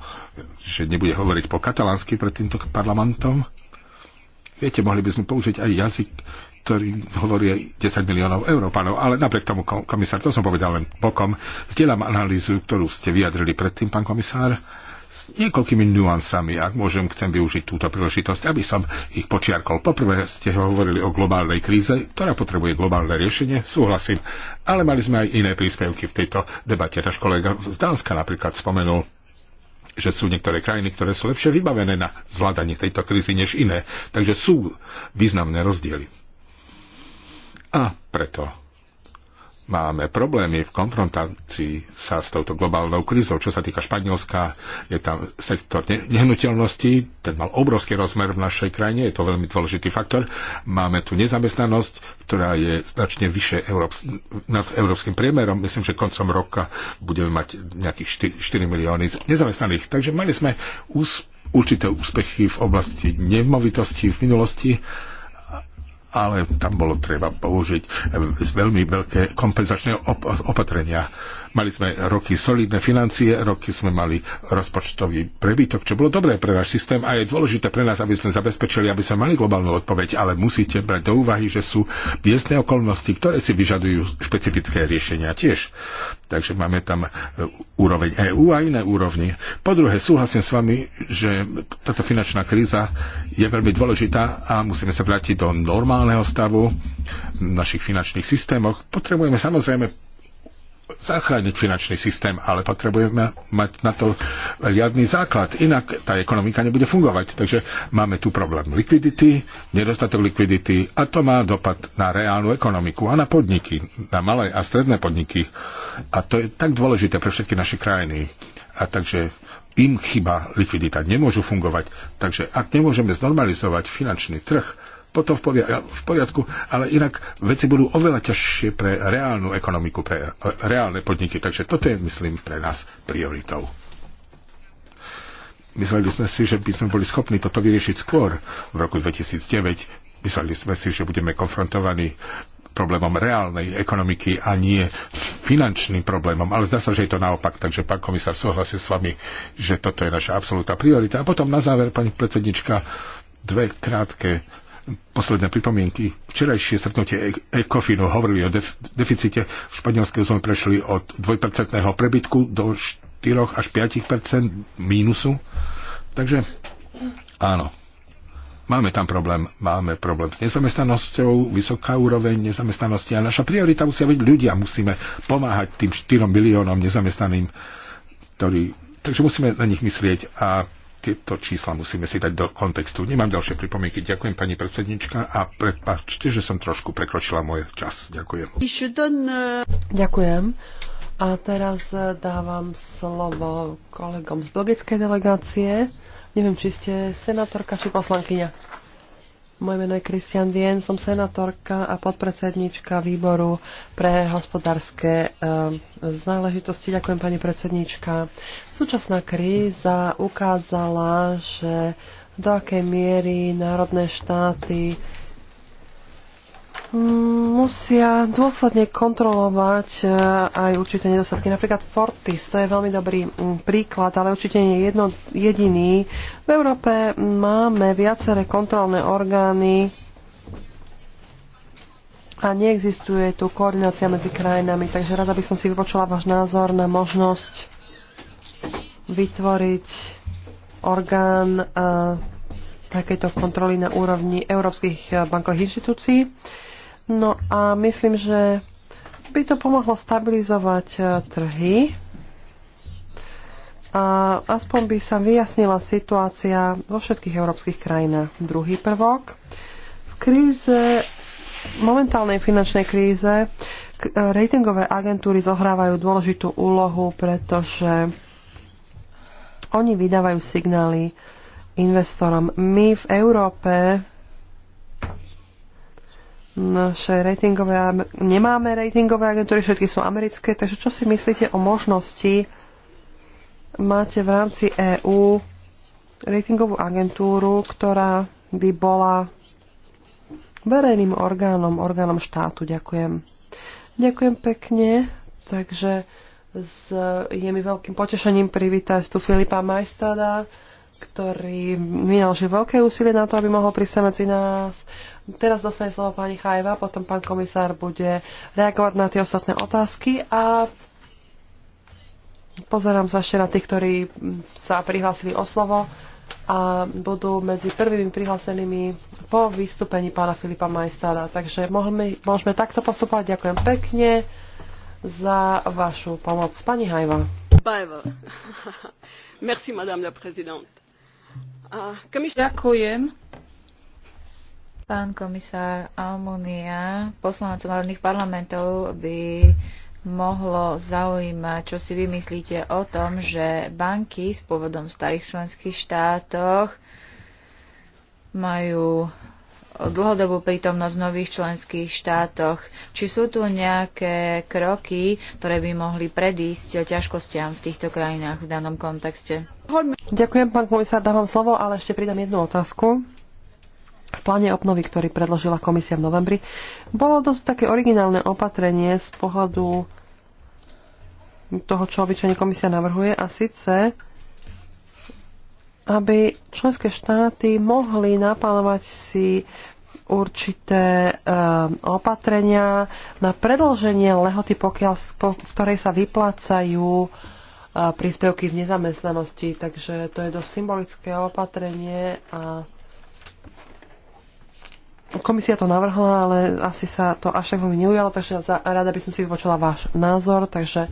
že nebude hovoriť po katalánsky pred týmto parlamentom, Viete, mohli by sme použiť aj jazyk, ktorý hovorí 10 miliónov Európanov, ale napriek tomu, komisár, to som povedal len bokom, zdieľam analýzu, ktorú ste vyjadrili predtým, pán komisár, s niekoľkými nuansami, ak môžem, chcem využiť túto príležitosť, aby som ich počiarkol. Poprvé ste hovorili o globálnej kríze, ktorá potrebuje globálne riešenie, súhlasím, ale mali sme aj iné príspevky v tejto debate. Náš kolega z Dánska napríklad spomenul že sú niektoré krajiny, ktoré sú lepšie vybavené na zvládanie tejto krízy než iné. Takže sú významné rozdiely. A preto máme problémy v konfrontácii sa s touto globálnou krízou. Čo sa týka Španielska, je tam sektor nehnuteľnosti, ten mal obrovský rozmer v našej krajine, je to veľmi dôležitý faktor. Máme tu nezamestnanosť, ktorá je značne vyššie Európs- nad európskym priemerom. Myslím, že koncom roka budeme mať nejakých 4, 4 milióny nezamestnaných. Takže mali sme ús- určité úspechy v oblasti nemovitosti v minulosti ale tam bolo treba použiť eh, veľmi veľké kompenzačné opatrenia Mali sme roky solidné financie, roky sme mali rozpočtový prebytok, čo bolo dobré pre náš systém a je dôležité pre nás, aby sme zabezpečili, aby sme mali globálnu odpoveď, ale musíte brať do úvahy, že sú miestne okolnosti, ktoré si vyžadujú špecifické riešenia tiež. Takže máme tam e, úroveň EÚ a iné úrovni. Po druhé, súhlasím s vami, že táto finančná kríza je veľmi dôležitá a musíme sa vrátiť do normálneho stavu v našich finančných systémoch. Potrebujeme samozrejme zachrániť finančný systém, ale potrebujeme mať na to riadný základ, inak tá ekonomika nebude fungovať. Takže máme tu problém likvidity, nedostatok likvidity a to má dopad na reálnu ekonomiku a na podniky, na malé a stredné podniky. A to je tak dôležité pre všetky naše krajiny. A takže im chyba likvidita, nemôžu fungovať. Takže ak nemôžeme znormalizovať finančný trh, potom v, poriadku, ale inak veci budú oveľa ťažšie pre reálnu ekonomiku, pre reálne podniky. Takže toto je, myslím, pre nás prioritou. Mysleli sme si, že by sme boli schopní toto vyriešiť skôr. V roku 2009 mysleli sme si, že budeme konfrontovaní problémom reálnej ekonomiky a nie finančným problémom. Ale zdá sa, že je to naopak. Takže pán komisár, súhlasí s vami, že toto je naša absolútna priorita. A potom na záver, pani predsednička, dve krátke posledné pripomienky. Včerajšie stretnutie e- ECOFINu hovorili o def- deficite. V španielskej zóne prešli od 2% prebytku do 4 až 5% mínusu. Takže áno, máme tam problém. Máme problém s nezamestnanosťou, vysoká úroveň nezamestnanosti a naša priorita musia byť ľudia. Musíme pomáhať tým 4 miliónom nezamestnaným, ktorí... Takže musíme na nich myslieť a tieto čísla musíme si dať do kontextu. Nemám ďalšie pripomienky. Ďakujem pani predsednička a prepáčte, že som trošku prekročila môj čas. Ďakujem. Uh, Ďakujem. A teraz uh, dávam slovo kolegom z belgickej delegácie. Neviem, či ste senátorka či poslankyňa. Moje meno je Kristian Vien, som senatorka a podpredsednička výboru pre hospodárske e, záležitosti. Ďakujem pani predsednička. Súčasná kríza ukázala, že do akej miery národné štáty musia dôsledne kontrolovať e, aj určité nedostatky. Napríklad Fortis, to je veľmi dobrý mm, príklad, ale určite nie jedno, jediný. V Európe máme viaceré kontrolné orgány a neexistuje tu koordinácia medzi krajinami, takže rada by som si vypočula váš názor na možnosť vytvoriť orgán e, takéto kontroly na úrovni európskych e, bankových inštitúcií. No a myslím, že by to pomohlo stabilizovať e, trhy a aspoň by sa vyjasnila situácia vo všetkých európskych krajinách. Druhý prvok. V kríze, momentálnej finančnej kríze e, ratingové agentúry zohrávajú dôležitú úlohu, pretože oni vydávajú signály investorom. My v Európe naše ratingové, nemáme ratingové agentúry, všetky sú americké, takže čo si myslíte o možnosti, máte v rámci EÚ ratingovú agentúru, ktorá by bola verejným orgánom, orgánom štátu. Ďakujem. Ďakujem pekne, takže z, je mi veľkým potešením privítať tu Filipa Majstada, ktorý že veľké úsilie na to, aby mohol prísť medzi nás. Teraz dostane slovo pani Chajva, potom pán komisár bude reagovať na tie ostatné otázky a pozerám sa ešte na tých, ktorí sa prihlásili o slovo a budú medzi prvými prihlásenými po vystúpení pána Filipa Majstara. Takže môžeme, môžeme takto postupovať. Ďakujem pekne za vašu pomoc. Pani Hajva. Merci, madame la présidente Ďakujem. Pán komisár Almunia, poslanec národných parlamentov by mohlo zaujímať, čo si vymyslíte o tom, že banky s pôvodom v starých členských štátoch majú dlhodobú prítomnosť v nových členských štátoch. Či sú tu nejaké kroky, ktoré by mohli predísť ťažkostiam v týchto krajinách v danom kontexte? Ďakujem, pán komisár, dávam slovo, ale ešte pridám jednu otázku. V pláne obnovy, ktorý predložila komisia v novembri, bolo dosť také originálne opatrenie z pohľadu toho, čo obyčajne komisia navrhuje a síce aby členské štáty mohli naplánovať si určité e, opatrenia na predlženie lehoty, pokiaľ, po, v ktorej sa vyplácajú e, príspevky v nezamestnanosti. Takže to je dosť symbolické opatrenie a komisia to navrhla, ale asi sa to až tak veľmi neujalo, takže za, rada by som si vypočula váš názor. Takže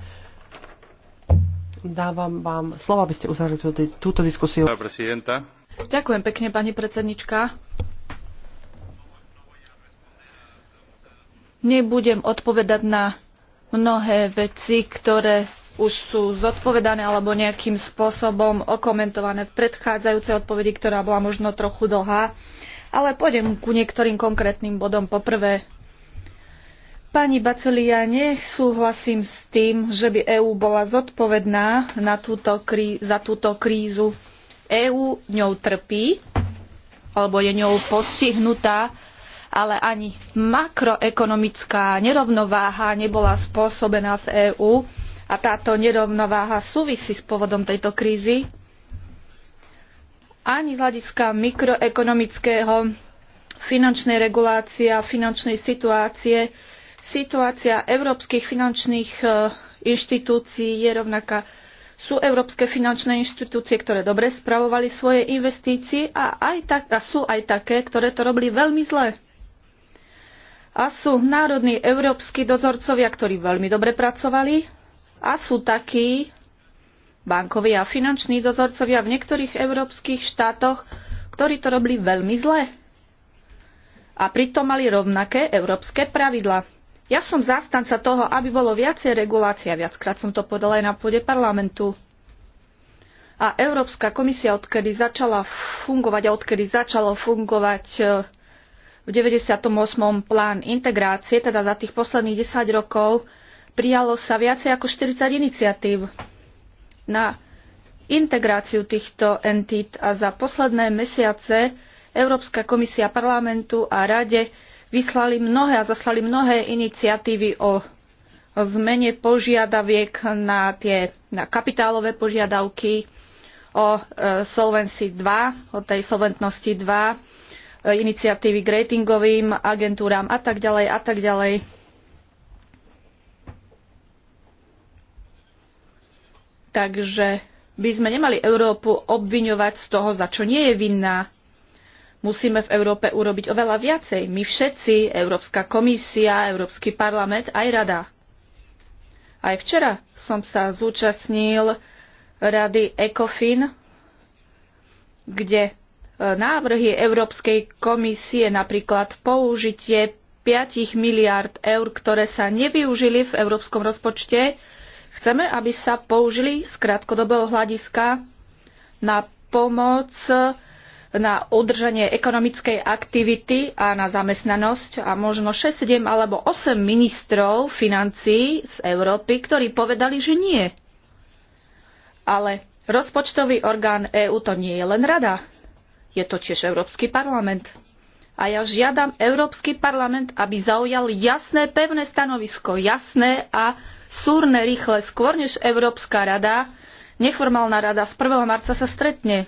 Dávam vám slovo, aby ste uzavreli túto, diskusiu. Ďakujem pekne, pani predsednička. Nebudem odpovedať na mnohé veci, ktoré už sú zodpovedané alebo nejakým spôsobom okomentované v predchádzajúcej odpovedi, ktorá bola možno trochu dlhá, ale pôjdem ku niektorým konkrétnym bodom. Poprvé, Pani Bacelia, ja nesúhlasím s tým, že by EÚ bola zodpovedná na túto krí- za túto krízu. EÚ ňou trpí, alebo je ňou postihnutá, ale ani makroekonomická nerovnováha nebola spôsobená v EÚ a táto nerovnováha súvisí s pôvodom tejto krízy. Ani z hľadiska mikroekonomického finančnej regulácie a finančnej situácie Situácia európskych finančných e, inštitúcií je rovnaká. Sú európske finančné inštitúcie, ktoré dobre spravovali svoje investície a, aj tak, a sú aj také, ktoré to robili veľmi zle. A sú národní európsky dozorcovia, ktorí veľmi dobre pracovali a sú takí bankoví a finanční dozorcovia v niektorých európskych štátoch, ktorí to robili veľmi zle. A pritom mali rovnaké európske pravidla. Ja som zastanca toho, aby bolo viacej regulácia, viackrát som to podala aj na pôde parlamentu. A Európska komisia, odkedy začala fungovať a odkedy začalo fungovať e, v 98. plán integrácie, teda za tých posledných 10 rokov, prijalo sa viacej ako 40 iniciatív na integráciu týchto entít a za posledné mesiace Európska komisia parlamentu a rade vyslali mnohé a zaslali mnohé iniciatívy o, zmene požiadaviek na tie na kapitálové požiadavky, o e, Solvency 2, o tej solventnosti 2, e, iniciatívy k ratingovým agentúram a tak ďalej a tak ďalej. Takže by sme nemali Európu obviňovať z toho, za čo nie je vinná Musíme v Európe urobiť oveľa viacej. My všetci, Európska komisia, Európsky parlament, aj rada. Aj včera som sa zúčastnil rady ECOFIN, kde e, návrhy Európskej komisie, napríklad použitie 5 miliard eur, ktoré sa nevyužili v európskom rozpočte, chceme, aby sa použili z krátkodobého hľadiska na pomoc na udržanie ekonomickej aktivity a na zamestnanosť a možno 6, 7 alebo 8 ministrov financií z Európy, ktorí povedali, že nie. Ale rozpočtový orgán EÚ to nie je len rada. Je to tiež Európsky parlament. A ja žiadam Európsky parlament, aby zaujal jasné, pevné stanovisko, jasné a súrne rýchle, skôr než Európska rada, neformálna rada z 1. marca sa stretne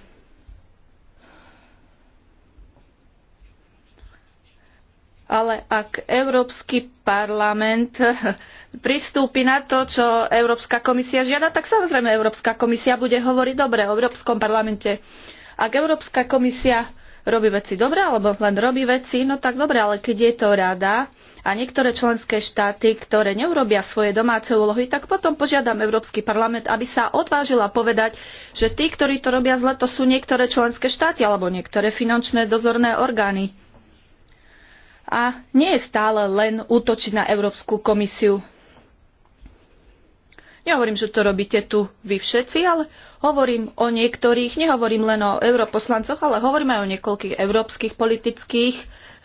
ale ak Európsky parlament pristúpi na to, čo Európska komisia žiada, tak samozrejme Európska komisia bude hovoriť dobre o Európskom parlamente. Ak Európska komisia robí veci dobre, alebo len robí veci, no tak dobre, ale keď je to rada a niektoré členské štáty, ktoré neurobia svoje domáce úlohy, tak potom požiadam Európsky parlament, aby sa odvážila povedať, že tí, ktorí to robia zle, to sú niektoré členské štáty alebo niektoré finančné dozorné orgány a nie je stále len útočiť na Európsku komisiu. Nehovorím, že to robíte tu vy všetci, ale hovorím o niektorých, nehovorím len o europoslancoch, ale hovorím aj o niekoľkých európskych politických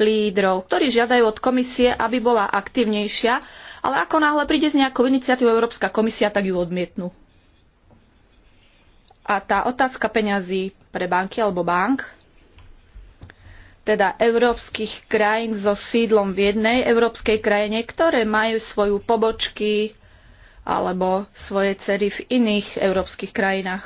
lídrov, ktorí žiadajú od komisie, aby bola aktívnejšia, ale ako náhle príde z nejakou iniciatívou Európska komisia, tak ju odmietnú. A tá otázka peňazí pre banky alebo bank, teda európskych krajín so sídlom v jednej európskej krajine, ktoré majú svoju pobočky alebo svoje cery v iných európskych krajinách.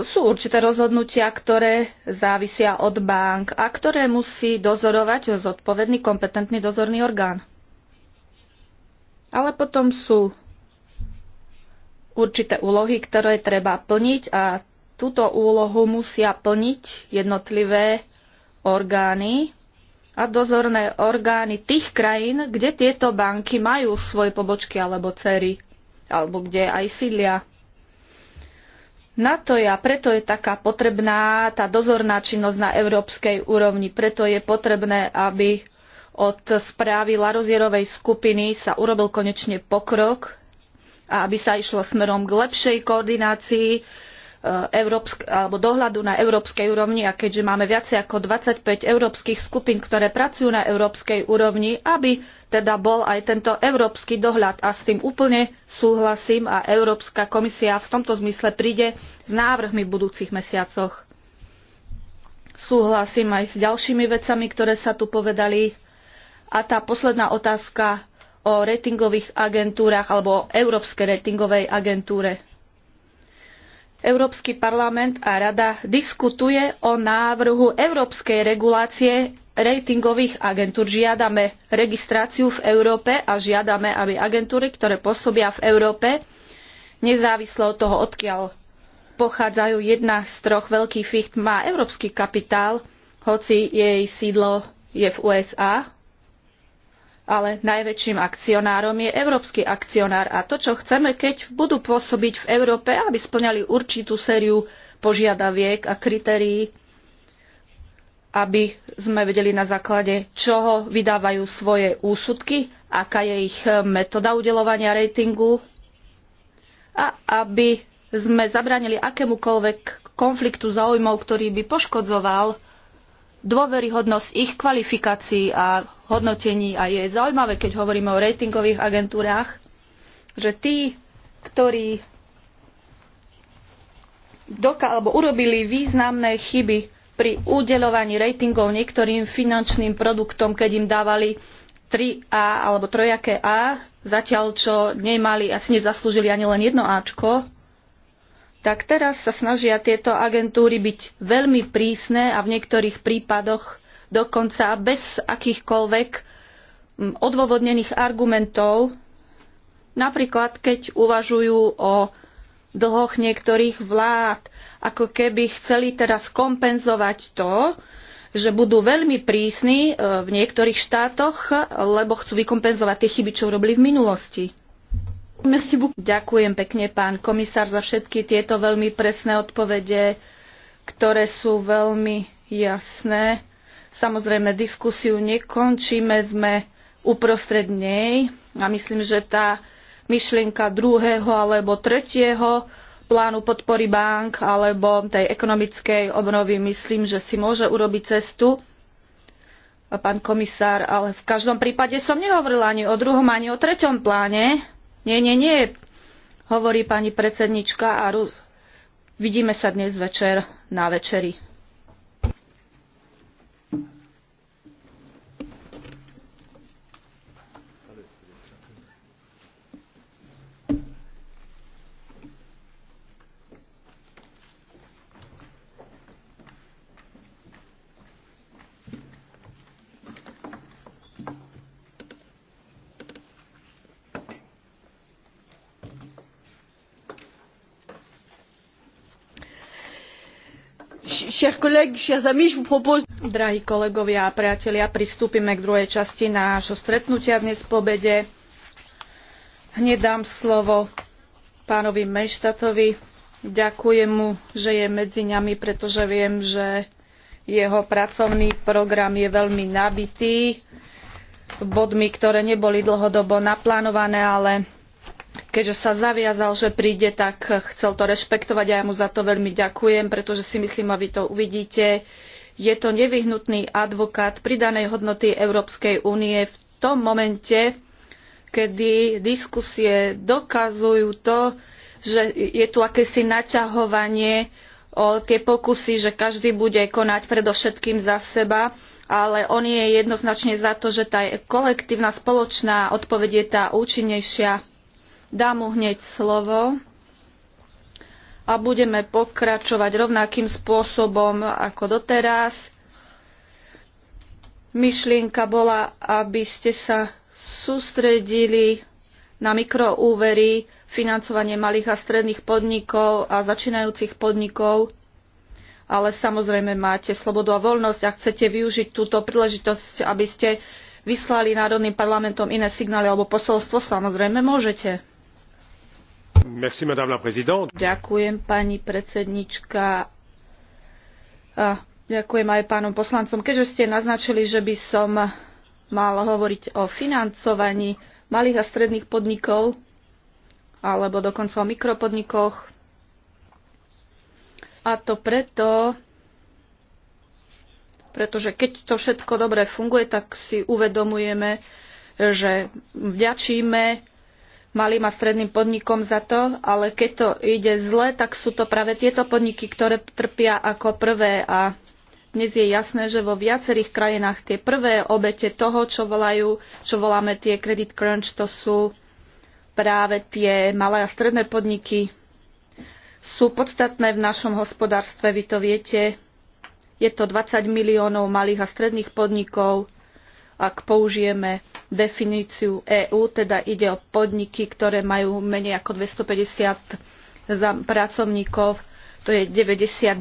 Sú určité rozhodnutia, ktoré závisia od bank a ktoré musí dozorovať zodpovedný kompetentný dozorný orgán. Ale potom sú určité úlohy, ktoré treba plniť a Túto úlohu musia plniť jednotlivé orgány a dozorné orgány tých krajín, kde tieto banky majú svoje pobočky alebo cery, alebo kde aj sídlia. Na to je a preto je taká potrebná tá dozorná činnosť na európskej úrovni. Preto je potrebné, aby od správy Larozierovej skupiny sa urobil konečne pokrok a aby sa išlo smerom k lepšej koordinácii európsk, alebo dohľadu na európskej úrovni a keďže máme viac ako 25 európskych skupín, ktoré pracujú na európskej úrovni, aby teda bol aj tento európsky dohľad a s tým úplne súhlasím a Európska komisia v tomto zmysle príde s návrhmi v budúcich mesiacoch. Súhlasím aj s ďalšími vecami, ktoré sa tu povedali. A tá posledná otázka o ratingových agentúrach alebo o Európskej ratingovej agentúre Európsky parlament a rada diskutuje o návrhu európskej regulácie ratingových agentúr. Žiadame registráciu v Európe a žiadame, aby agentúry, ktoré pôsobia v Európe, nezávisle od toho, odkiaľ pochádzajú jedna z troch veľkých ficht, má európsky kapitál, hoci jej sídlo je v USA, ale najväčším akcionárom je európsky akcionár a to, čo chceme, keď budú pôsobiť v Európe, aby spĺňali určitú sériu požiadaviek a kritérií, aby sme vedeli na základe, čoho vydávajú svoje úsudky, aká je ich metóda udelovania ratingu a aby sme zabránili akémukoľvek konfliktu záujmov, ktorý by poškodzoval dôveryhodnosť ich kvalifikácií a hodnotení. A je zaujímavé, keď hovoríme o ratingových agentúrách, že tí, ktorí doka- alebo urobili významné chyby pri udeľovaní ratingov niektorým finančným produktom, keď im dávali 3A alebo trojaké A, zatiaľ čo nemali, asi nezaslúžili ani len jedno Ačko, tak teraz sa snažia tieto agentúry byť veľmi prísne a v niektorých prípadoch dokonca bez akýchkoľvek mm, odôvodnených argumentov, napríklad keď uvažujú o dlhoch niektorých vlád, ako keby chceli teraz kompenzovať to, že budú veľmi prísni e, v niektorých štátoch, lebo chcú vykompenzovať tie chyby, čo robili v minulosti. Ďakujem pekne, pán komisár, za všetky tieto veľmi presné odpovede, ktoré sú veľmi jasné. Samozrejme, diskusiu nekončíme, sme uprostred nej a myslím, že tá myšlienka druhého alebo tretieho plánu podpory bank alebo tej ekonomickej obnovy, myslím, že si môže urobiť cestu pán komisár, ale v každom prípade som nehovorila ani o druhom, ani o treťom pláne. Nie, nie, nie, hovorí pani predsednička a vidíme sa dnes večer na večeri. Drahí kolegovia a priatelia, pristúpime k druhej časti nášho stretnutia dnes po obede. Hneď dám slovo pánovi Mejštatovi. Ďakujem mu, že je medzi nami, pretože viem, že jeho pracovný program je veľmi nabitý bodmi, ktoré neboli dlhodobo naplánované, ale keďže sa zaviazal, že príde, tak chcel to rešpektovať a ja mu za to veľmi ďakujem, pretože si myslím, a vy to uvidíte, je to nevyhnutný advokát pridanej hodnoty Európskej únie v tom momente, kedy diskusie dokazujú to, že je tu akési naťahovanie o tie pokusy, že každý bude konať predovšetkým za seba, ale on je jednoznačne za to, že tá kolektívna spoločná odpoveď je tá účinnejšia Dám mu hneď slovo a budeme pokračovať rovnakým spôsobom ako doteraz. Myšlienka bola, aby ste sa sústredili na mikroúvery, financovanie malých a stredných podnikov a začínajúcich podnikov, ale samozrejme máte slobodu a voľnosť a chcete využiť túto príležitosť, aby ste vyslali národným parlamentom iné signály alebo posolstvo, samozrejme môžete. Ďakujem, pani predsednička. A ďakujem aj pánom poslancom. Keďže ste naznačili, že by som mal hovoriť o financovaní malých a stredných podnikov, alebo dokonca o mikropodnikoch. A to preto, pretože keď to všetko dobre funguje, tak si uvedomujeme, že vďačíme malým a stredným podnikom za to, ale keď to ide zle, tak sú to práve tieto podniky, ktoré trpia ako prvé a dnes je jasné, že vo viacerých krajinách tie prvé obete toho, čo, volajú, čo voláme tie credit crunch, to sú práve tie malé a stredné podniky. Sú podstatné v našom hospodárstve, vy to viete. Je to 20 miliónov malých a stredných podnikov, ak použijeme definíciu EÚ, teda ide o podniky, ktoré majú menej ako 250 pracovníkov, to je 99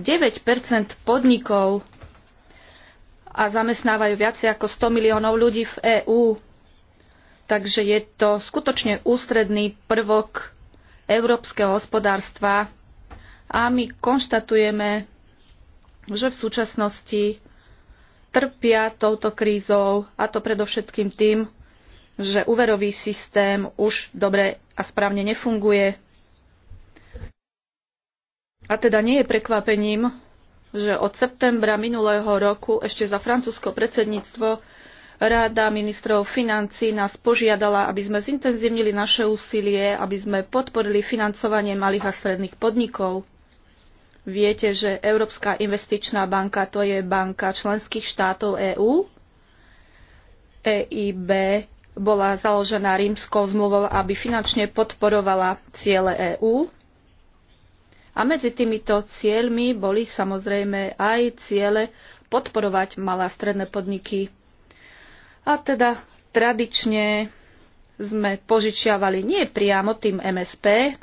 podnikov a zamestnávajú viacej ako 100 miliónov ľudí v EÚ. Takže je to skutočne ústredný prvok európskeho hospodárstva a my konštatujeme, že v súčasnosti trpia touto krízou a to predovšetkým tým, že úverový systém už dobre a správne nefunguje. A teda nie je prekvapením, že od septembra minulého roku ešte za francúzsko predsedníctvo Rada ministrov financí nás požiadala, aby sme zintenzívnili naše úsilie, aby sme podporili financovanie malých a stredných podnikov. Viete, že Európska investičná banka to je banka členských štátov EÚ. EIB bola založená rímskou zmluvou, aby finančne podporovala ciele EÚ. A medzi týmito cieľmi boli samozrejme aj ciele podporovať malé a stredné podniky. A teda tradične sme požičiavali nie priamo tým MSP,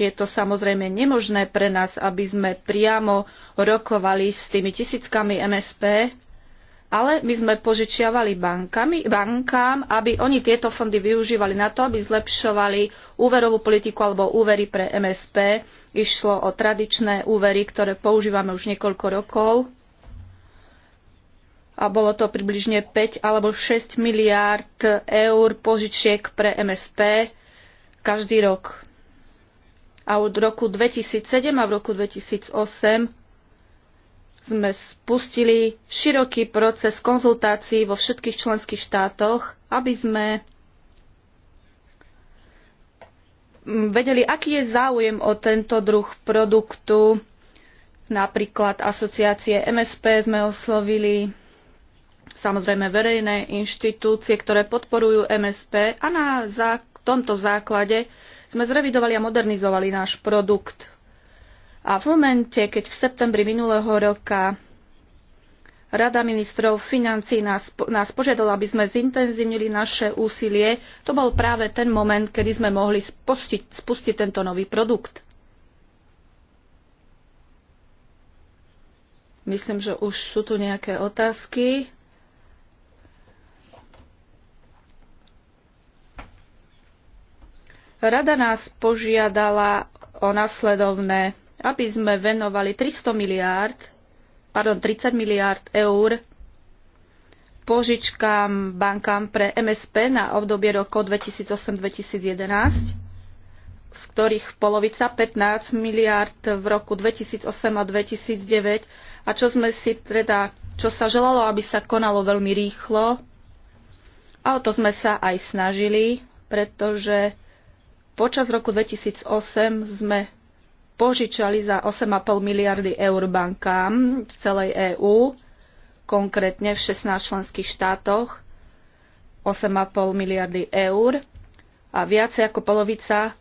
je to samozrejme nemožné pre nás, aby sme priamo rokovali s tými tisíckami MSP, ale my sme požičiavali bankami, bankám, aby oni tieto fondy využívali na to, aby zlepšovali úverovú politiku alebo úvery pre MSP. Išlo o tradičné úvery, ktoré používame už niekoľko rokov a bolo to približne 5 alebo 6 miliárd eur požičiek pre MSP každý rok a od roku 2007 a v roku 2008 sme spustili široký proces konzultácií vo všetkých členských štátoch, aby sme vedeli, aký je záujem o tento druh produktu. Napríklad asociácie MSP sme oslovili, samozrejme verejné inštitúcie, ktoré podporujú MSP a na tomto základe sme zrevidovali a modernizovali náš produkt. A v momente, keď v septembri minulého roka Rada ministrov financí nás, nás požiadala, aby sme zintenzívnili naše úsilie, to bol práve ten moment, kedy sme mohli spustiť, spustiť tento nový produkt. Myslím, že už sú tu nejaké otázky. Rada nás požiadala o nasledovné, aby sme venovali 300 miliárd, pardon, 30 miliárd eur požičkám bankám pre MSP na obdobie roku 2008-2011, z ktorých polovica 15 miliárd v roku 2008 a 2009 a čo sme si teda, čo sa želalo, aby sa konalo veľmi rýchlo. A o to sme sa aj snažili, pretože Počas roku 2008 sme požičali za 8,5 miliardy eur bankám v celej EÚ, konkrétne v 16 členských štátoch 8,5 miliardy eur a viacej ako polovica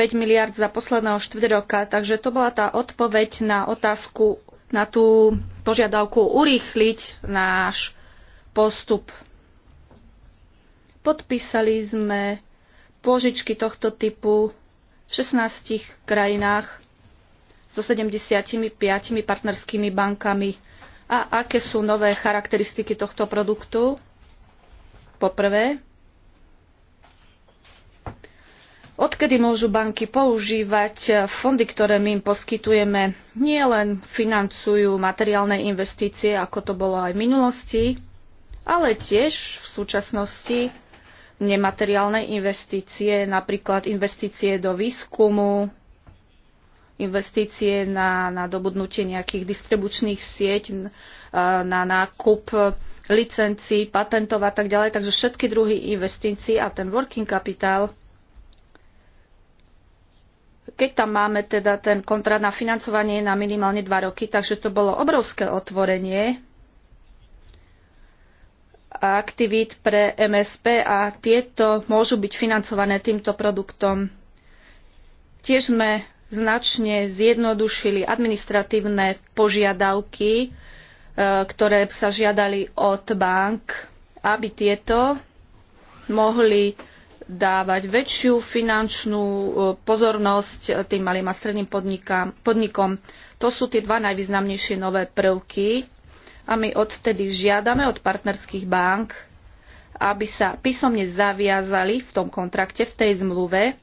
5 miliard za posledného roka. Takže to bola tá odpoveď na otázku, na tú požiadavku urýchliť náš postup. Podpísali sme pôžičky tohto typu v 16 krajinách so 75 partnerskými bankami. A aké sú nové charakteristiky tohto produktu? Poprvé, odkedy môžu banky používať fondy, ktoré my im poskytujeme, nielen financujú materiálne investície, ako to bolo aj v minulosti, ale tiež v súčasnosti nemateriálne investície, napríklad investície do výskumu, investície na, na dobudnutie nejakých distribučných sieť, na nákup licencií, patentov a tak ďalej. Takže všetky druhy investícií a ten working capital, keď tam máme teda ten kontrakt na financovanie na minimálne 2 roky, takže to bolo obrovské otvorenie a aktivít pre MSP a tieto môžu byť financované týmto produktom. Tiež sme značne zjednodušili administratívne požiadavky, e, ktoré sa žiadali od bank, aby tieto mohli dávať väčšiu finančnú e, pozornosť tým malým a stredným podnikom. To sú tie dva najvýznamnejšie nové prvky a my odvtedy žiadame od partnerských bank, aby sa písomne zaviazali v tom kontrakte, v tej zmluve,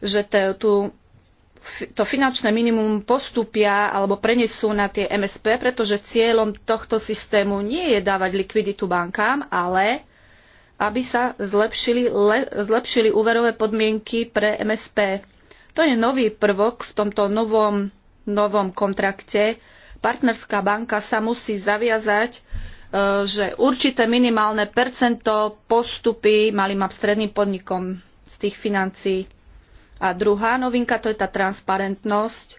že to finančné minimum postupia alebo prenesú na tie MSP, pretože cieľom tohto systému nie je dávať likviditu bankám, ale aby sa zlepšili, le, zlepšili úverové podmienky pre MSP. To je nový prvok v tomto novom, novom kontrakte partnerská banka sa musí zaviazať, e, že určité minimálne percento postupy malým a stredným podnikom z tých financií. A druhá novinka to je tá transparentnosť.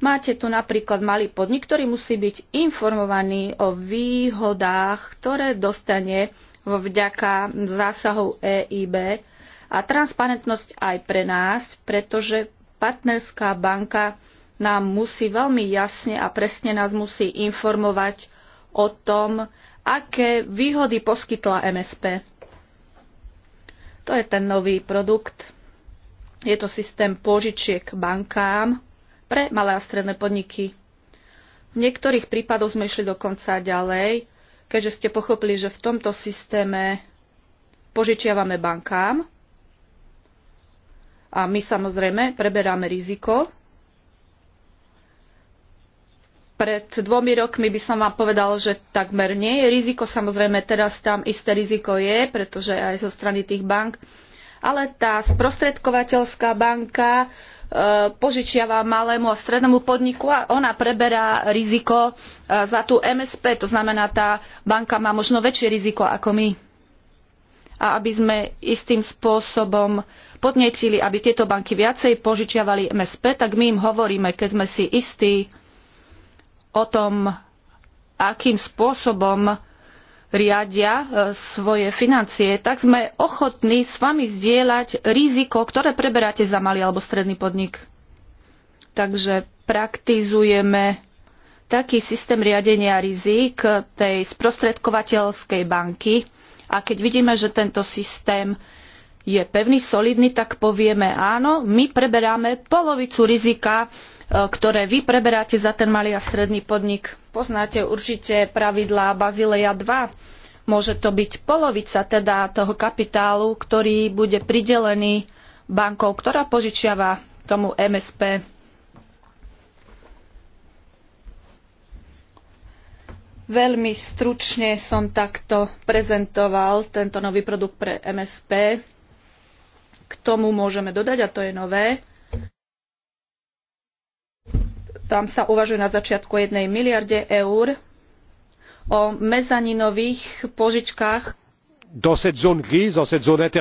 Máte tu napríklad malý podnik, ktorý musí byť informovaný o výhodách, ktoré dostane vďaka zásahov EIB a transparentnosť aj pre nás, pretože partnerská banka nám musí veľmi jasne a presne nás musí informovať o tom, aké výhody poskytla MSP. To je ten nový produkt. Je to systém pôžičiek bankám pre malé a stredné podniky. V niektorých prípadoch sme išli dokonca ďalej, keďže ste pochopili, že v tomto systéme požičiavame bankám a my samozrejme preberáme riziko pred dvomi rokmi by som vám povedal, že takmer nie je riziko. Samozrejme, teraz tam isté riziko je, pretože aj zo strany tých bank. Ale tá sprostredkovateľská banka e, požičiava malému a strednému podniku a ona preberá riziko e, za tú MSP. To znamená, tá banka má možno väčšie riziko ako my. A aby sme istým spôsobom podnetili, aby tieto banky viacej požičiavali MSP, tak my im hovoríme, keď sme si istí, o tom, akým spôsobom riadia e, svoje financie, tak sme ochotní s vami zdieľať riziko, ktoré preberáte za malý alebo stredný podnik. Takže praktizujeme taký systém riadenia rizik tej sprostredkovateľskej banky a keď vidíme, že tento systém je pevný, solidný, tak povieme áno, my preberáme polovicu rizika Eh, ktoré vy preberáte za ten malý a stredný podnik. Poznáte určite pravidlá Bazileja 2. Môže to byť polovica teda toho kapitálu, ktorý bude pridelený bankou, ktorá požičiava tomu MSP. Veľmi stručne som takto prezentoval tento nový produkt pre MSP. K tomu môžeme dodať, a to je nové, tam sa uvažuje na začiatku jednej miliarde eur o mezaninových požičkách,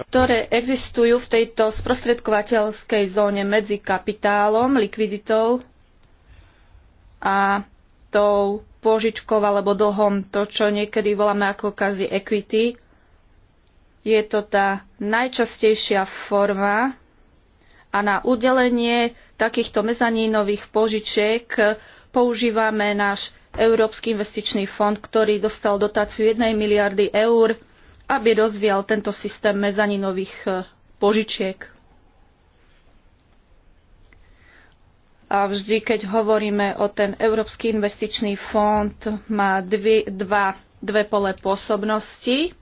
ktoré existujú v tejto sprostredkovateľskej zóne medzi kapitálom, likviditou a tou požičkou alebo dlhom, to, čo niekedy voláme ako kazy equity. Je to tá najčastejšia forma a na udelenie takýchto mezanínových požičiek používame náš Európsky investičný fond, ktorý dostal dotáciu 1 miliardy eur, aby rozvíjal tento systém mezanínových e, požičiek. A vždy, keď hovoríme o ten Európsky investičný fond, má dvi, dva, dve pole pôsobnosti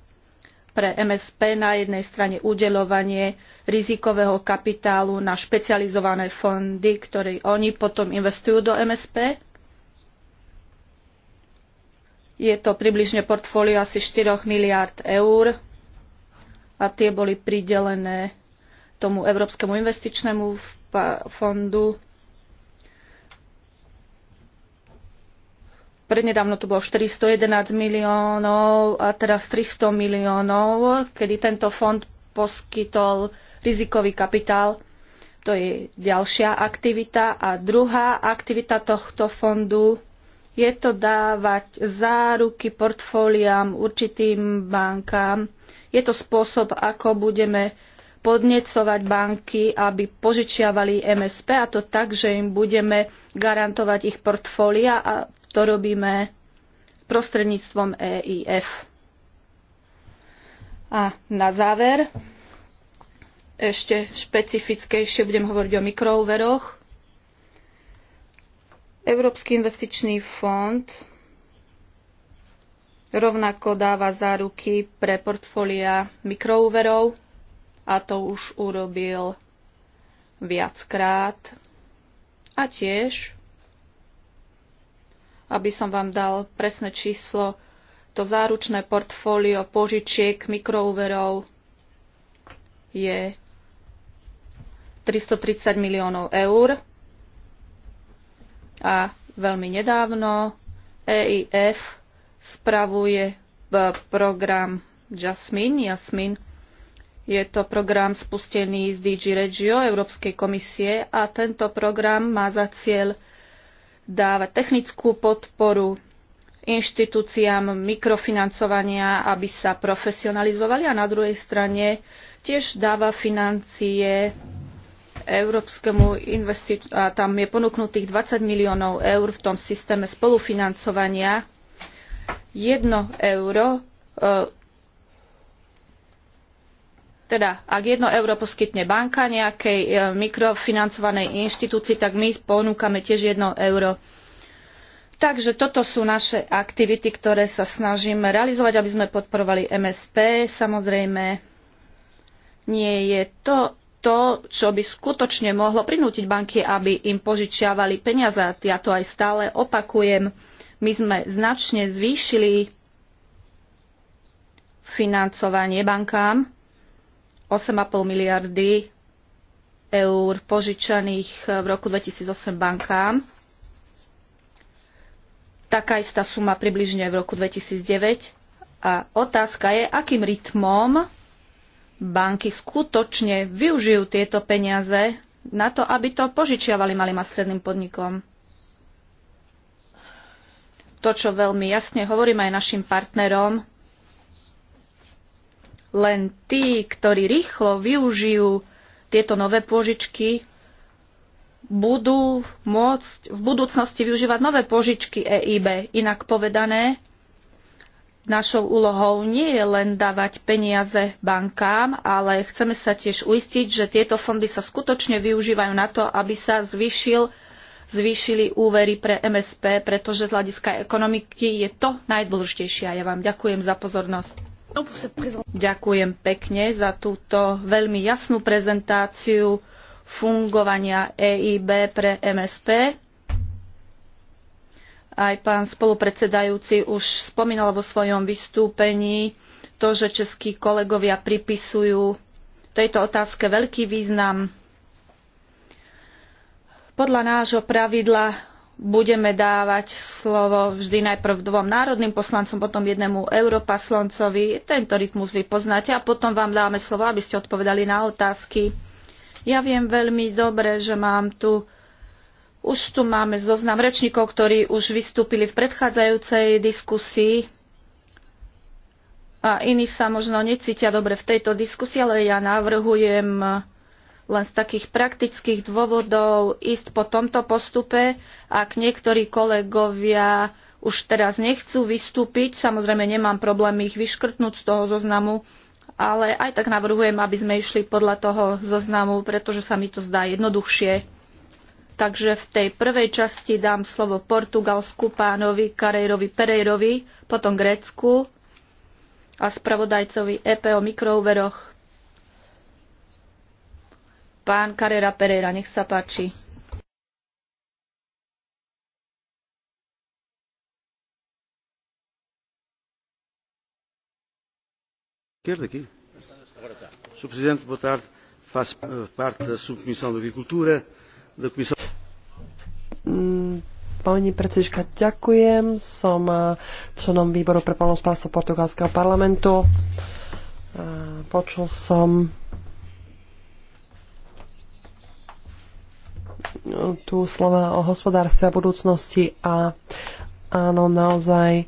pre MSP na jednej strane udelovanie rizikového kapitálu na špecializované fondy, ktoré oni potom investujú do MSP. Je to približne portfólio asi 4 miliard eur a tie boli pridelené tomu Európskemu investičnému fondu Prednedávno to bolo 411 miliónov a teraz 300 miliónov, kedy tento fond poskytol rizikový kapitál. To je ďalšia aktivita. A druhá aktivita tohto fondu je to dávať záruky portfóliám určitým bankám. Je to spôsob, ako budeme podnecovať banky, aby požičiavali MSP a to tak, že im budeme garantovať ich portfólia a to robíme prostredníctvom EIF. A na záver ešte špecifickejšie budem hovoriť o mikroúveroch. Európsky investičný fond rovnako dáva záruky pre portfólia mikroúverov a to už urobil viackrát. A tiež aby som vám dal presné číslo, to záručné portfólio požičiek mikroúverov je 330 miliónov eur a veľmi nedávno EIF spravuje e, program Jasmine. Jasmine je to program spustený z DG Regio Európskej komisie a tento program má za cieľ dáva technickú podporu inštitúciám mikrofinancovania, aby sa profesionalizovali a na druhej strane tiež dáva financie Európskemu investičnému a tam je ponúknutých 20 miliónov eur v tom systéme spolufinancovania. Jedno euro e, teda, ak jedno euro poskytne banka nejakej e, mikrofinancovanej inštitúcii, tak my ponúkame tiež jedno euro. Takže toto sú naše aktivity, ktoré sa snažíme realizovať, aby sme podporovali MSP. Samozrejme, nie je to to, čo by skutočne mohlo prinútiť banky, aby im požičiavali peniaze. Ja to aj stále opakujem. My sme značne zvýšili financovanie bankám 8,5 miliardy eur požičaných v roku 2008 bankám. Taká istá suma približne v roku 2009. A otázka je, akým rytmom banky skutočne využijú tieto peniaze na to, aby to požičiavali malým a stredným podnikom. To, čo veľmi jasne hovorím aj našim partnerom, len tí, ktorí rýchlo využijú tieto nové pôžičky, budú môcť v budúcnosti využívať nové požičky EIB. Inak povedané, našou úlohou nie je len dávať peniaze bankám, ale chceme sa tiež uistiť, že tieto fondy sa skutočne využívajú na to, aby sa zvyšil, zvýšili úvery pre MSP, pretože z hľadiska ekonomiky je to najdôležitejšie. Ja vám ďakujem za pozornosť. Ďakujem pekne za túto veľmi jasnú prezentáciu fungovania EIB pre MSP. Aj pán spolupredsedajúci už spomínal vo svojom vystúpení to, že českí kolegovia pripisujú tejto otázke veľký význam. Podľa nášho pravidla budeme dávať slovo vždy najprv dvom národným poslancom, potom jednému europaslancovi. Tento rytmus vy poznáte a potom vám dáme slovo, aby ste odpovedali na otázky. Ja viem veľmi dobre, že mám tu už tu máme zoznam rečníkov, ktorí už vystúpili v predchádzajúcej diskusii a iní sa možno necítia dobre v tejto diskusii, ale ja navrhujem len z takých praktických dôvodov ísť po tomto postupe. Ak niektorí kolegovia už teraz nechcú vystúpiť, samozrejme nemám problém ich vyškrtnúť z toho zoznamu, ale aj tak navrhujem, aby sme išli podľa toho zoznamu, pretože sa mi to zdá jednoduchšie. Takže v tej prvej časti dám slovo Portugalsku, pánovi Karejrovi Perejrovi, potom Grécku a spravodajcovi EP o mikrouveroch Pán Carrera Pereira, nech sa páči. Eh, mm, pani predsedička, ďakujem. Som eh, členom výboru pre polnospodárstvo portugalského parlamentu. Eh, počul som tu slova o hospodárstve a budúcnosti a áno, naozaj e,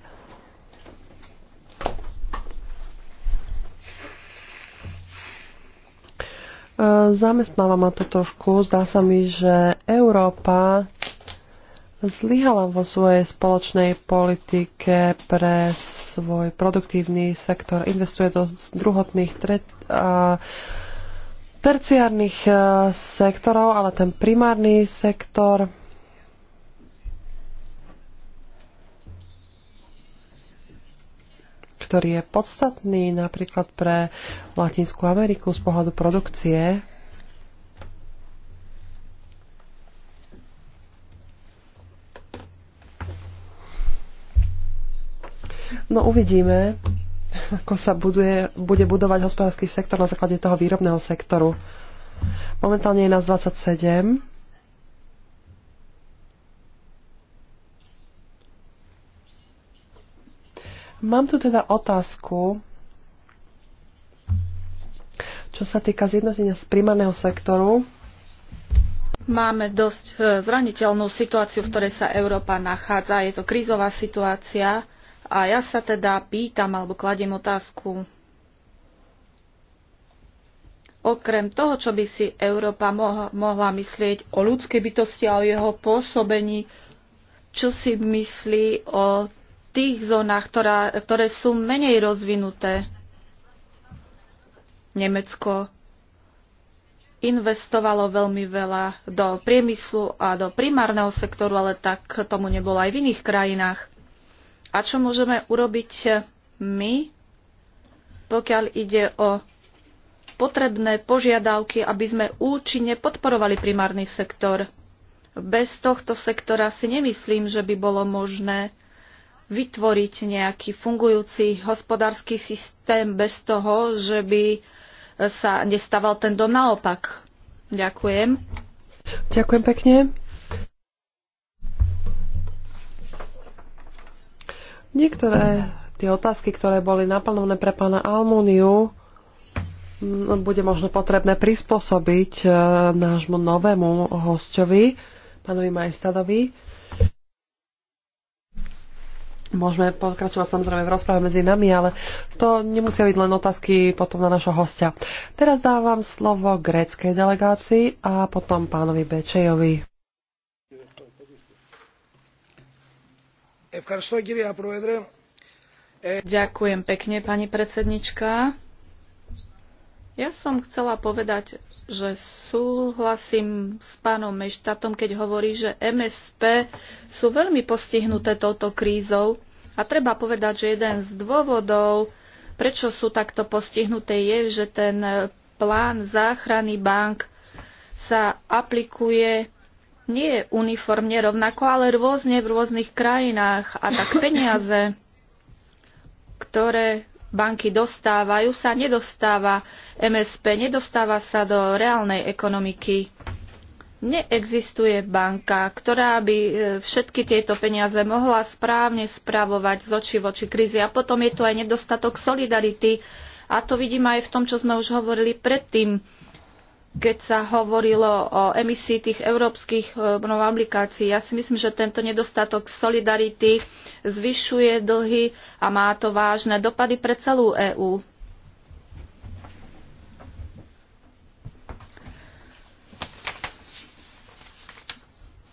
zamestnáva ma to trošku. Zdá sa mi, že Európa zlyhala vo svojej spoločnej politike pre svoj produktívny sektor. Investuje do druhotných tret a terciárnych e, sektorov, ale ten primárny sektor ktorý je podstatný napríklad pre Latinskú Ameriku z pohľadu produkcie, No uvidíme ako sa buduje, bude budovať hospodársky sektor na základe toho výrobného sektoru. Momentálne je nás 27. Mám tu teda otázku, čo sa týka zjednotenia z primárneho sektoru. Máme dosť e, zraniteľnú situáciu, v ktorej sa Európa nachádza. Je to krízová situácia a ja sa teda pýtam alebo kladiem otázku, okrem toho, čo by si Európa mohla myslieť o ľudskej bytosti a o jeho pôsobení, čo si myslí o tých zónach, ktorá, ktoré sú menej rozvinuté. Nemecko investovalo veľmi veľa do priemyslu a do primárneho sektoru, ale tak tomu nebolo aj v iných krajinách. A čo môžeme urobiť my, pokiaľ ide o potrebné požiadavky, aby sme účinne podporovali primárny sektor. Bez tohto sektora si nemyslím, že by bolo možné vytvoriť nejaký fungujúci hospodársky systém bez toho, že by sa nestával ten dom naopak. Ďakujem. Ďakujem pekne. Niektoré tie otázky, ktoré boli naplnené pre pána Almúniu, bude možno potrebné prispôsobiť e, nášmu novému hostovi, pánovi Majstadovi. Môžeme pokračovať samozrejme v rozprave medzi nami, ale to nemusia byť len otázky potom na našho hostia. Teraz dávam slovo gréckej delegácii a potom pánovi Bečejovi. Ďakujem pekne, pani predsednička. Ja som chcela povedať, že súhlasím s pánom Meštatom, keď hovorí, že MSP sú veľmi postihnuté touto krízou. A treba povedať, že jeden z dôvodov, prečo sú takto postihnuté, je, že ten plán záchrany bank sa aplikuje nie uniformne rovnako, ale rôzne v rôznych krajinách. A tak peniaze, ktoré banky dostávajú, sa nedostáva MSP, nedostáva sa do reálnej ekonomiky. Neexistuje banka, ktorá by e, všetky tieto peniaze mohla správne spravovať z oči v oči krízy. A potom je tu aj nedostatok solidarity. A to vidím aj v tom, čo sme už hovorili predtým keď sa hovorilo o emisii tých európskych e, aplikácií. Ja si myslím, že tento nedostatok solidarity zvyšuje dlhy a má to vážne dopady pre celú EÚ.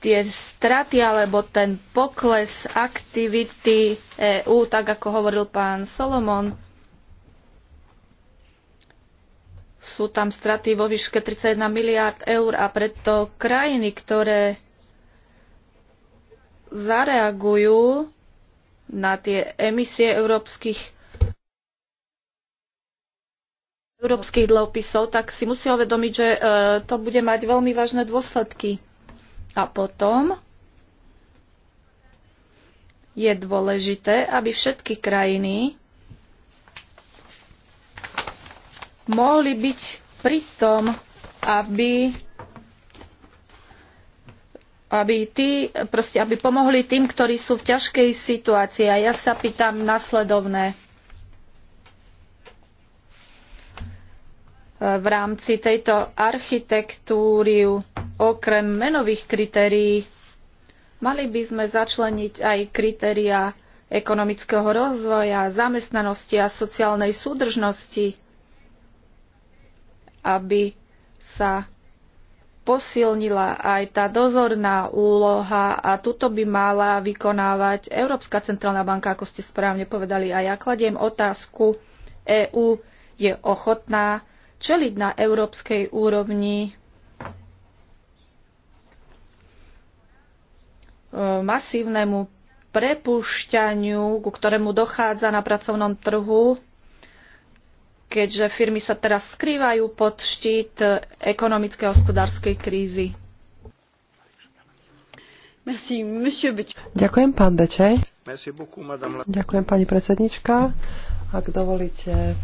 tie straty alebo ten pokles aktivity EÚ, tak ako hovoril pán Solomon, sú tam straty vo výške 31 miliárd eur a preto krajiny, ktoré zareagujú na tie emisie európskych európskych dlhopisov, tak si musí uvedomiť, že e, to bude mať veľmi vážne dôsledky. A potom je dôležité, aby všetky krajiny mohli byť pri tom, aby aby, tí, proste, aby pomohli tým, ktorí sú v ťažkej situácii. A ja sa pýtam nasledovné. V rámci tejto architektúry, okrem menových kritérií, mali by sme začleniť aj kritéria ekonomického rozvoja, zamestnanosti a sociálnej súdržnosti aby sa posilnila aj tá dozorná úloha a tuto by mala vykonávať Európska centrálna banka, ako ste správne povedali. A ja kladiem otázku, EÚ je ochotná čeliť na európskej úrovni e, masívnemu prepušťaniu, ku ktorému dochádza na pracovnom trhu keďže firmy sa teraz skrývajú pod štít ekonomickej a hospodárskej krízy. Ďakujem, pán Bečej. Ďakujem, pani predsednička. Ak dovolíte,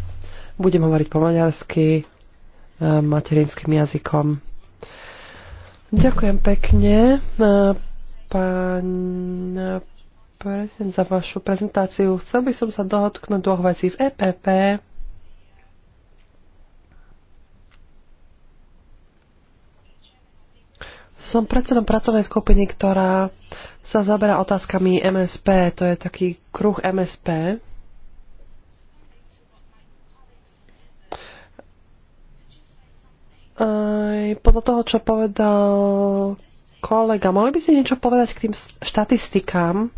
budem hovoriť po maďarsky eh, materinským jazykom. Ďakujem pekne, eh, pán prezident, za vašu prezentáciu. Chcel by som sa dohodknúť dvoch vecí v EPP Som predsedom pracovnej skupiny, ktorá sa zaberá otázkami MSP. To je taký kruh MSP. Aj podľa toho, čo povedal kolega, mohli by si niečo povedať k tým štatistikám?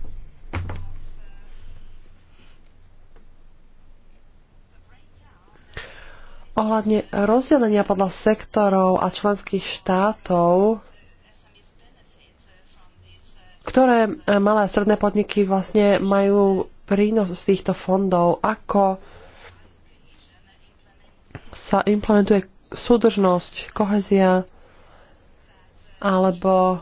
Ohľadne rozdelenia podľa sektorov a členských štátov ktoré e, malé a stredné podniky vlastne majú prínos z týchto fondov, ako sa implementuje súdržnosť, kohezia, alebo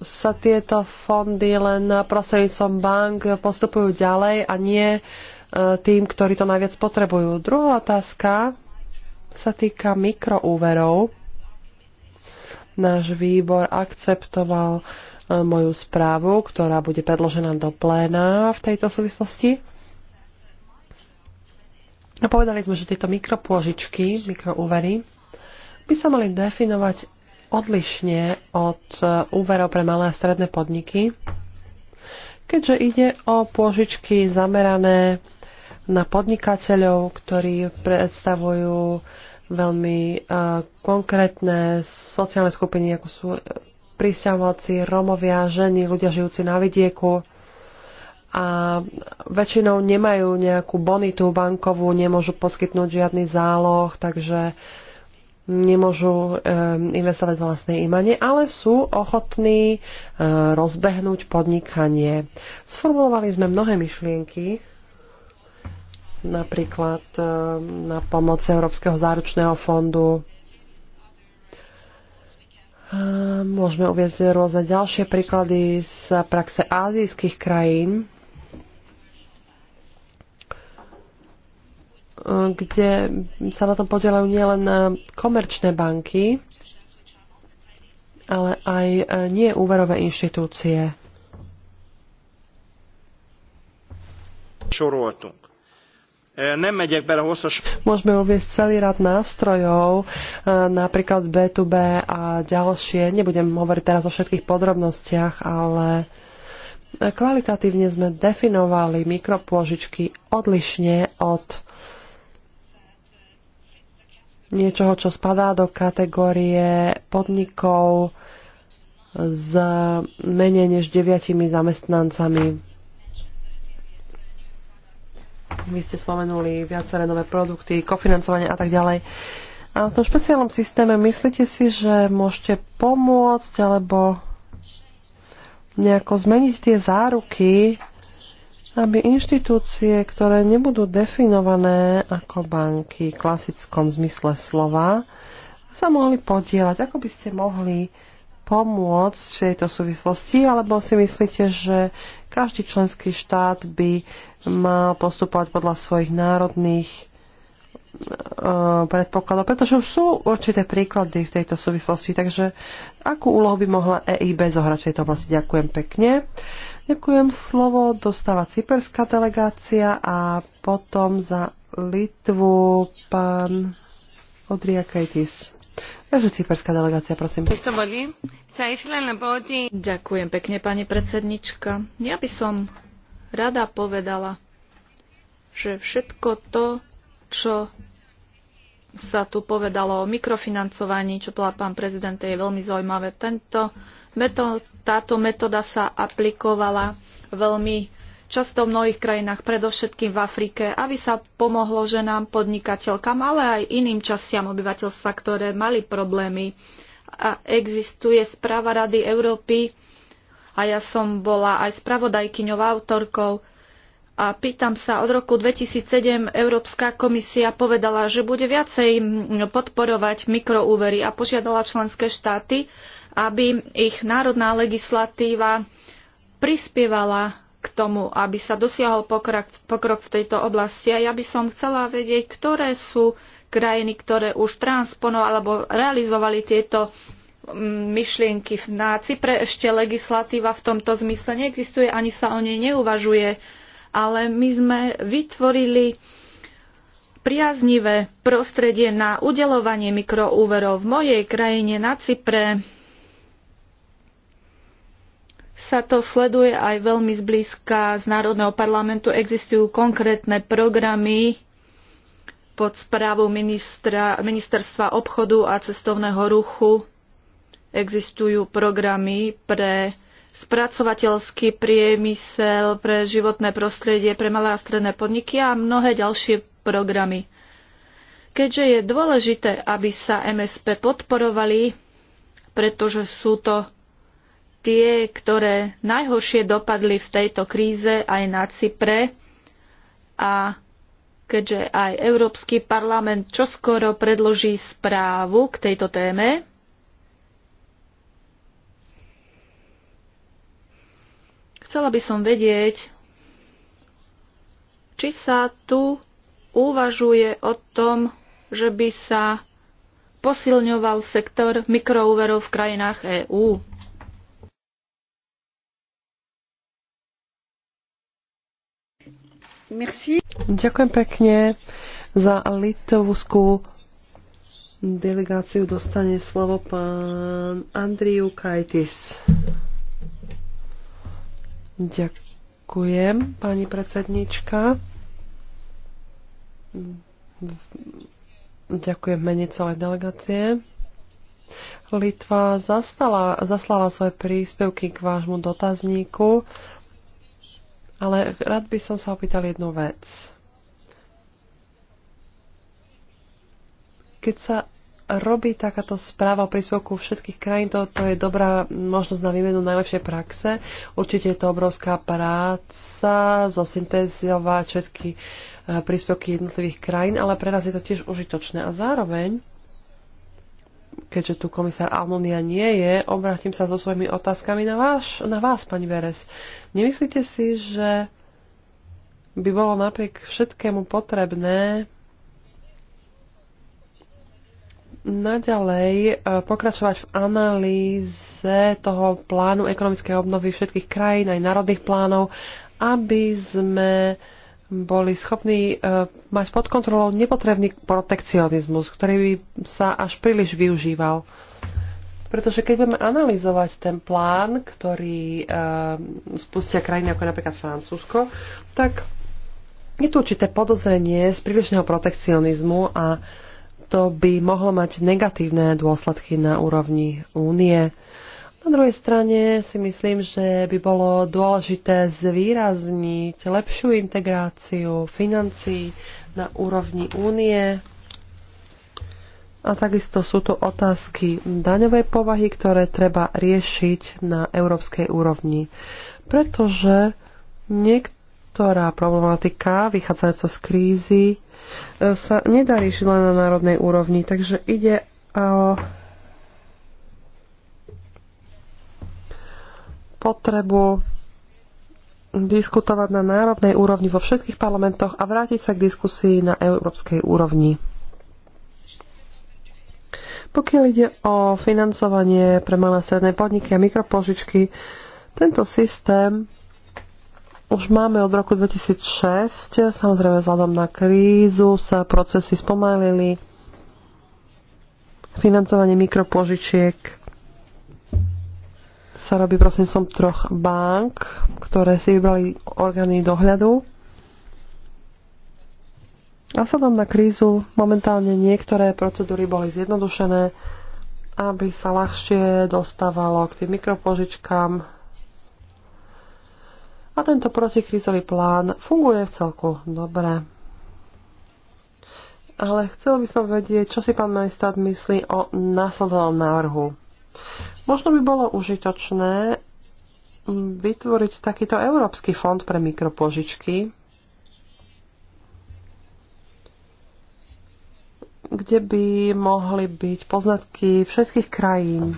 sa tieto fondy len prostredníctvom bank postupujú ďalej a nie e, tým, ktorí to najviac potrebujú. Druhá otázka sa týka mikroúverov. Náš výbor akceptoval E, moju správu, ktorá bude predložená do pléna v tejto súvislosti. A povedali sme, že tieto mikropôžičky, mikroúvery, by sa mali definovať odlišne od e, úverov pre malé a stredné podniky, keďže ide o pôžičky zamerané na podnikateľov, ktorí predstavujú veľmi e, konkrétne sociálne skupiny, ako sú pristahovalci, Romovia, ženy, ľudia žijúci na vidieku a väčšinou nemajú nejakú bonitu bankovú, nemôžu poskytnúť žiadny záloh, takže nemôžu eh, investovať vlastné imanie, ale sú ochotní eh, rozbehnúť podnikanie. Sformulovali sme mnohé myšlienky, napríklad eh, na pomoc Európskeho záručného fondu, Ehm, môžeme uviezť rôzne ďalšie príklady z praxe ázijských krajín, ehm, kde sa na tom podielajú nielen ehm, komerčné banky, ale aj nie úverové inštitúcie. E, Nem megyek bele hosszas... Môžeme uvieť celý rad nástrojov, e, napríklad B2B a ďalšie. Nebudem hovoriť teraz o všetkých podrobnostiach, ale kvalitatívne sme definovali mikropôžičky odlišne od niečoho, čo spadá do kategórie podnikov s menej než deviatimi zamestnancami vy ste spomenuli viaceré nové produkty, kofinancovanie a tak ďalej. A v tom špeciálnom systéme myslíte si, že môžete pomôcť alebo nejako zmeniť tie záruky, aby inštitúcie, ktoré nebudú definované ako banky v klasickom zmysle slova, sa mohli podielať. Ako by ste mohli pomôcť v tejto súvislosti, alebo si myslíte, že každý členský štát by mal postupovať podľa svojich národných eh, predpokladov, pretože už sú určité príklady v tejto súvislosti, takže akú úlohu by mohla EIB zohrať v tejto oblasti? Ďakujem pekne. Ďakujem slovo, dostáva cyperská delegácia a potom za Litvu pán Odria Kajtis. Takže cyperská delegácia, prosím. Ďakujem pekne, pani predsednička. Ja by som rada povedala, že všetko to, čo sa tu povedalo o mikrofinancovaní, čo povedal pán prezident, je veľmi zaujímavé. Tento metó, táto metóda sa aplikovala veľmi často v mnohých krajinách, predovšetkým v Afrike, aby sa pomohlo ženám, podnikateľkám, ale aj iným častiam obyvateľstva, ktoré mali problémy. A existuje správa Rady Európy a ja som bola aj spravodajkyňou autorkou a pýtam sa, od roku 2007 Európska komisia povedala, že bude viacej podporovať mikroúvery a požiadala členské štáty, aby ich národná legislatíva prispievala k tomu, aby sa dosiahol pokrok, pokrok v tejto oblasti. A ja by som chcela vedieť, ktoré sú krajiny, ktoré už transponovali alebo realizovali tieto mm, myšlienky na Cypre ešte legislatíva v tomto zmysle neexistuje, ani sa o nej neuvažuje, ale my sme vytvorili priaznivé prostredie na udelovanie mikroúverov v mojej krajine na Cypre sa to sleduje aj veľmi zblízka z Národného parlamentu. Existujú konkrétne programy pod správou ministra, ministerstva obchodu a cestovného ruchu. Existujú programy pre spracovateľský priemysel, pre životné prostredie, pre malé a stredné podniky a mnohé ďalšie programy. Keďže je dôležité, aby sa MSP podporovali, pretože sú to tie, ktoré najhoršie dopadli v tejto kríze aj na Cypre a keďže aj Európsky parlament čoskoro predloží správu k tejto téme, chcela by som vedieť, či sa tu uvažuje o tom, že by sa posilňoval sektor mikroúverov v krajinách EÚ. Merci. Ďakujem pekne za litovskú delegáciu. Dostane slovo pán Andriu Kajtis. Ďakujem, pani predsednička. Ďakujem mene celej delegácie. Litva zastala, zaslala svoje príspevky k vášmu dotazníku. Ale rád by som sa opýtal jednu vec. Keď sa robí takáto správa o príspevku všetkých krajín, to, to je dobrá možnosť na výmenu najlepšej praxe. Určite je to obrovská práca zosyntézovať všetky eh, príspevky jednotlivých krajín, ale pre nás je to tiež užitočné. A zároveň keďže tu komisár Almonia nie je, obrátim sa so svojimi otázkami na, váš, na vás, pani Beres. Nemyslíte si, že by bolo napriek všetkému potrebné naďalej e, pokračovať v analýze toho plánu ekonomickej obnovy všetkých krajín, aj národných plánov, aby sme uh, boli schopní e, mať pod kontrolou nepotrebný protekcionizmus, ktorý by sa až príliš využíval. Pretože keď budeme analyzovať ten plán, ktorý e, spustia krajiny ako napríklad Francúzsko, tak je tu určité podozrenie z prílišného protekcionizmu a to by mohlo mať negatívne dôsledky na úrovni únie. Na druhej strane si myslím, že by bolo dôležité zvýrazniť lepšiu integráciu financií na úrovni únie. A takisto sú tu otázky daňovej povahy, ktoré treba riešiť na európskej úrovni. Pretože niektorá problematika vychádzajúca z krízy e, sa nedá riešiť len na národnej úrovni. Takže ide o potrebu diskutovať na národnej úrovni vo všetkých parlamentoch a vrátiť sa k diskusii na európskej úrovni. Pokiaľ ide o financovanie pre malé stredné podniky a mikropožičky, tento systém už máme od roku 2006. Samozrejme, vzhľadom na krízu sa procesy spomalili. Financovanie mikropožičiek sa robí som troch bank, ktoré si vybrali orgány dohľadu. A Následom na krízu momentálne niektoré procedúry boli zjednodušené, aby sa ľahšie dostávalo k tým mikropožičkám. A tento protikrízový plán funguje v celku dobre. Ale chcel by som vedieť, čo si pán majstát myslí o následovnom návrhu. Možno by bolo užitočné mm, vytvoriť takýto Európsky fond pre mikropožičky, kde by mohli byť poznatky všetkých krajín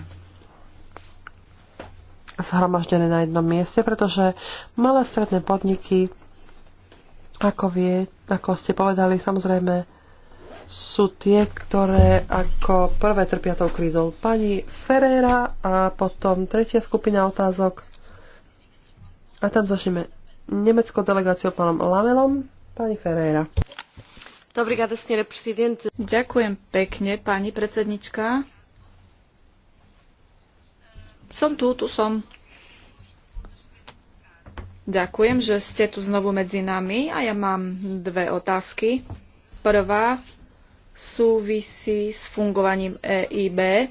zhromaždené na jednom mieste, pretože malé stredné podniky, ako, vie, ako ste povedali, samozrejme sú tie, ktoré ako prvé trpia tou krízou. Pani Ferreira a potom tretia skupina otázok. A tam začneme nemeckou delegáciou pánom Lamelom. Pani Ferreira. Ďakujem pekne, pani predsednička. Som tu, tu som. Ďakujem, že ste tu znovu medzi nami a ja mám dve otázky. Prvá, súvisí s fungovaním EIB.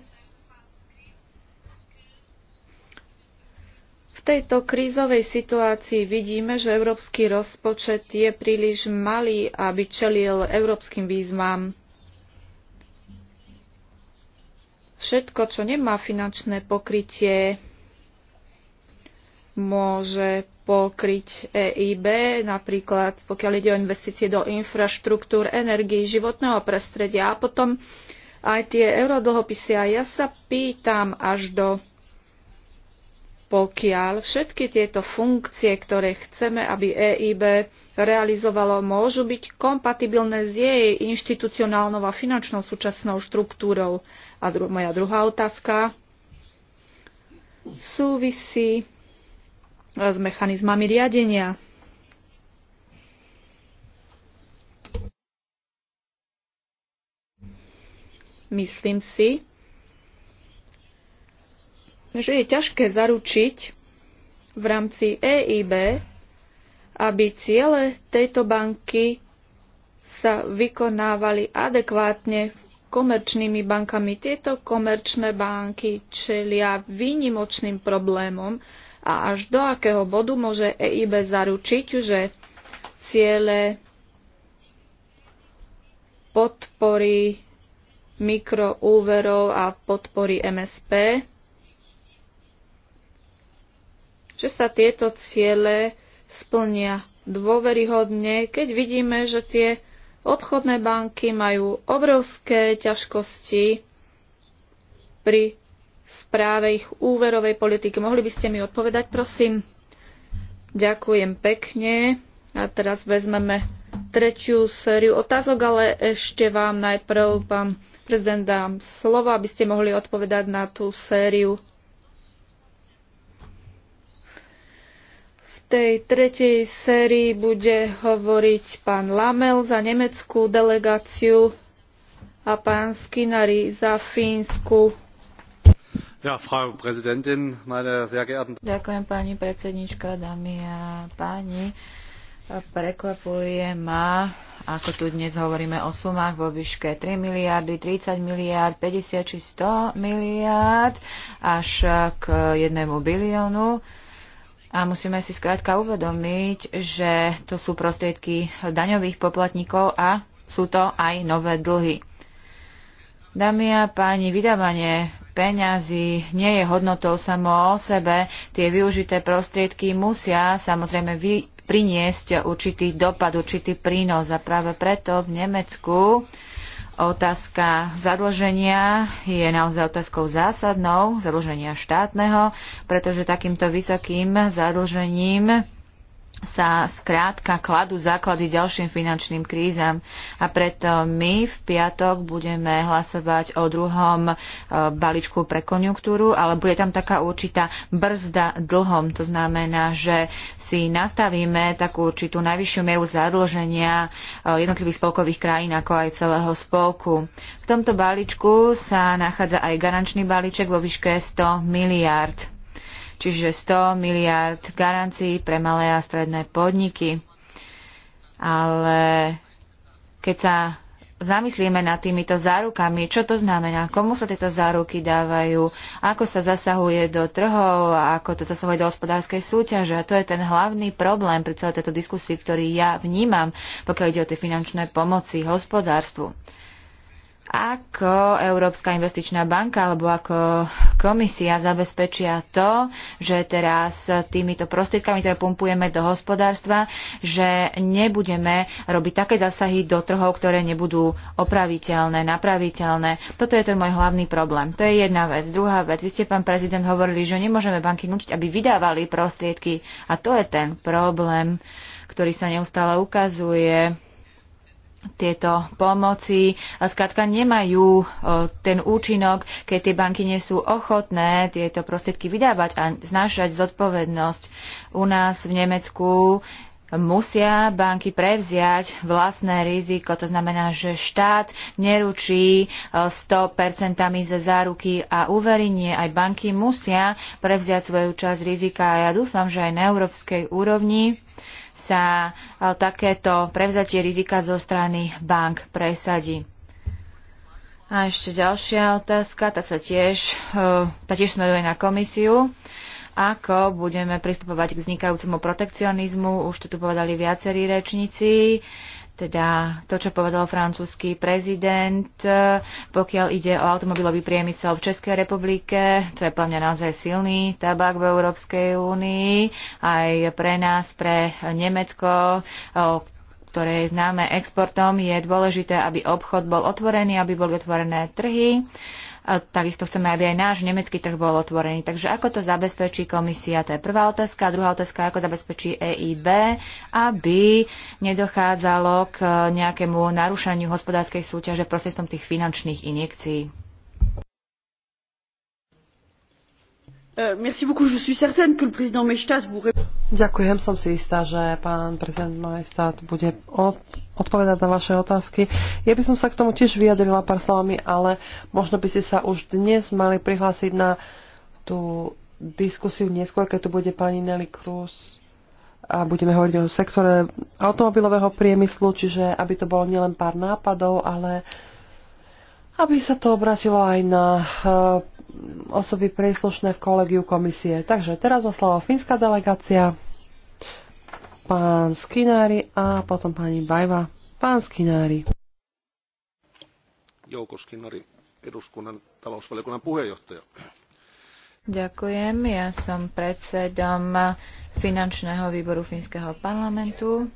V tejto krízovej situácii vidíme, že európsky rozpočet je príliš malý, aby čelil európskym výzvam. Všetko, čo nemá finančné pokrytie, môže pokryť EIB, napríklad pokiaľ ide o investície do infraštruktúr, energii, životného prostredia a potom aj tie eurodlhopisy. A ja sa pýtam až do pokiaľ všetky tieto funkcie, ktoré chceme, aby EIB realizovalo, môžu byť kompatibilné s jej inštitucionálnou a finančnou súčasnou štruktúrou. A dru- moja druhá otázka súvisí s mechanizmami riadenia. Myslím si, že je ťažké zaručiť v rámci EIB, aby ciele tejto banky sa vykonávali adekvátne komerčnými bankami. Tieto komerčné banky čelia výnimočným problémom, a až do akého bodu môže EIB zaručiť, že ciele podpory mikroúverov a podpory MSP, že sa tieto ciele splnia dôveryhodne, keď vidíme, že tie obchodné banky majú obrovské ťažkosti pri správe ich úverovej politiky. Mohli by ste mi odpovedať, prosím? Ďakujem pekne. A teraz vezmeme tretiu sériu otázok, ale ešte vám najprv, pán prezident, dám slovo, aby ste mohli odpovedať na tú sériu. V tej tretej sérii bude hovoriť pán Lamel za nemeckú delegáciu a pán Skinari za fínsku Frau Präsidentin, meine sehr geehrten... Ďakujem pani predsedníčka, dámy a páni. Prekvapuje ma, ako tu dnes hovoríme o sumách vo výške 3 miliardy, 30 miliard, 50 či 100 miliard až k jednému biliónu. A musíme si skrátka uvedomiť, že to sú prostriedky daňových poplatníkov a sú to aj nové dlhy. Dámy a páni, vydávanie peňazí nie je hodnotou samo o sebe. Tie využité prostriedky musia samozrejme vy, priniesť určitý dopad, určitý prínos. A práve preto v Nemecku otázka zadlženia je naozaj otázkou zásadnou, zadlženia štátneho, pretože takýmto vysokým zadlžením sa skrátka kladú základy ďalším finančným krízam. A preto my v piatok budeme hlasovať o druhom e, balíčku pre konjunktúru, ale bude tam taká určitá brzda dlhom. To znamená, že si nastavíme takú určitú najvyššiu mieru zadlženia e, jednotlivých spolkových krajín, ako aj celého spolku. V tomto balíčku sa nachádza aj garančný balíček vo výške 100 miliárd čiže 100 miliárd garancií pre malé a stredné podniky. Ale keď sa zamyslíme nad týmito zárukami, čo to znamená, komu sa tieto záruky dávajú, ako sa zasahuje do trhov ako to zasahuje do hospodárskej súťaže. A to je ten hlavný problém pri celej tejto diskusii, ktorý ja vnímam, pokiaľ ide o tie finančné pomoci hospodárstvu. Ako Európska investičná banka alebo ako komisia zabezpečia to, že teraz týmito prostriedkami, ktoré pumpujeme do hospodárstva, že nebudeme robiť také zásahy do trhov, ktoré nebudú opraviteľné, napraviteľné. Toto je ten môj hlavný problém. To je jedna vec. Druhá vec, vy ste, pán prezident, hovorili, že nemôžeme banky nutiť, aby vydávali prostriedky. A to je ten problém, ktorý sa neustále ukazuje tieto pomoci skrátka nemajú e, ten účinok, keď tie banky nie sú ochotné tieto prostriedky vydávať a znášať zodpovednosť. U nás v Nemecku musia banky prevziať vlastné riziko. To znamená, že štát neručí 100% e, za záruky a uverenie. aj banky musia prevziať svoju časť rizika. A ja dúfam, že aj na európskej úrovni sa takéto prevzatie rizika zo strany bank presadí. A ešte ďalšia otázka, tá sa tiež, e, tá tiež smeruje na komisiu. Ako budeme pristupovať k vznikajúcemu protekcionizmu, už to tu povedali viacerí rečníci. Uh, teda to, čo povedal francúzsky prezident, e, pokiaľ ide o automobilový priemysel v Českej republike, to je plne mňa naozaj silný tabak v Európskej únii, aj pre nás, pre Nemecko, ktoré je známe exportom, je dôležité, aby obchod bol otvorený, aby boli otvorené trhy a takisto chceme, aby aj náš nemecký trh bol otvorený. Takže ako to zabezpečí komisia? To je prvá otázka. A druhá otázka, ako zabezpečí EIB, aby nedochádzalo k nejakému narušaniu hospodárskej súťaže prostredstvom tých finančných injekcií. Euh, Ďakujem, som si istá, že pán prezident Majestát bude odpovedať na vaše otázky. Ja by som sa k tomu tiež vyjadrila pár slovami, ale možno by ste sa už dnes mali prihlásiť na tú diskusiu neskôr, keď tu bude pani Nelly Cruz a budeme hovoriť o sektore automobilového priemyslu, čiže aby to bolo nielen pár nápadov, ale aby sa to obratilo aj na eh, osoby príslušné v kolegiu komisie. Takže teraz oslava fínska delegácia, pán Skinári a potom pani Bajva. Pán Skinári. Jouko Skinári, eduskunnan talousvaliokunnan puheenjohtaja. Ďakujem, ja som predsedom finančného výboru Fínskeho parlamentu.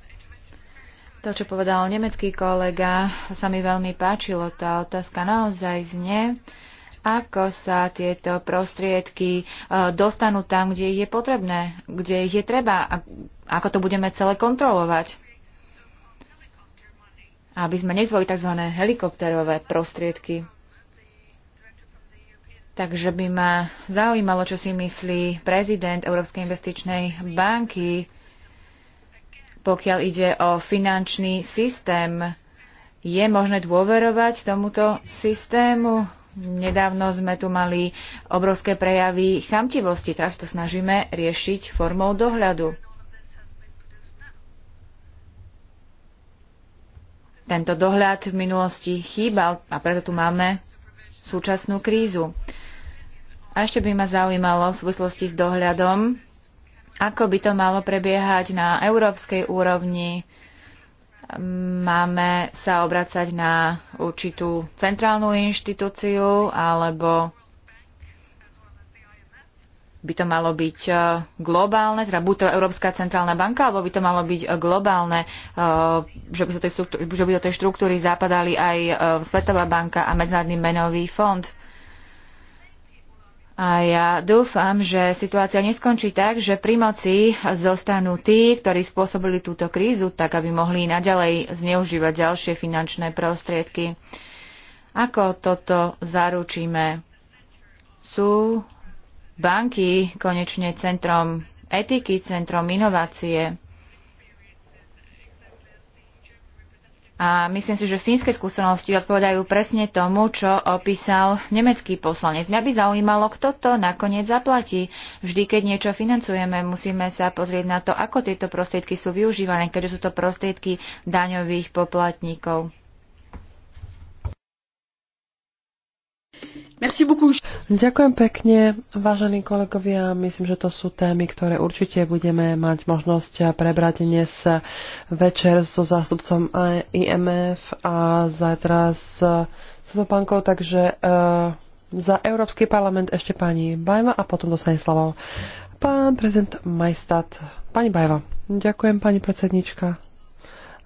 To, čo povedal nemecký kolega, sa mi veľmi páčilo. Tá otázka naozaj znie, ako sa tieto prostriedky e, dostanú tam, kde ich je potrebné, kde ich je treba a ako to budeme celé kontrolovať. Aby sme nezvolili tzv. helikopterové prostriedky. Takže by ma zaujímalo, čo si myslí prezident Európskej investičnej banky pokiaľ ide o finančný systém. Je možné dôverovať tomuto systému? Nedávno sme tu mali obrovské prejavy chamtivosti, teraz to snažíme riešiť formou dohľadu. Tento dohľad v minulosti chýbal a preto tu máme súčasnú krízu. A ešte by ma zaujímalo v súvislosti s dohľadom, ako by to malo prebiehať na európskej úrovni? Máme sa obracať na určitú centrálnu inštitúciu alebo by to malo byť e, globálne, teda buď to Európska centrálna banka, alebo by to malo byť e, globálne, e, že by, sa tej že by do tej štruktúry zapadali aj Svetová banka a Medzinárodný menový fond. A ja dúfam, že situácia neskončí tak, že pri moci zostanú tí, ktorí spôsobili túto krízu, tak aby mohli naďalej zneužívať ďalšie finančné prostriedky. Ako toto zaručíme? Sú banky konečne centrom etiky, centrom inovácie. A myslím si, že fínske skúsenosti odpovedajú presne tomu, čo opísal nemecký poslanec. Mňa by zaujímalo, kto to nakoniec zaplatí. Vždy, keď niečo financujeme, musíme sa pozrieť na to, ako tieto prostriedky sú využívané, keďže sú to prostriedky daňových poplatníkov. Merci beaucoup. Ďakujem pekne, vážení kolegovia. Myslím, že to sú témy, ktoré určite budeme mať možnosť prebrať dnes večer so zástupcom IMF a zajtra s Svetopankou, takže uh, za Európsky parlament ešte pani Bajva a potom dostane slovo pán prezident Majstat. Pani Bajva. Ďakujem, pani predsednička.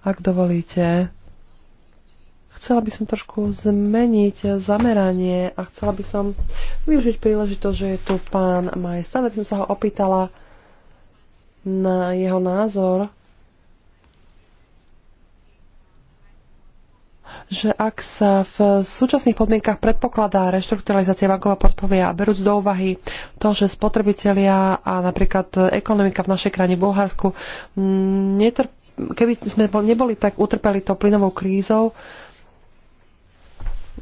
Ak dovolíte, Chcela by som trošku zmeniť zameranie a chcela by som využiť príležitosť, že je tu pán Majsta, tak som sa ho opýtala na jeho názor, že ak sa v súčasných podmienkach predpokladá reštrukturalizácia bankového portfólia, berúc do úvahy to, že spotrebitelia a napríklad ekonomika v našej krajine v Bulharsku netrp- keby sme neboli tak utrpeli to plynovou krízou, uh,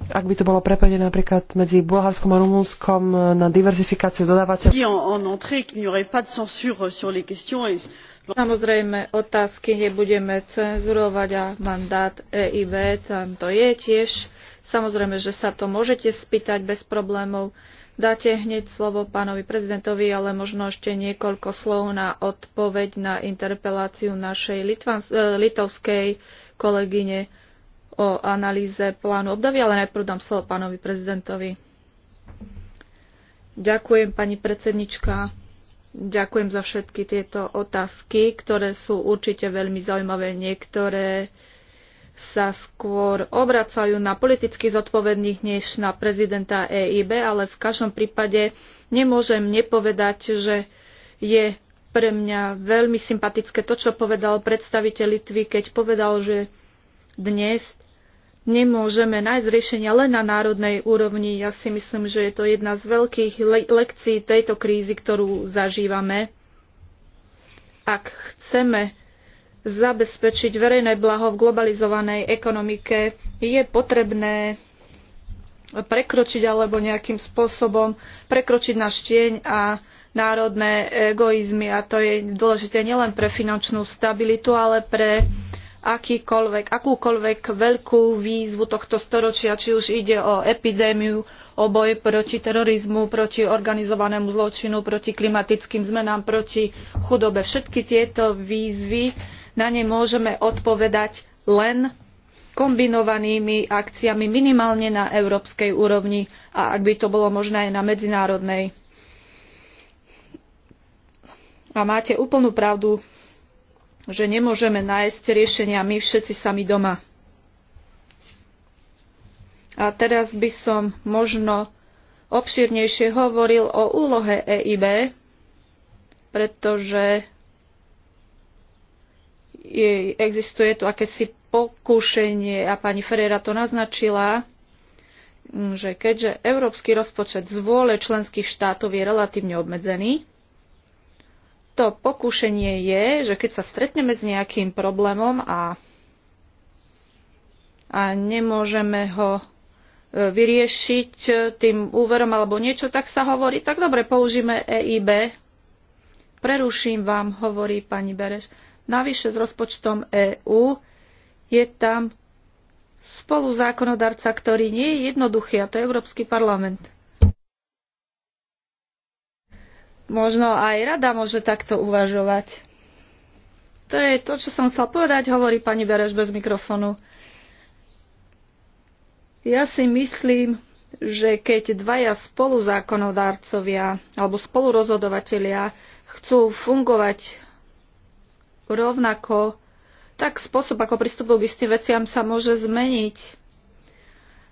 ak by to bolo prepojenie napríklad medzi Bulharskom a Rumunskom na diverzifikáciu dodávateľov. Euh, Samozrejme, otázky nebudeme cenzurovať a mandát EIB tam to je tiež. Samozrejme, že sa to môžete spýtať bez problémov. Dáte hneď slovo pánovi prezidentovi, ale možno ešte niekoľko slov na odpoveď na interpeláciu našej Litvans- eh, litovskej kolegyne o analýze plánu obdavy, ale najprv dám slovo pánovi prezidentovi. Ďakujem, pani predsednička. Ďakujem za všetky tieto otázky, ktoré sú určite veľmi zaujímavé. Niektoré sa skôr obracajú na politicky zodpovedných než na prezidenta EIB, ale v každom prípade nemôžem nepovedať, že je pre mňa veľmi sympatické to, čo povedal predstaviteľ Litvy, keď povedal, že dnes nemôžeme nájsť riešenia len na národnej úrovni. Ja si myslím, že je to jedna z veľkých le- lekcií tejto krízy, ktorú zažívame. Ak chceme zabezpečiť verejné blaho v globalizovanej ekonomike, je potrebné prekročiť alebo nejakým spôsobom prekročiť na štieň a národné egoizmy. A to je dôležité nielen pre finančnú stabilitu, ale pre akúkoľvek veľkú výzvu tohto storočia, či už ide o epidémiu, o boj proti terorizmu, proti organizovanému zločinu, proti klimatickým zmenám, proti chudobe. Všetky tieto výzvy, na ne môžeme odpovedať len kombinovanými akciami minimálne na európskej úrovni a ak by to bolo možné aj na medzinárodnej. A máte úplnú pravdu, že nemôžeme nájsť riešenia my všetci sami doma. A teraz by som možno obširnejšie hovoril o úlohe EIB, pretože existuje tu akési pokúšenie a pani Ferreira to naznačila, že keďže európsky rozpočet z vôle členských štátov je relatívne obmedzený, to pokúšenie je, že keď sa stretneme s nejakým problémom a, a nemôžeme ho e, vyriešiť e, tým úverom alebo niečo, tak sa hovorí, tak dobre, použíme EIB. Preruším vám, hovorí pani Bereš. Navyše s rozpočtom EÚ je tam spoluzákonodarca, ktorý nie je jednoduchý, a to je Európsky parlament. Možno aj rada môže takto uvažovať. To je to, čo som chcel povedať, hovorí pani Bereš bez mikrofonu. Ja si myslím, že keď dvaja spoluzákonodárcovia alebo spolurozhodovatelia chcú fungovať rovnako, tak spôsob, ako pristupujú k istým veciam, sa môže zmeniť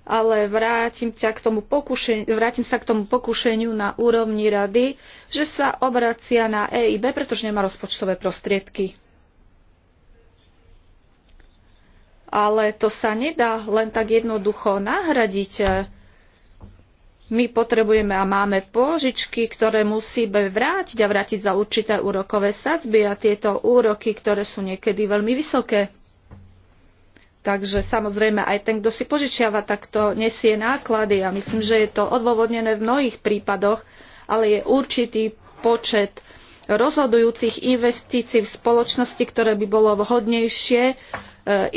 ale vrátim, ťa k tomu pokušeniu, vrátim sa k tomu pokušeniu na úrovni rady, že sa obracia na EIB, pretože nemá rozpočtové prostriedky. Ale to sa nedá len tak jednoducho nahradiť. My potrebujeme a máme požičky, ktoré musíme vrátiť a vrátiť za určité úrokové sadzby a tieto úroky, ktoré sú niekedy veľmi vysoké. Takže samozrejme aj ten, kto si požičiava, takto nesie náklady a myslím, že je to odôvodnené v mnohých prípadoch, ale je určitý počet rozhodujúcich investícií v spoločnosti, ktoré by bolo vhodnejšie e,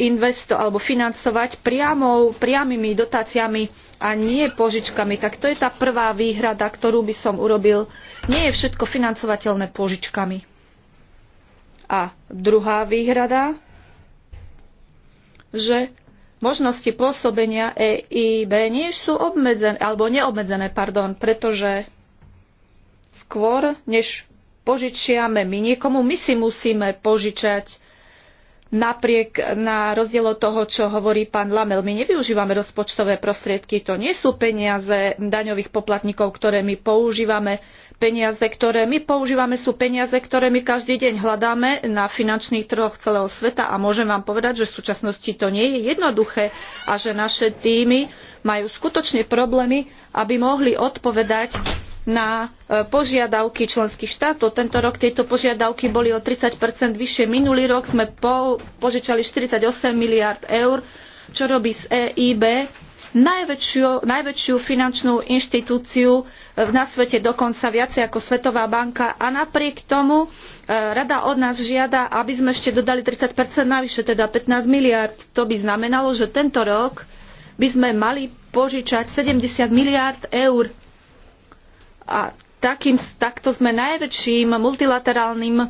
investovať alebo financovať priamo, priamými dotáciami a nie požičkami. Tak to je tá prvá výhrada, ktorú by som urobil. Nie je všetko financovateľné požičkami. A druhá výhrada, že možnosti pôsobenia EIB nie sú obmedzené, alebo neobmedzené, pardon, pretože skôr, než požičiame my niekomu, my si musíme požičať napriek na rozdiel od toho, čo hovorí pán Lamel, my nevyužívame rozpočtové prostriedky, to nie sú peniaze daňových poplatníkov, ktoré my používame. Peniaze, ktoré my používame, sú peniaze, ktoré my každý deň hľadáme na finančných trhoch celého sveta a môžem vám povedať, že v súčasnosti to nie je jednoduché a že naše týmy majú skutočne problémy, aby mohli odpovedať na e, požiadavky členských štátov. Tento rok tieto požiadavky boli o 30 vyššie. Minulý rok sme po, požičali 48 miliard eur, čo robí z EIB najväčšiu, najväčšiu finančnú inštitúciu e, na svete, dokonca viacej ako Svetová banka. A napriek tomu e, rada od nás žiada, aby sme ešte dodali 30 navyše, teda 15 miliard. To by znamenalo, že tento rok by sme mali požičať 70 miliard eur a takým, takto sme najväčším multilaterálnym e,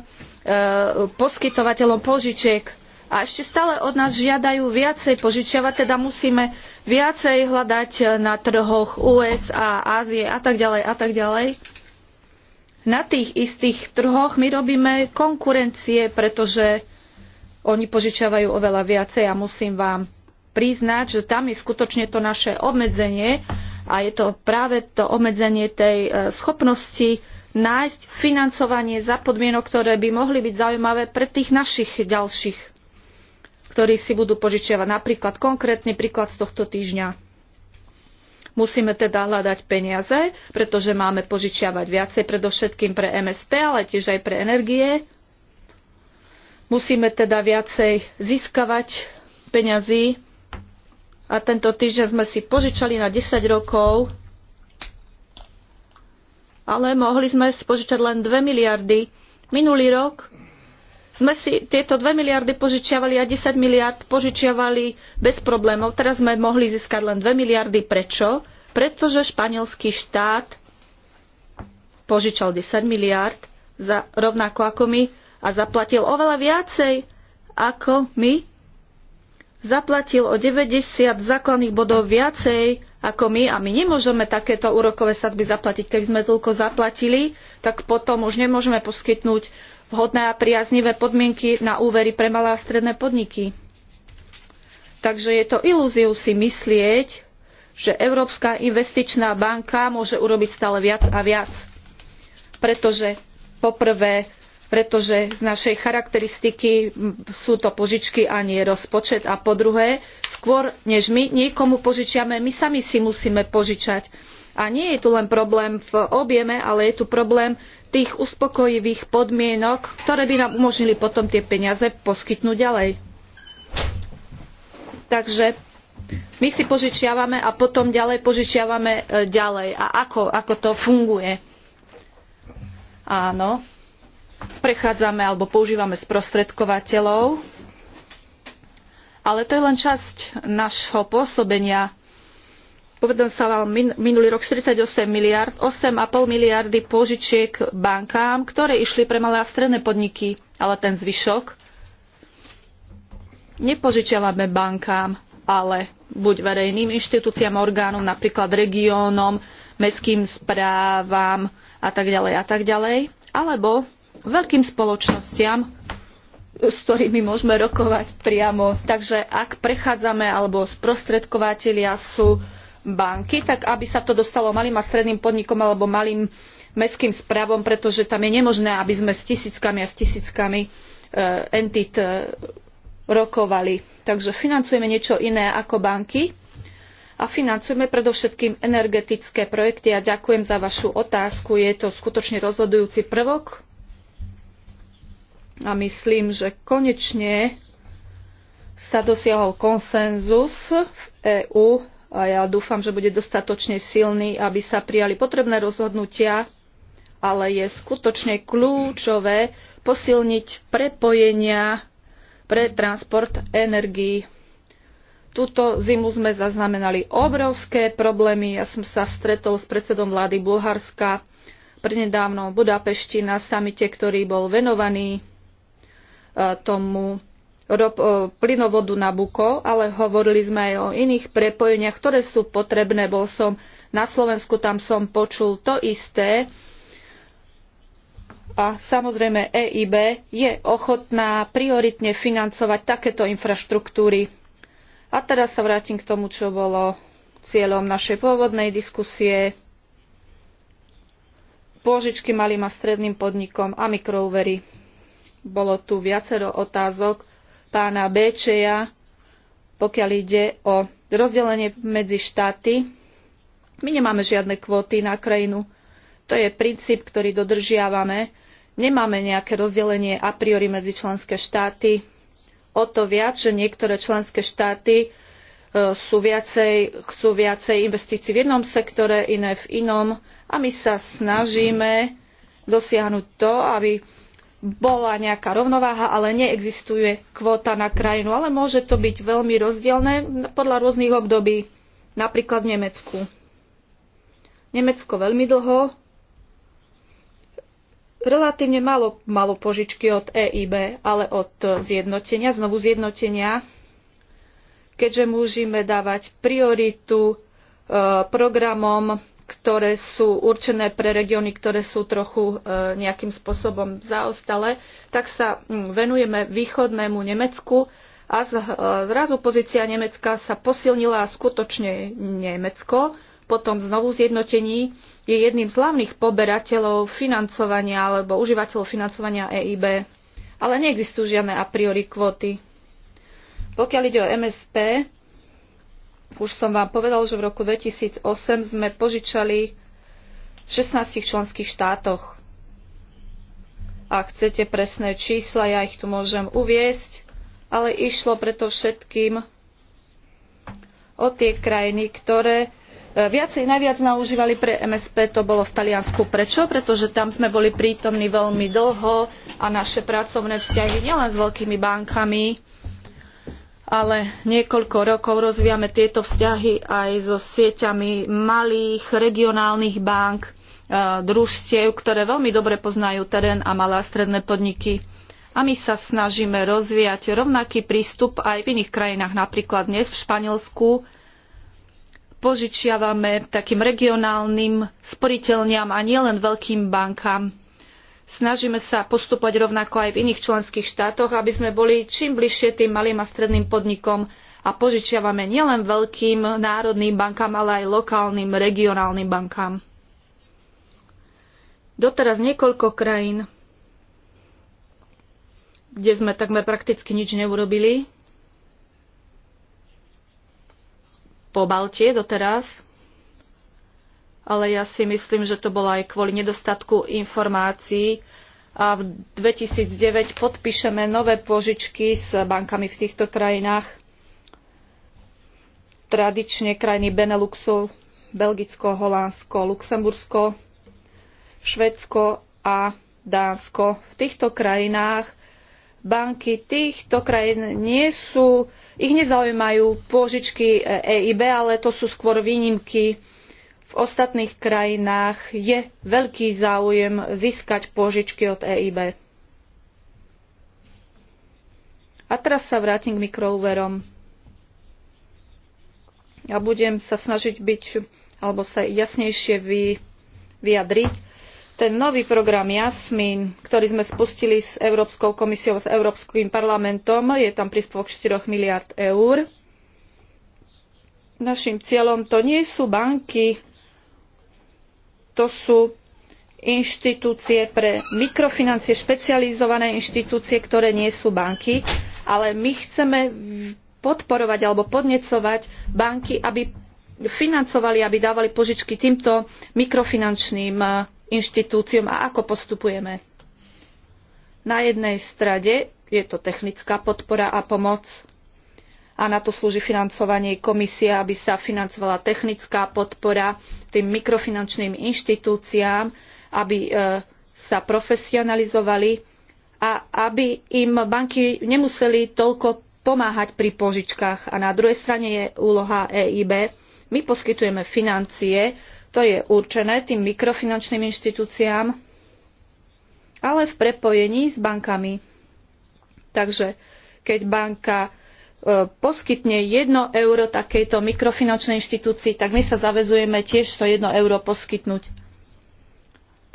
poskytovateľom požičiek. A ešte stále od nás žiadajú viacej požičiavať, teda musíme viacej hľadať e, na trhoch USA, Ázie a tak ďalej a tak ďalej. Na tých istých trhoch my robíme konkurencie, pretože oni požičiavajú oveľa viacej a musím vám priznať, že tam je skutočne to naše obmedzenie, a je to práve to obmedzenie tej e, schopnosti nájsť financovanie za podmienok, ktoré by mohli byť zaujímavé pre tých našich ďalších, ktorí si budú požičiavať. Napríklad konkrétny príklad z tohto týždňa. Musíme teda hľadať peniaze, pretože máme požičiavať viacej predovšetkým pre MSP, ale tiež aj pre energie. Musíme teda viacej získavať peňazí a tento týždeň sme si požičali na 10 rokov, ale mohli sme spožičať len 2 miliardy. Minulý rok sme si tieto 2 miliardy požičiavali a 10 miliard požičiavali bez problémov. Teraz sme mohli získať len 2 miliardy. Prečo? Pretože španielský štát požičal 10 miliard za, rovnako ako my a zaplatil oveľa viacej ako my zaplatil o 90 základných bodov viacej ako my a my nemôžeme takéto úrokové sadby zaplatiť. Keby sme toľko zaplatili, tak potom už nemôžeme poskytnúť vhodné a priaznivé podmienky na úvery pre malé a stredné podniky. Takže je to ilúziou si myslieť, že Európska investičná banka môže urobiť stále viac a viac. Pretože poprvé pretože z našej charakteristiky sú to požičky a nie rozpočet. A po druhé, skôr než my niekomu požičiame, my sami si musíme požičať. A nie je tu len problém v objeme, ale je tu problém tých uspokojivých podmienok, ktoré by nám umožnili potom tie peniaze poskytnúť ďalej. Takže my si požičiavame a potom ďalej požičiavame e, ďalej. A ako, ako to funguje? Áno prechádzame alebo používame sprostredkovateľov, ale to je len časť našho pôsobenia. Povedom sa vám minulý rok 48 miliard, 8,5 miliardy požičiek bankám, ktoré išli pre malé a stredné podniky, ale ten zvyšok nepožičiavame bankám, ale buď verejným inštitúciám, orgánom, napríklad regiónom, mestským správam a tak ďalej a tak ďalej, alebo veľkým spoločnostiam, s ktorými môžeme rokovať priamo. Takže ak prechádzame alebo sprostredkovateľia sú banky, tak aby sa to dostalo malým a stredným podnikom alebo malým mestským správom, pretože tam je nemožné, aby sme s tisíckami a s tisíckami e, entit e, rokovali. Takže financujeme niečo iné ako banky a financujeme predovšetkým energetické projekty a ďakujem za vašu otázku. Je to skutočne rozhodujúci prvok a myslím, že konečne sa dosiahol konsenzus v EÚ a ja dúfam, že bude dostatočne silný, aby sa prijali potrebné rozhodnutia, ale je skutočne kľúčové posilniť prepojenia pre transport energií. Tuto zimu sme zaznamenali obrovské problémy. Ja som sa stretol s predsedom vlády Bulharska prednedávno v Budapešti na samite, ktorý bol venovaný tomu plynovodu Nabuko, ale hovorili sme aj o iných prepojeniach, ktoré sú potrebné. Bol som na Slovensku, tam som počul to isté. A samozrejme EIB je ochotná prioritne financovať takéto infraštruktúry. A teraz sa vrátim k tomu, čo bolo cieľom našej pôvodnej diskusie. Pôžičky malým a stredným podnikom a mikrouvery bolo tu viacero otázok pána Béčeja, pokiaľ ide o rozdelenie medzi štáty. My nemáme žiadne kvóty na krajinu. To je princíp, ktorý dodržiavame. Nemáme nejaké rozdelenie a priori medzi členské štáty. O to viac, že niektoré členské štáty e, sú viacej, chcú viacej investícií v jednom sektore, iné v inom a my sa snažíme dosiahnuť to, aby bola nejaká rovnováha, ale neexistuje kvóta na krajinu. Ale môže to byť veľmi rozdielne podľa rôznych období, napríklad v Nemecku. Nemecko veľmi dlho relatívne malo, malo požičky od EIB, ale od zjednotenia, znovu zjednotenia, keďže môžeme dávať prioritu e, programom ktoré sú určené pre regióny, ktoré sú trochu e, nejakým spôsobom zaostale, tak sa mm, venujeme východnému Nemecku a e, zrazu pozícia Nemecka sa posilnila a skutočne Nemecko potom znovu zjednotení je jedným z hlavných poberateľov financovania alebo užívateľov financovania EIB, ale neexistujú žiadne a priori kvóty. Pokiaľ ide o MSP, už som vám povedal, že v roku 2008 sme požičali v 16 členských štátoch. Ak chcete presné čísla, ja ich tu môžem uviesť, ale išlo preto všetkým o tie krajiny, ktoré e, viacej najviac naužívali pre MSP, to bolo v Taliansku. Prečo? Pretože tam sme boli prítomní veľmi dlho a naše pracovné vzťahy nielen s veľkými bankami, ale niekoľko rokov rozvíjame tieto vzťahy aj so sieťami malých regionálnych bank, eh, družstiev, ktoré veľmi dobre poznajú terén a malé a stredné podniky. A my sa snažíme rozvíjať rovnaký prístup aj v iných krajinách. Napríklad dnes v Španielsku požičiavame takým regionálnym sporiteľniam a nielen veľkým bankám Snažíme sa postupovať rovnako aj v iných členských štátoch, aby sme boli čím bližšie tým malým a stredným podnikom a požičiavame nielen veľkým národným bankám, ale aj lokálnym, regionálnym bankám. Doteraz niekoľko krajín, kde sme takmer prakticky nič neurobili, po Baltie doteraz, ale ja si myslím, že to bolo aj kvôli nedostatku informácií a v 2009 podpíšeme nové požičky s bankami v týchto krajinách. Tradične krajiny Beneluxu, Belgicko, Holandsko, Luxembursko, Švedsko a Dánsko. V týchto krajinách banky týchto krajín nie sú, ich nezaujímajú pôžičky EIB, ale to sú skôr výnimky v ostatných krajinách je veľký záujem získať pôžičky od EIB. A teraz sa vrátim k mikroúverom. Ja budem sa snažiť byť, alebo sa jasnejšie vy, vyjadriť. Ten nový program Jasmin, ktorý sme spustili s Európskou komisiou, s Európskym parlamentom, je tam príspevok 4 miliard eur. Našim cieľom to nie sú banky, to sú inštitúcie pre mikrofinancie, špecializované inštitúcie, ktoré nie sú banky, ale my chceme podporovať alebo podnecovať banky, aby financovali, aby dávali požičky týmto mikrofinančným e, inštitúciám a ako postupujeme. Na jednej strane je to technická podpora a pomoc a na to slúži financovanie komisie, aby sa financovala technická podpora tým mikrofinančným inštitúciám, aby e, sa profesionalizovali a aby im banky nemuseli toľko pomáhať pri požičkách. A na druhej strane je úloha EIB. My poskytujeme financie, to je určené tým mikrofinančným inštitúciám, ale v prepojení s bankami. Takže keď banka E, poskytne jedno euro takejto mikrofinančnej inštitúcii, tak my sa zavezujeme tiež to jedno euro poskytnúť.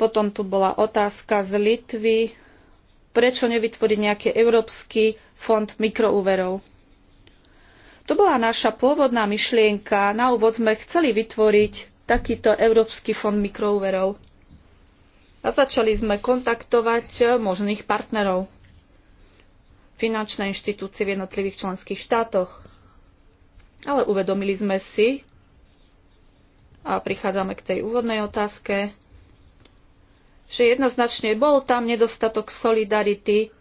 Potom tu bola otázka z Litvy. Prečo nevytvoriť nejaký európsky fond mikroúverov? To bola naša pôvodná myšlienka. Na úvod sme chceli vytvoriť takýto Európsky fond mikroúverov. A začali sme kontaktovať možných partnerov finančné inštitúcie v jednotlivých členských štátoch. Ale uvedomili sme si, a prichádzame k tej úvodnej otázke, že jednoznačne bol tam nedostatok solidarity.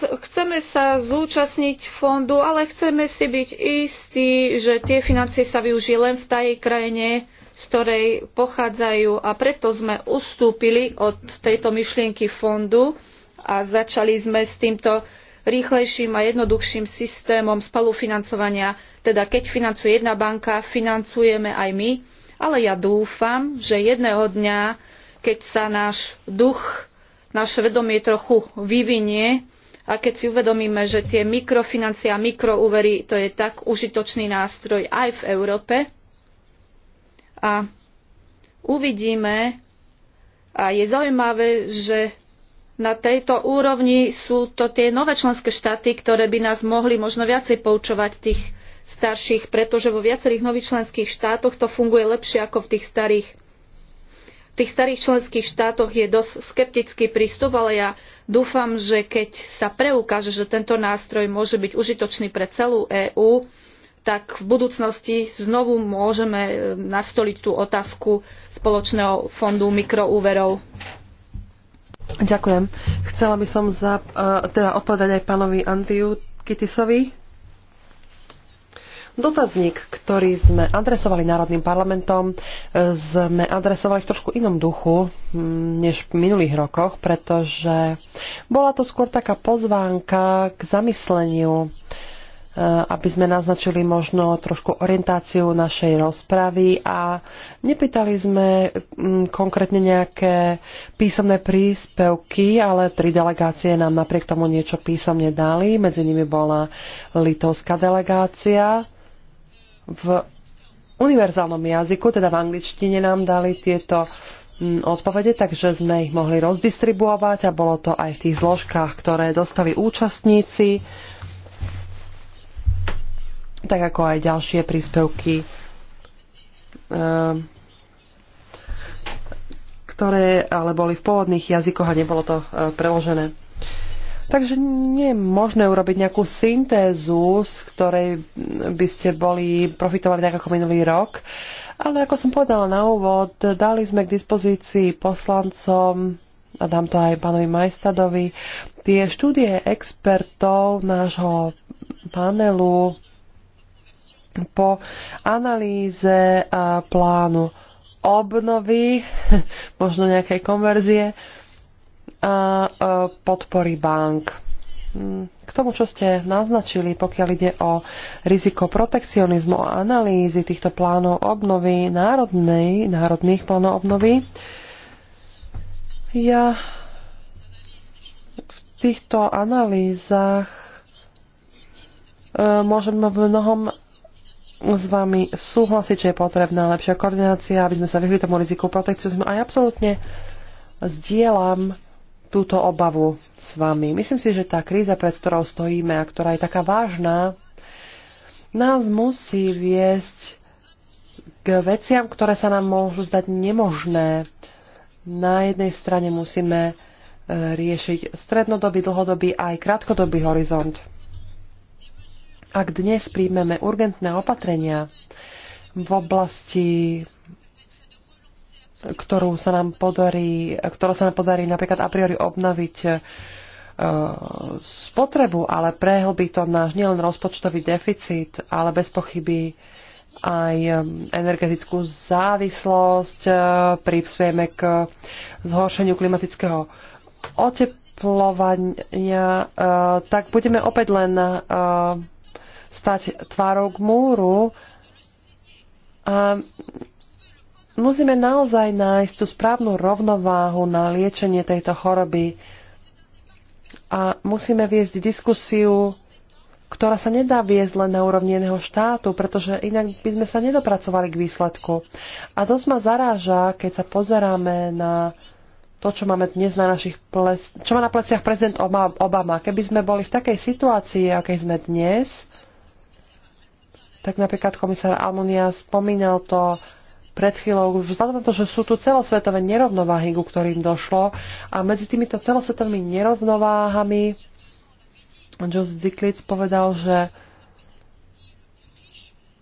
Chceme sa zúčastniť fondu, ale chceme si byť istí, že tie financie sa využijú len v tej krajine, z ktorej pochádzajú a preto sme ustúpili od tejto myšlienky fondu a začali sme s týmto rýchlejším a jednoduchším systémom spolufinancovania. Teda keď financuje jedna banka, financujeme aj my, ale ja dúfam, že jedného dňa, keď sa náš duch, naše vedomie trochu vyvinie a keď si uvedomíme, že tie mikrofinancie a mikroúvery to je tak užitočný nástroj aj v Európe a uvidíme a je zaujímavé, že na tejto úrovni sú to tie nové členské štáty, ktoré by nás mohli možno viacej poučovať tých starších, pretože vo viacerých nových členských štátoch to funguje lepšie ako v tých starých. V tých starých členských štátoch je dosť skeptický prístup, ale ja dúfam, že keď sa preukáže, že tento nástroj môže byť užitočný pre celú EÚ, tak v budúcnosti znovu môžeme eh, nastoliť tú otázku spoločného fondu mikroúverov. Ďakujem. Chcela by som za, uh, teda odpovedať aj pánovi Andriu Kitisovi. Dotazník, ktorý sme adresovali Národným parlamentom, e, sme adresovali v trošku inom duchu než v minulých rokoch, pretože bola to skôr taká pozvánka k zamysleniu uh, Eh, aby sme naznačili možno trošku orientáciu našej rozpravy a nepýtali sme mm, konkrétne nejaké písomné príspevky, ale tri delegácie nám napriek tomu niečo písomne dali. Medzi nimi bola litovská delegácia. V univerzálnom jazyku, teda v angličtine nám dali tieto mm, odpovede, takže sme ich mohli rozdistribuovať a bolo to aj v tých zložkách, ktoré dostali účastníci tak ako aj ďalšie príspevky, ehm, ktoré ale boli v pôvodných jazykoch a nebolo to e, preložené. Takže nie je možné urobiť nejakú syntézu, z ktorej by ste boli profitovali nejak ako minulý rok. Ale ako som povedala na úvod, dali sme k dispozícii poslancom a dám to aj pánovi Majstadovi, tie štúdie expertov nášho panelu po analýze eh, plánu obnovy, možno nejakej konverzie a eh, podpory bank. Hm, k tomu, čo ste naznačili, pokiaľ ide o riziko protekcionizmu a analýzy týchto plánov obnovy, národnej, národných plánov obnovy, ja v týchto analýzach eh, môžem v mnohom s vami súhlasiť, že je potrebná lepšia koordinácia, aby sme sa vyhli tomu riziku protekciozmu a ja absolútne zdieľam túto obavu s vami. Myslím si, že tá kríza, pred ktorou stojíme a ktorá je taká vážna, nás musí viesť k veciam, ktoré sa nám môžu zdať nemožné. Na jednej strane musíme e, riešiť strednodobý, dlhodobý a aj krátkodobý horizont. Ak dnes príjmeme urgentné opatrenia v oblasti ktorú sa nám podarí, ktorú sa nám podarí napríklad a priori obnoviť uh, spotrebu, ale prehlbí to náš nielen rozpočtový deficit, ale bez pochyby aj e, energetickú závislosť, e, k zhoršeniu klimatického oteplovania, e, tak budeme opäť len stať tvárou k múru a musíme naozaj nájsť tú správnu rovnováhu na liečenie tejto choroby a musíme viesť diskusiu, ktorá sa nedá viesť len na úrovni jedného štátu, pretože inak by sme sa nedopracovali k výsledku. A dosť ma zaráža, keď sa pozeráme na to, čo máme dnes na našich ples- čo má na pleciach prezident Obama. Keby sme boli v takej situácii, akej sme dnes, tak napríklad komisár Almonia spomínal to pred chvíľou, vzhľadom na to, že sú tu celosvetové nerovnováhy, ku ktorým došlo a medzi týmito celosvetovými nerovnováhami Joseph Ziklic povedal, že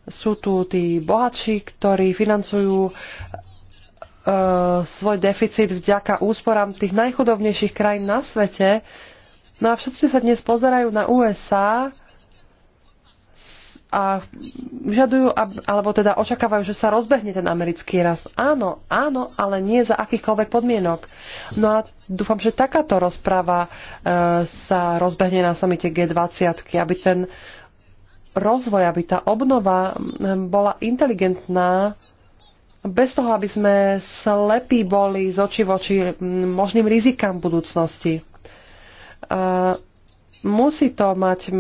sú tu tí bohatší, ktorí financujú e, svoj deficit vďaka úsporám tých najchudobnejších krajín na svete. No a všetci sa dnes pozerajú na USA, a žiadujú, alebo teda očakávajú, že sa rozbehne ten americký rast. Áno, áno, ale nie za akýchkoľvek podmienok. No a dúfam, že takáto rozprava e, sa rozbehne na samite G20, aby ten rozvoj, aby tá obnova bola inteligentná, bez toho, aby sme slepí boli z očí voči možným rizikám budúcnosti. E, musí to mať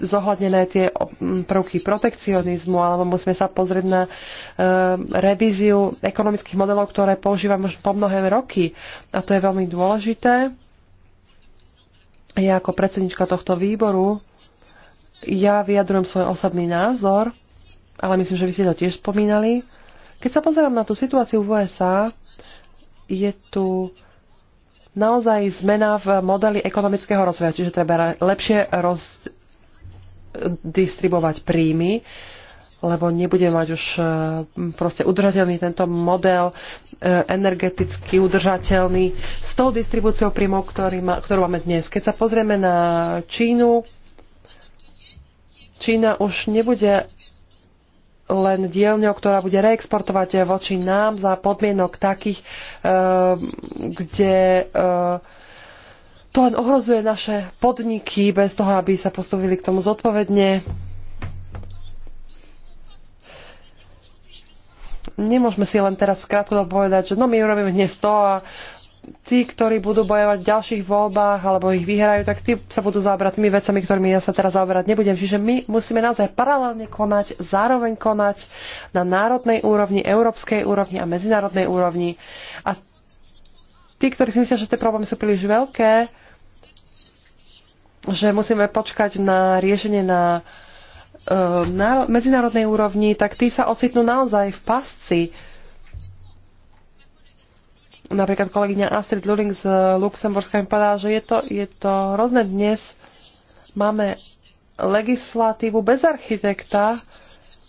zohľadnené tie prvky protekcionizmu, alebo musíme sa pozrieť na e, revíziu ekonomických modelov, ktoré používam už po mnohé roky. A to je veľmi dôležité. Ja ako predsednička tohto výboru ja vyjadrujem svoj osobný názor, ale myslím, že vy ste to tiež spomínali. Keď sa pozerám na tú situáciu v USA, je tu naozaj zmena v modeli ekonomického rozvoja, čiže treba lepšie rozdistribovať príjmy, lebo nebude mať už e, proste udržateľný tento model, e, energeticky udržateľný s tou distribúciou príjmov, ktorú máme dnes. Keď sa pozrieme na Čínu, Čína už nebude len dielňou, ktorá bude reexportovať voči nám za podmienok takých, eh, kde eh, to len ohrozuje naše podniky bez toho, aby sa postavili k tomu zodpovedne. Nemôžeme si len teraz krátko povedať, že no my urobíme dnes to a tí, ktorí budú bojovať v ďalších voľbách alebo ich vyhrajú, tak tí sa budú zaoberať tými vecami, ktorými ja sa teraz zaoberať nebudem. Čiže my musíme naozaj paralelne konať, zároveň konať na národnej úrovni, európskej úrovni a medzinárodnej úrovni. A tí, ktorí si myslia, že tie problémy sú príliš veľké, že musíme počkať na riešenie na, e, na medzinárodnej úrovni, tak tí sa ocitnú naozaj v pasci napríklad kolegyňa Astrid Luring z eh, Luxemburska mi povedala, že je to, je to hrozné dnes. Máme legislatívu bez architekta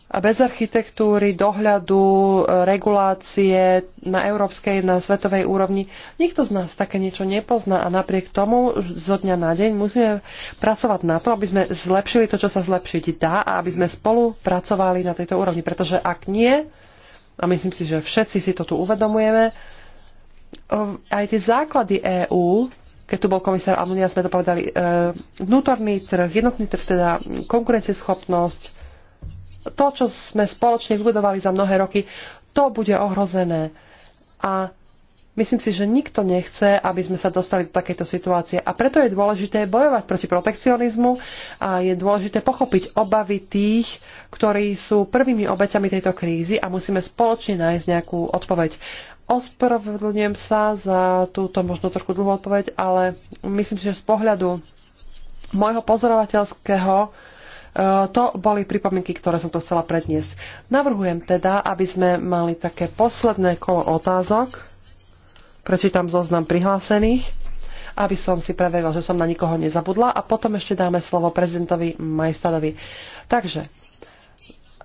a bez architektúry, dohľadu, eh, regulácie na európskej, na svetovej úrovni. Nikto z nás také niečo nepozná a napriek tomu zo dňa na deň musíme pracovať na to, aby sme zlepšili to, čo sa zlepšiť dá a aby sme spolu pracovali na tejto úrovni. Pretože ak nie, a myslím si, že všetci si to tu uvedomujeme, aj tie základy EÚ, keď tu bol komisár Almunia, sme to povedali, e, vnútorný trh, jednotný trh, teda konkurencieschopnosť, to, čo sme spoločne vybudovali za mnohé roky, to bude ohrozené. A myslím si, že nikto nechce, aby sme sa dostali do takejto situácie. A preto je dôležité bojovať proti protekcionizmu a je dôležité pochopiť obavy tých, ktorí sú prvými obeťami tejto krízy a musíme spoločne nájsť nejakú odpoveď. Ospravedlňujem sa za túto možno trošku dlhú odpoveď, ale myslím si, že z pohľadu môjho pozorovateľského e, to boli pripomienky, ktoré som tu chcela predniesť. Navrhujem teda, aby sme mali také posledné kolo otázok. Prečítam zoznam prihlásených, aby som si preveril, že som na nikoho nezabudla a potom ešte dáme slovo prezidentovi Majstadovi. Takže,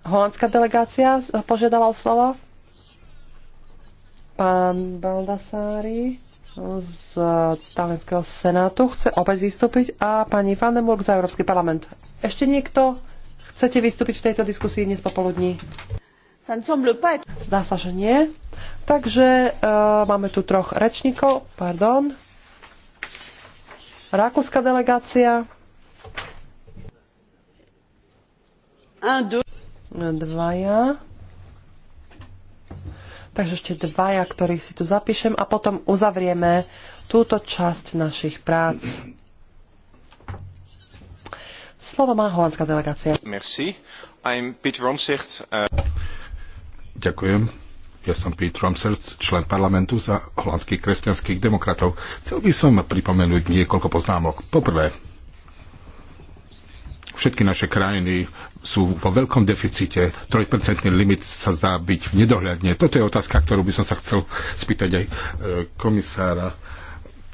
holandská delegácia požiadala o slovo. Pán Baldasári z Talenského senátu chce opäť vystúpiť a pani Vandenburg za Európsky parlament. Ešte niekto? Chcete vystúpiť v tejto diskusii dnes popoludní? Zdá sa, že nie. Takže uh, máme tu troch rečníkov. Pardon. Rakúska delegácia. Dvaja. Takže ešte dvaja, ktorých si tu zapíšem a potom uzavrieme túto časť našich prác. Slovo má holandská delegácia. Merci. I'm Peter Romsert. Uh... Ďakujem. Ja som Pete Romsert, člen parlamentu za holandských kresťanských demokratov. Chcel by som pripomenúť niekoľko poznámok. Poprvé, Všetky naše krajiny sú vo veľkom deficite. 3% limit sa zdá byť v nedohľadne. Toto je otázka, ktorú by som sa chcel spýtať aj e, komisára.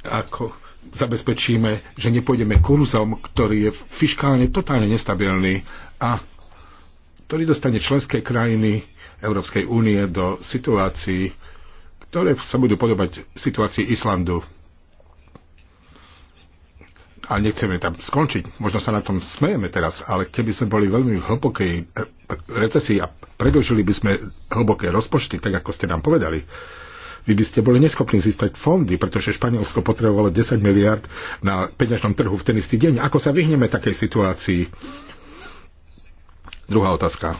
Ako zabezpečíme, že nepôjdeme kurzom, ktorý je fiskálne totálne nestabilný a ktorý dostane členské krajiny Európskej únie do situácií, ktoré sa budú podobať situácii Islandu a nechceme tam skončiť, možno sa na tom smejeme teraz, ale keby sme boli veľmi v hlbokej recesii a predlžili by sme hlboké rozpočty, tak ako ste nám povedali, vy by ste boli neschopní získať fondy, pretože Španielsko potrebovalo 10 miliard na peňažnom trhu v ten istý deň. Ako sa vyhneme takej situácii? Druhá otázka,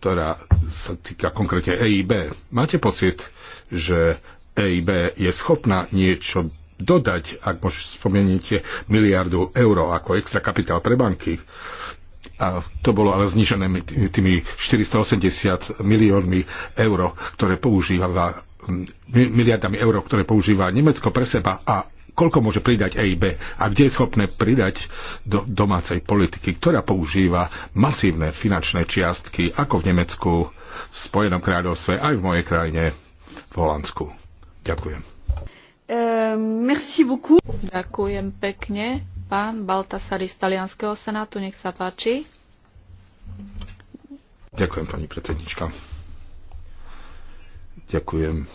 ktorá sa týka konkrétne EIB. Máte pocit, že EIB je schopná niečo dodať, ak môžete spomeniete, miliardu eur ako extra kapitál pre banky. A to bolo ale znižené tými 480 miliónmi eur, ktoré používala miliardami eur, ktoré používa Nemecko pre seba a koľko môže pridať EIB a kde je schopné pridať do domácej politiky, ktorá používa masívne finančné čiastky ako v Nemecku, v Spojenom kráľovstve, aj v mojej krajine, v Holandsku. Ďakujem. Ehm, merci beaucoup. Ďakujem pekne. Pán Baltasari z Talianského senátu, nech sa páči. Ďakujem, pani predsednička. Ďakujem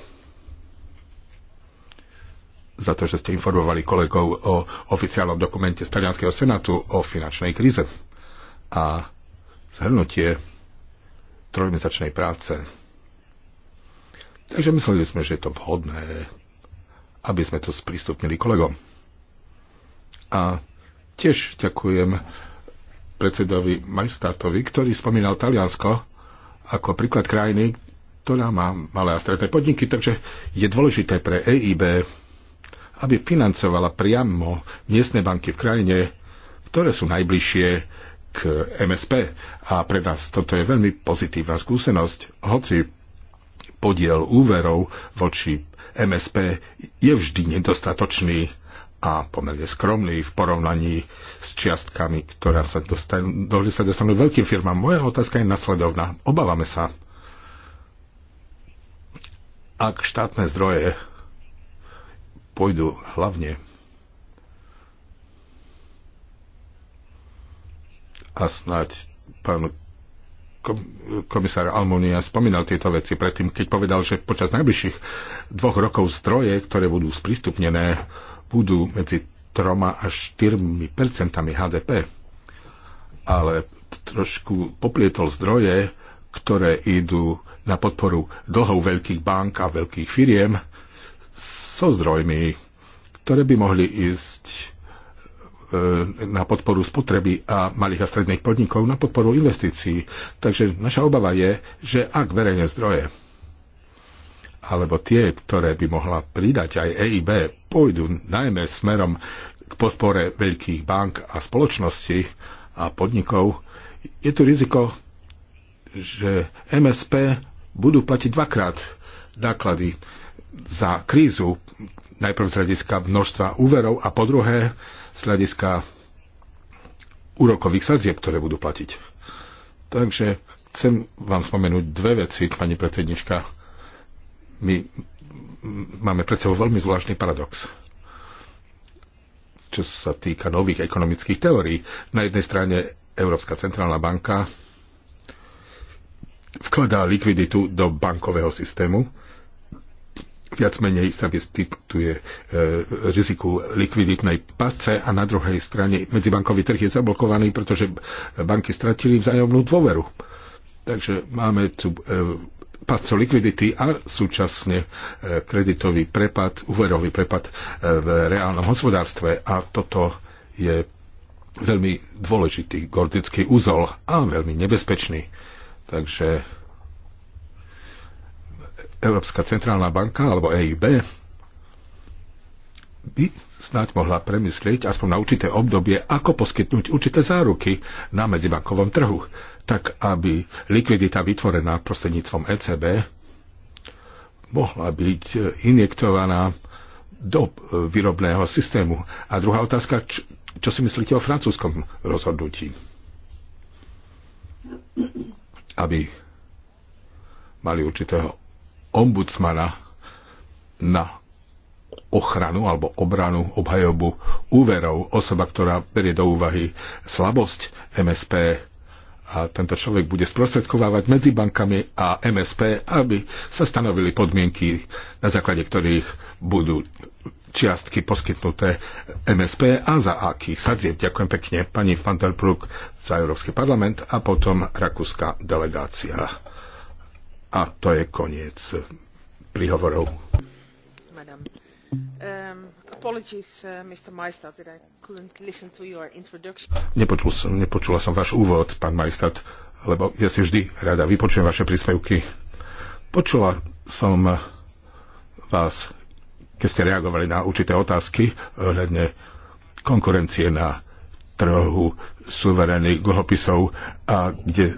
za to, že ste informovali kolegov o oficiálnom dokumente z Talianského senátu o finančnej kríze a zhrnutie trojmesačnej práce. Takže mysleli sme, že je to vhodné aby sme to sprístupnili kolegom. A tiež ďakujem predsedovi Majstátovi, ktorý spomínal Taliansko ako príklad krajiny, ktorá má malé a stredné podniky, takže je dôležité pre EIB, aby financovala priamo miestne banky v krajine, ktoré sú najbližšie k MSP. A pre nás toto je veľmi pozitívna skúsenosť, hoci podiel úverov voči MSP je vždy nedostatočný a pomerne skromný v porovnaní s čiastkami, ktoré sa dostanú, dohli sa dostanú veľkým firmám. Moja otázka je nasledovná. Obávame sa, ak štátne zdroje pôjdu hlavne a snáď pán komisár Almunia spomínal tieto veci predtým, keď povedal, že počas najbližších dvoch rokov zdroje, ktoré budú sprístupnené, budú medzi troma až 4 percentami HDP. Ale trošku poplietol zdroje, ktoré idú na podporu dlhov veľkých bank a veľkých firiem so zdrojmi, ktoré by mohli ísť E, na podporu spotreby a malých a stredných podnikov, na podporu investícií. Takže naša obava je, že ak verejné zdroje alebo tie, ktoré by mohla pridať aj EIB, pôjdu najmä smerom k podpore veľkých bank a spoločností a podnikov, je tu riziko, že MSP budú platiť dvakrát náklady za krízu, najprv z hľadiska množstva úverov a po druhé z hľadiska úrokových sadzieb, ktoré budú platiť. Takže chcem vám spomenúť dve veci, pani predsednička. My máme pred sebou veľmi zvláštny paradox čo sa týka nových ekonomických teórií. Na jednej strane Európska centrálna banka vkladá likviditu do bankového systému viac menej sa vystituje e, riziku likviditnej pasce a na druhej strane medzibankový trh je zablokovaný, pretože banky stratili vzájomnú dôveru. Takže máme tu e, pasco likvidity a súčasne e, kreditový prepad, úverový prepad e, v reálnom hospodárstve a toto je veľmi dôležitý gordický úzol a veľmi nebezpečný. Takže Európska centrálna banka alebo EIB by snáď mohla premyslieť aspoň na určité obdobie, ako poskytnúť určité záruky na medzibankovom trhu, tak aby likvidita vytvorená prostredníctvom ECB mohla byť injektovaná do výrobného systému. A druhá otázka, čo, čo si myslíte o francúzskom rozhodnutí? Aby mali určitého ombudsmana na ochranu alebo obranu, obhajobu úverov, osoba, ktorá berie do úvahy slabosť MSP a tento človek bude sprostredkovávať medzi bankami a MSP, aby sa stanovili podmienky, na základe ktorých budú čiastky poskytnuté MSP a za akých sadzieb. Ďakujem pekne pani van za Európsky parlament a potom rakúska delegácia. A to je koniec príhovorov. Madam. Um, apologies, uh, Mr. that I couldn't listen to your introduction. Nepočul som, nepočula som váš úvod, pán Maestad, lebo ja si vždy rada vypočujem vaše príspevky. Počula som vás, keď ste reagovali na určité otázky ohľadne konkurencie na trhu suverénnych dlhopisov a kde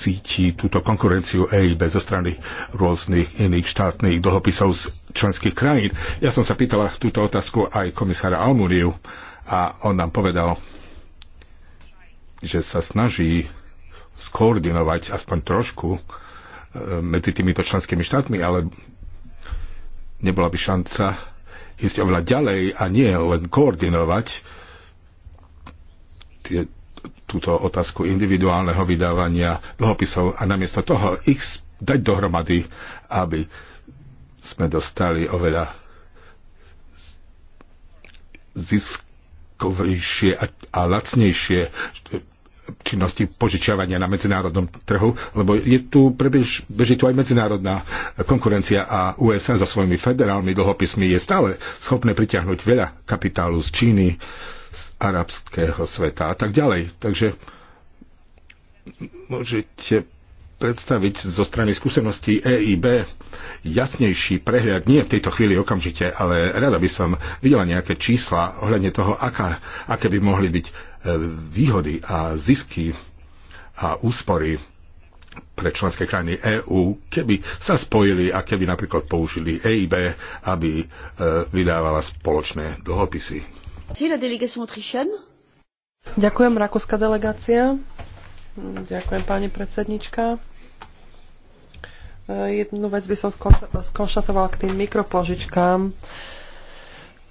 cíti túto konkurenciu EIB zo strany rôznych iných štátnych dlhopisov z členských krajín. Ja som sa pýtala túto otázku aj komisára Almuniu a on nám povedal, že sa snaží skoordinovať aspoň trošku e, medzi týmito členskými štátmi, ale nebola by šanca ísť oveľa ďalej a nie len koordinovať tie túto otázku individuálneho vydávania dlhopisov a namiesto toho ich dať dohromady, aby sme dostali oveľa ziskovejšie a, lacnejšie činnosti požičiavania na medzinárodnom trhu, lebo je tu, prebež, beží tu aj medzinárodná konkurencia a USA so svojimi federálnymi dlhopismi je stále schopné priťahnuť veľa kapitálu z Číny, z arabského sveta a tak ďalej. Takže môžete predstaviť zo strany skúseností EIB jasnejší prehľad, nie v tejto chvíli okamžite, ale rada by som videla nejaké čísla ohľadne toho, aká, aké by mohli byť e, výhody a zisky a úspory pre členské krajiny EÚ, keby sa spojili a keby napríklad použili EIB, aby e, vydávala spoločné dlhopisy. Ďakujem, rakúska delegácia. Ďakujem, pani predsednička. E, jednu vec by som skonštatovala k tým mikropožičkám.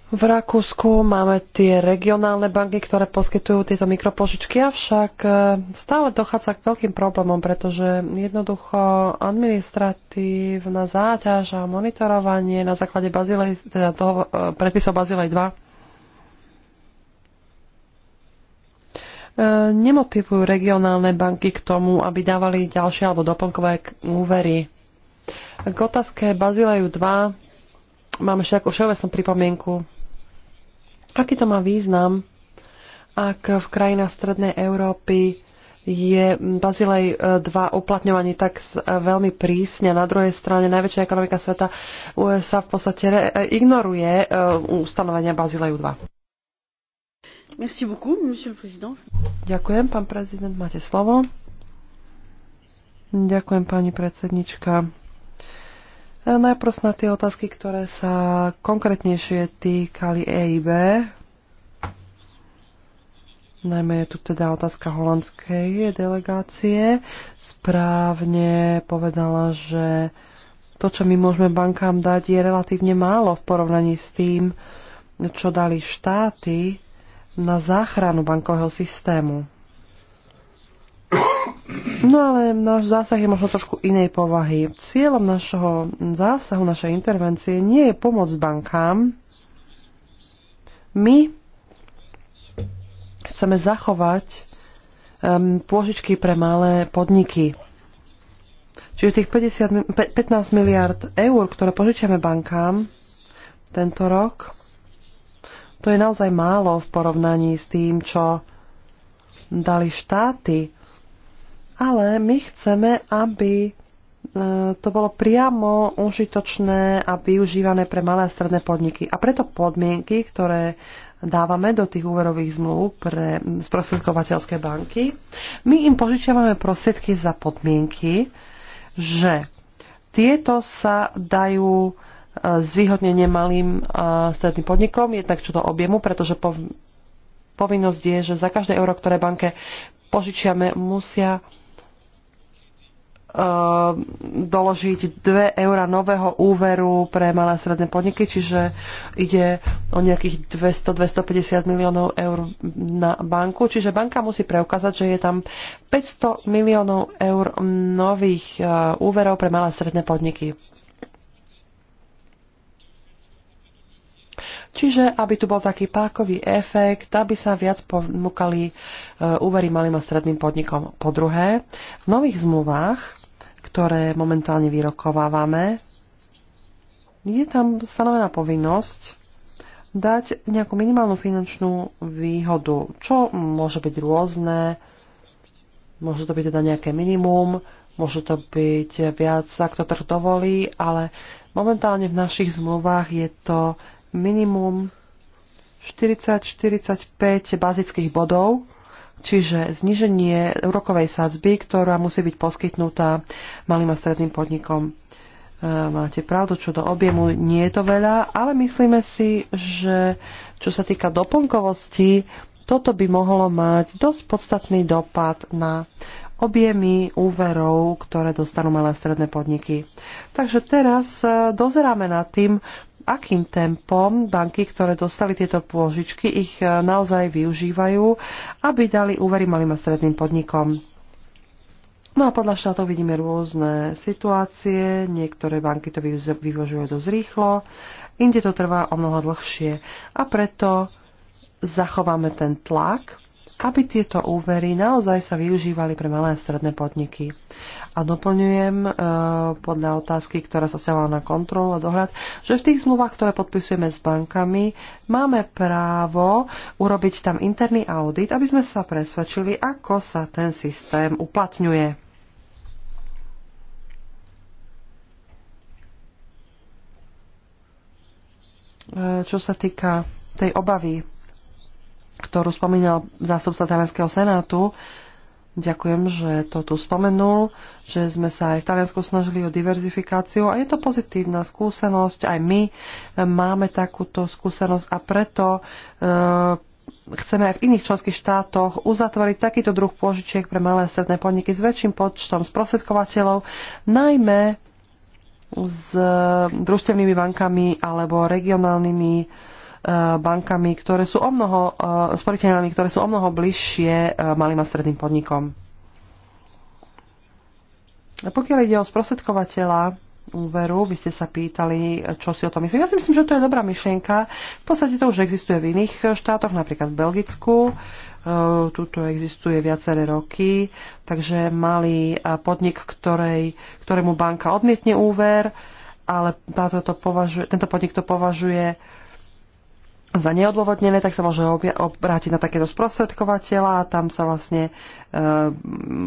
V Rakúsku máme tie regionálne banky, ktoré poskytujú tieto mikropožičky, avšak e, stále dochádza k veľkým problémom, pretože jednoducho administratívna záťaž a monitorovanie na základe Bazilej, teda toho, e, predpisov Bazilej 2 E, nemotivujú regionálne banky k tomu, aby dávali ďalšie alebo doplnkové úvery. K otázke Bazileju 2 mám však ako všeobecnú pripomienku. Aký to má význam, ak v krajinách Strednej Európy je Bazilej 2 e, uplatňovaný tak veľmi prísne. Na druhej strane najväčšia ekonomika sveta USA v podstate ignoruje e, ustanovenia Bazileju 2. Merci beaucoup, monsieur le président. Ďakujem, pán prezident, máte slovo. Ďakujem, pani predsednička. E, najprv na tie otázky, ktoré sa konkrétnejšie týkali EIB. Najmä je tu teda otázka holandskej delegácie. Správne povedala, že to, čo my môžeme bankám dať, je relatívne málo v porovnaní s tým, čo dali štáty na záchranu bankového systému. No ale náš zásah je možno trošku inej povahy. Cieľom našho zásahu, našej intervencie nie je pomoc bankám. My chceme zachovať um, pôžičky pre malé podniky. Čiže tých 50, 15 miliard eur, ktoré požičiame bankám tento rok, to je naozaj málo v porovnaní s tým, čo dali štáty. Ale my chceme, aby e, to bolo priamo užitočné a využívané pre malé a stredné podniky. A preto podmienky, ktoré dávame do tých úverových zmluv pre sprostredkovateľské banky, my im požičiavame prostriedky za podmienky, že tieto sa dajú zvýhodnenie malým e, stredným podnikom, jednak čo do objemu, pretože povinnosť je, že za každé euro, ktoré banke požičiame, musia e, doložiť 2 eura nového úveru pre malé a stredné podniky, čiže ide o nejakých 200-250 miliónov eur na banku. Čiže banka musí preukázať, že je tam 500 miliónov eur nových e, úverov pre malé a stredné podniky. Čiže aby tu bol taký pákový efekt, aby sa viac ponúkali e, úvery malým a stredným podnikom. Po druhé, v nových zmluvách, ktoré momentálne vyrokovávame, je tam stanovená povinnosť dať nejakú minimálnu finančnú výhodu, čo môže byť rôzne, môže to byť teda nejaké minimum, môže to byť viac, ak to trh dovolí, ale momentálne v našich zmluvách je to minimum 40-45 bazických bodov, čiže zniženie úrokovej sadzby, ktorá musí byť poskytnutá malým a stredným podnikom. E, máte pravdu, čo do objemu nie je to veľa, ale myslíme si, že čo sa týka doplnkovosti, toto by mohlo mať dosť podstatný dopad na objemy úverov, ktoré dostanú malé a stredné podniky. Takže teraz e, dozeráme nad tým, akým tempom banky, ktoré dostali tieto pôžičky, ich e, naozaj využívajú, aby dali úvery malým a stredným podnikom. No a podľa štátov vidíme rôzne situácie, niektoré banky to vyvožujú dosť rýchlo, inde to trvá o mnoho dlhšie. A preto zachováme ten tlak, aby tieto úvery naozaj sa využívali pre malé a stredné podniky. A doplňujem e, podľa otázky, ktorá sa stávala na kontrolu a dohľad, že v tých zmluvách, ktoré podpisujeme s bankami, máme právo urobiť tam interný audit, aby sme sa presvedčili, ako sa ten systém uplatňuje. E, čo sa týka tej obavy ktorú spomínal zástupca Talianského senátu. Ďakujem, že to tu spomenul, že sme sa aj v Taliansku snažili o diverzifikáciu a je to pozitívna skúsenosť. Aj my máme takúto skúsenosť a preto e, chceme aj v iných členských štátoch uzatvoriť takýto druh pôžičiek pre malé a stredné podniky s väčším počtom sprostredkovateľov, najmä s družstevnými bankami alebo regionálnymi E, bankami, ktoré sú o mnoho, e, ktoré sú o mnoho bližšie e, malým a stredným podnikom. Pokiaľ ide o sprostredkovateľa úveru, vy ste sa pýtali, čo si o tom myslíte. Ja si myslím, že to je dobrá myšlienka. V podstate to už existuje v iných štátoch, napríklad v Belgicku. Tuto existuje viaceré roky, takže malý podnik, ktorej, ktorému banka odmietne úver, ale táto to považuje, tento podnik to považuje za neodôvodnené, tak sa môže obrátiť na takéto sprostredkovateľa a tam sa vlastne e,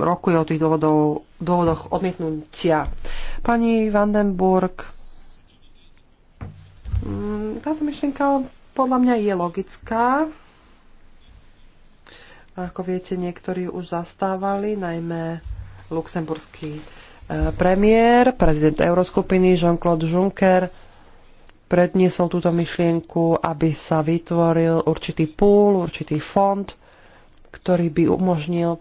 rokuje o tých dôvodov, dôvodoch odmietnutia. Pani Vandenburg, mm, táto myšlienka podľa mňa je logická. Ako viete, niektorí už zastávali, najmä luxemburský eh, premiér, prezident Euroskupiny Jean-Claude Juncker, predniesol túto myšlienku, aby sa vytvoril určitý púl, určitý fond, ktorý by umožnil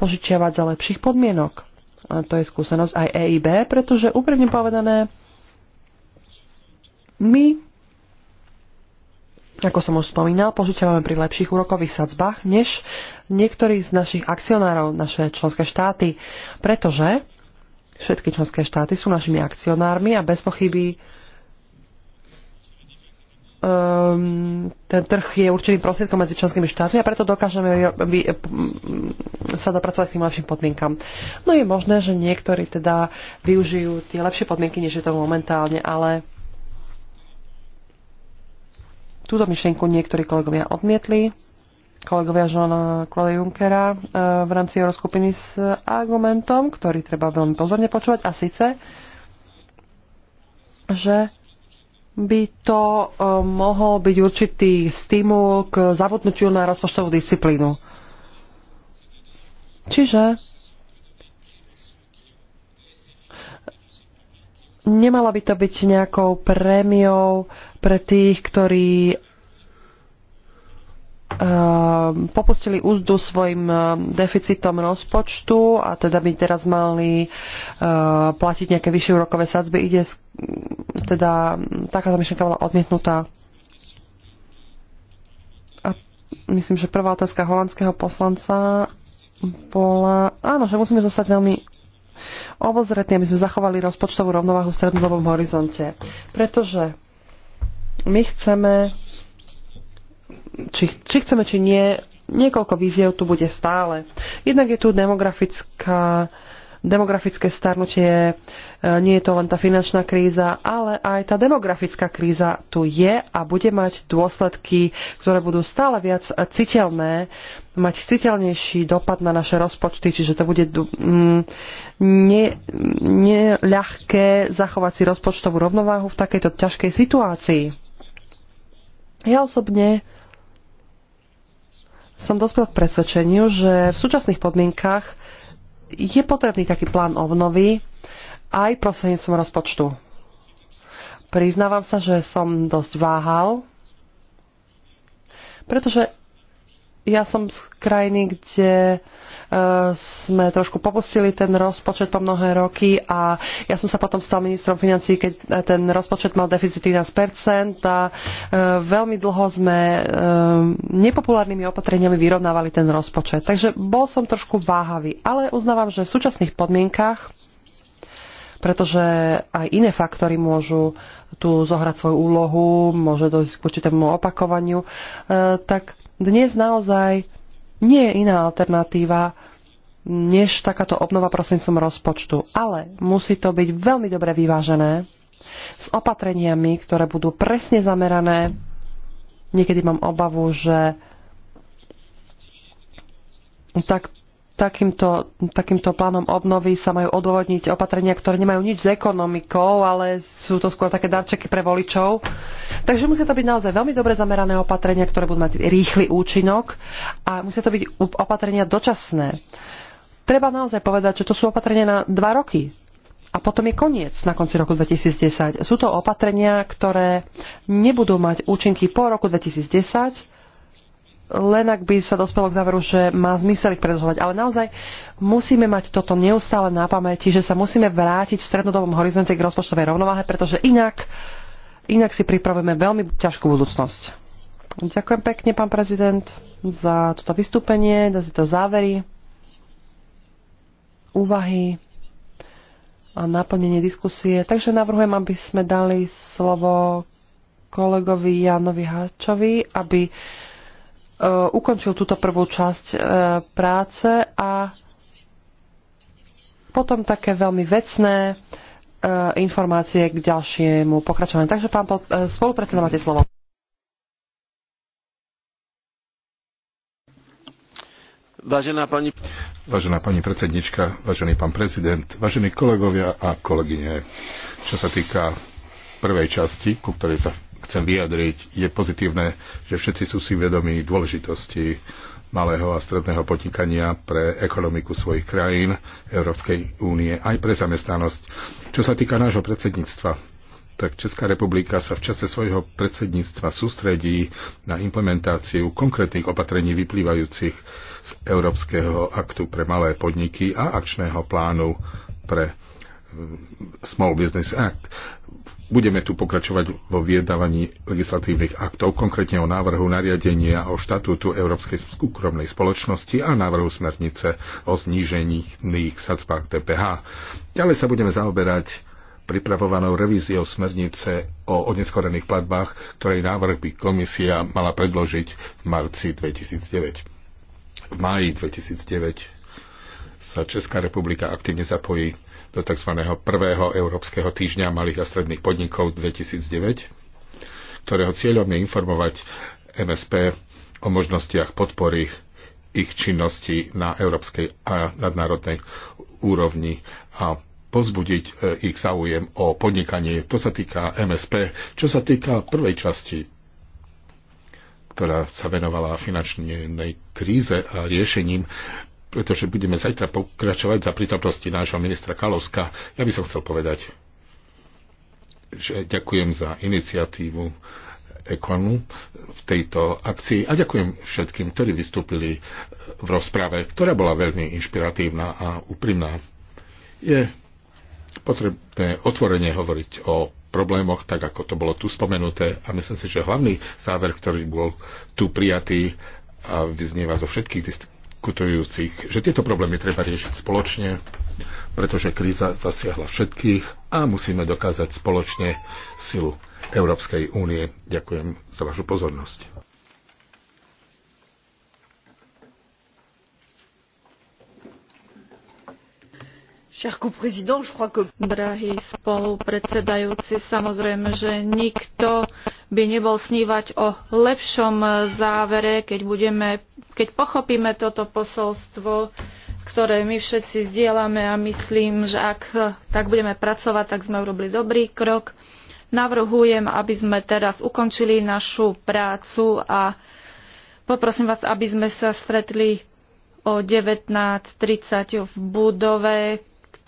požičiavať za lepších podmienok. A to je skúsenosť aj EIB, pretože úprimne povedané, my, ako som už spomínal, požičiavame pri lepších úrokových sadzbách než niektorí z našich akcionárov, naše členské štáty, pretože všetky členské štáty sú našimi akcionármi a bez pochyby um, ten trh je určený prostriedkom medzi členskými štátmi a preto dokážeme vy, mm, sa dopracovať k tým lepším podmienkam. No je možné, že niektorí teda využijú tie lepšie podmienky, než je to momentálne, ale túto myšlienku niektorí kolegovia odmietli. Kolegovia Žona Klode Junkera eh, v rámci Euroskupiny s argumentom, ktorý treba veľmi pozorne počúvať, a síce, že by to e, mohol byť určitý stimul k zabudnutiu na rozpočtovú disciplínu. Čiže nemala by to byť nejakou prémiou pre tých, ktorí Eh, popustili úzdu svojim eh, deficitom rozpočtu a teda by teraz mali eh, platiť nejaké vyššie úrokové sadzby. Ide teda, takáto myšlenka bola odmietnutá. A myslím, že prvá otázka holandského poslanca bola, áno, že musíme zostať veľmi obozretní, aby sme zachovali rozpočtovú rovnováhu v strednodobom horizonte. Pretože my chceme či, či chceme, či nie, niekoľko víziev tu bude stále. Jednak je tu demografická demografické starnutie, e, nie je to len tá finančná kríza, ale aj tá demografická kríza tu je a bude mať dôsledky, ktoré budú stále viac citeľné, mať citeľnejší dopad na naše rozpočty, čiže to bude mm, neľahké ne zachovať si rozpočtovú rovnováhu v takejto ťažkej situácii. Ja osobne som dospel k presvedčeniu, že v súčasných podmienkach je potrebný taký plán obnovy aj prostredníctvom rozpočtu. Priznávam sa, že som dosť váhal, pretože ja som z krajiny, kde sme trošku popustili ten rozpočet po mnohé roky a ja som sa potom stal ministrom financí, keď ten rozpočet mal deficit 13% a e, veľmi dlho sme e, nepopulárnymi opatreniami vyrovnávali ten rozpočet. Takže bol som trošku váhavý, ale uznávam, že v súčasných podmienkach pretože aj iné faktory môžu tu zohrať svoju úlohu, môže dojsť k určitému opakovaniu, e, tak dnes naozaj nie je iná alternatíva než takáto obnova prosencom rozpočtu. Ale musí to byť veľmi dobre vyvážené s opatreniami, ktoré budú presne zamerané. Niekedy mám obavu, že tak takýmto, takýmto plánom obnovy sa majú odôvodniť opatrenia, ktoré nemajú nič s ekonomikou, ale sú to skôr také darčeky pre voličov. Takže musia to byť naozaj veľmi dobre zamerané opatrenia, ktoré budú mať rýchly účinok a musia to byť opatrenia dočasné. Treba naozaj povedať, že to sú opatrenia na dva roky. A potom je koniec na konci roku 2010. Sú to opatrenia, ktoré nebudú mať účinky po roku 2010 len ak by sa dospelo k záveru, že má zmysel ich predlžovať. Ale naozaj musíme mať toto neustále na pamäti, že sa musíme vrátiť v strednodobom horizonte k rozpočtovej rovnováhe, pretože inak, inak si pripravujeme veľmi ťažkú budúcnosť. Ďakujem pekne, pán prezident, za toto vystúpenie, za tieto závery, úvahy a naplnenie diskusie. Takže navrhujem, aby sme dali slovo kolegovi Janovi Háčovi, aby Eh, ukončil túto prvú časť eh, práce a potom také veľmi vecné eh, informácie k ďalšiemu pokračovaniu. Takže pán spolupredseda, máte slovo. Vážená pani... Vážená pani predsednička, vážený pán prezident, vážení kolegovia a kolegyne, čo sa týka prvej časti, ku ktorej sa chcem vyjadriť, je pozitívne, že všetci sú si vedomí dôležitosti malého a stredného podnikania pre ekonomiku svojich krajín, Európskej únie, aj pre zamestnanosť. Čo sa týka nášho predsedníctva, tak Česká republika sa v čase svojho predsedníctva sústredí na implementáciu konkrétnych opatrení vyplývajúcich z Európskeho aktu pre malé podniky a akčného plánu pre mm, Small Business Act. Budeme tu pokračovať vo vyjednávaní legislatívnych aktov, konkrétne o návrhu nariadenia o štatútu Európskej súkromnej spoločnosti a návrhu smernice o znížení sadzbách DPH. Ďalej sa budeme zaoberať pripravovanou revíziou smernice o odneskorených platbách, ktorej návrh by komisia mala predložiť v marci 2009. V máji 2009 sa Česká republika aktívne zapojí do tzv. prvého Európskeho týždňa malých a stredných podnikov 2009, ktorého cieľom je informovať MSP o možnostiach podpory ich činnosti na európskej a nadnárodnej úrovni a pozbudiť e, ich záujem o podnikanie. To sa týka MSP. Čo sa týka prvej časti, ktorá sa venovala finančnej kríze a riešením pretože budeme zajtra pokračovať za prítomnosti nášho ministra Kalovska. Ja by som chcel povedať, že ďakujem za iniciatívu Ekonu v tejto akcii a ďakujem všetkým, ktorí vystúpili v rozprave, ktorá bola veľmi inšpiratívna a úprimná. Je potrebné otvorene hovoriť o problémoch, tak ako to bolo tu spomenuté a myslím si, že hlavný záver, ktorý bol tu prijatý a vyznieva zo všetkých diskutujúcich, že tieto problémy treba riešiť spoločne, pretože kríza zasiahla všetkých a musíme dokázať spoločne silu Európskej únie. Ďakujem za vašu pozornosť. Drahý spolupredsedajúci, samozrejme, že nikto by nebol snívať o lepšom závere, keď, budeme, keď pochopíme toto posolstvo, ktoré my všetci zdieľame a myslím, že ak tak budeme pracovať, tak sme urobili dobrý krok. Navrhujem, aby sme teraz ukončili našu prácu a poprosím vás, aby sme sa stretli o 19.30 v budove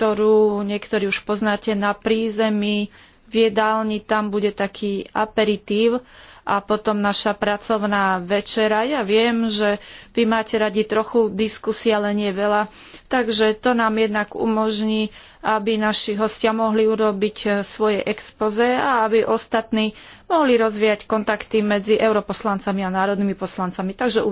ktorú niektorí už poznáte na prízemí. V jedálni tam bude taký aperitív a potom naša pracovná večera. Ja viem, že vy máte radi trochu diskusie, ale nie veľa. Takže to nám jednak umožní, aby naši hostia mohli urobiť e, svoje expoze a aby ostatní mohli rozvíjať kontakty medzi europoslancami a národnými poslancami. Takže uvidíme.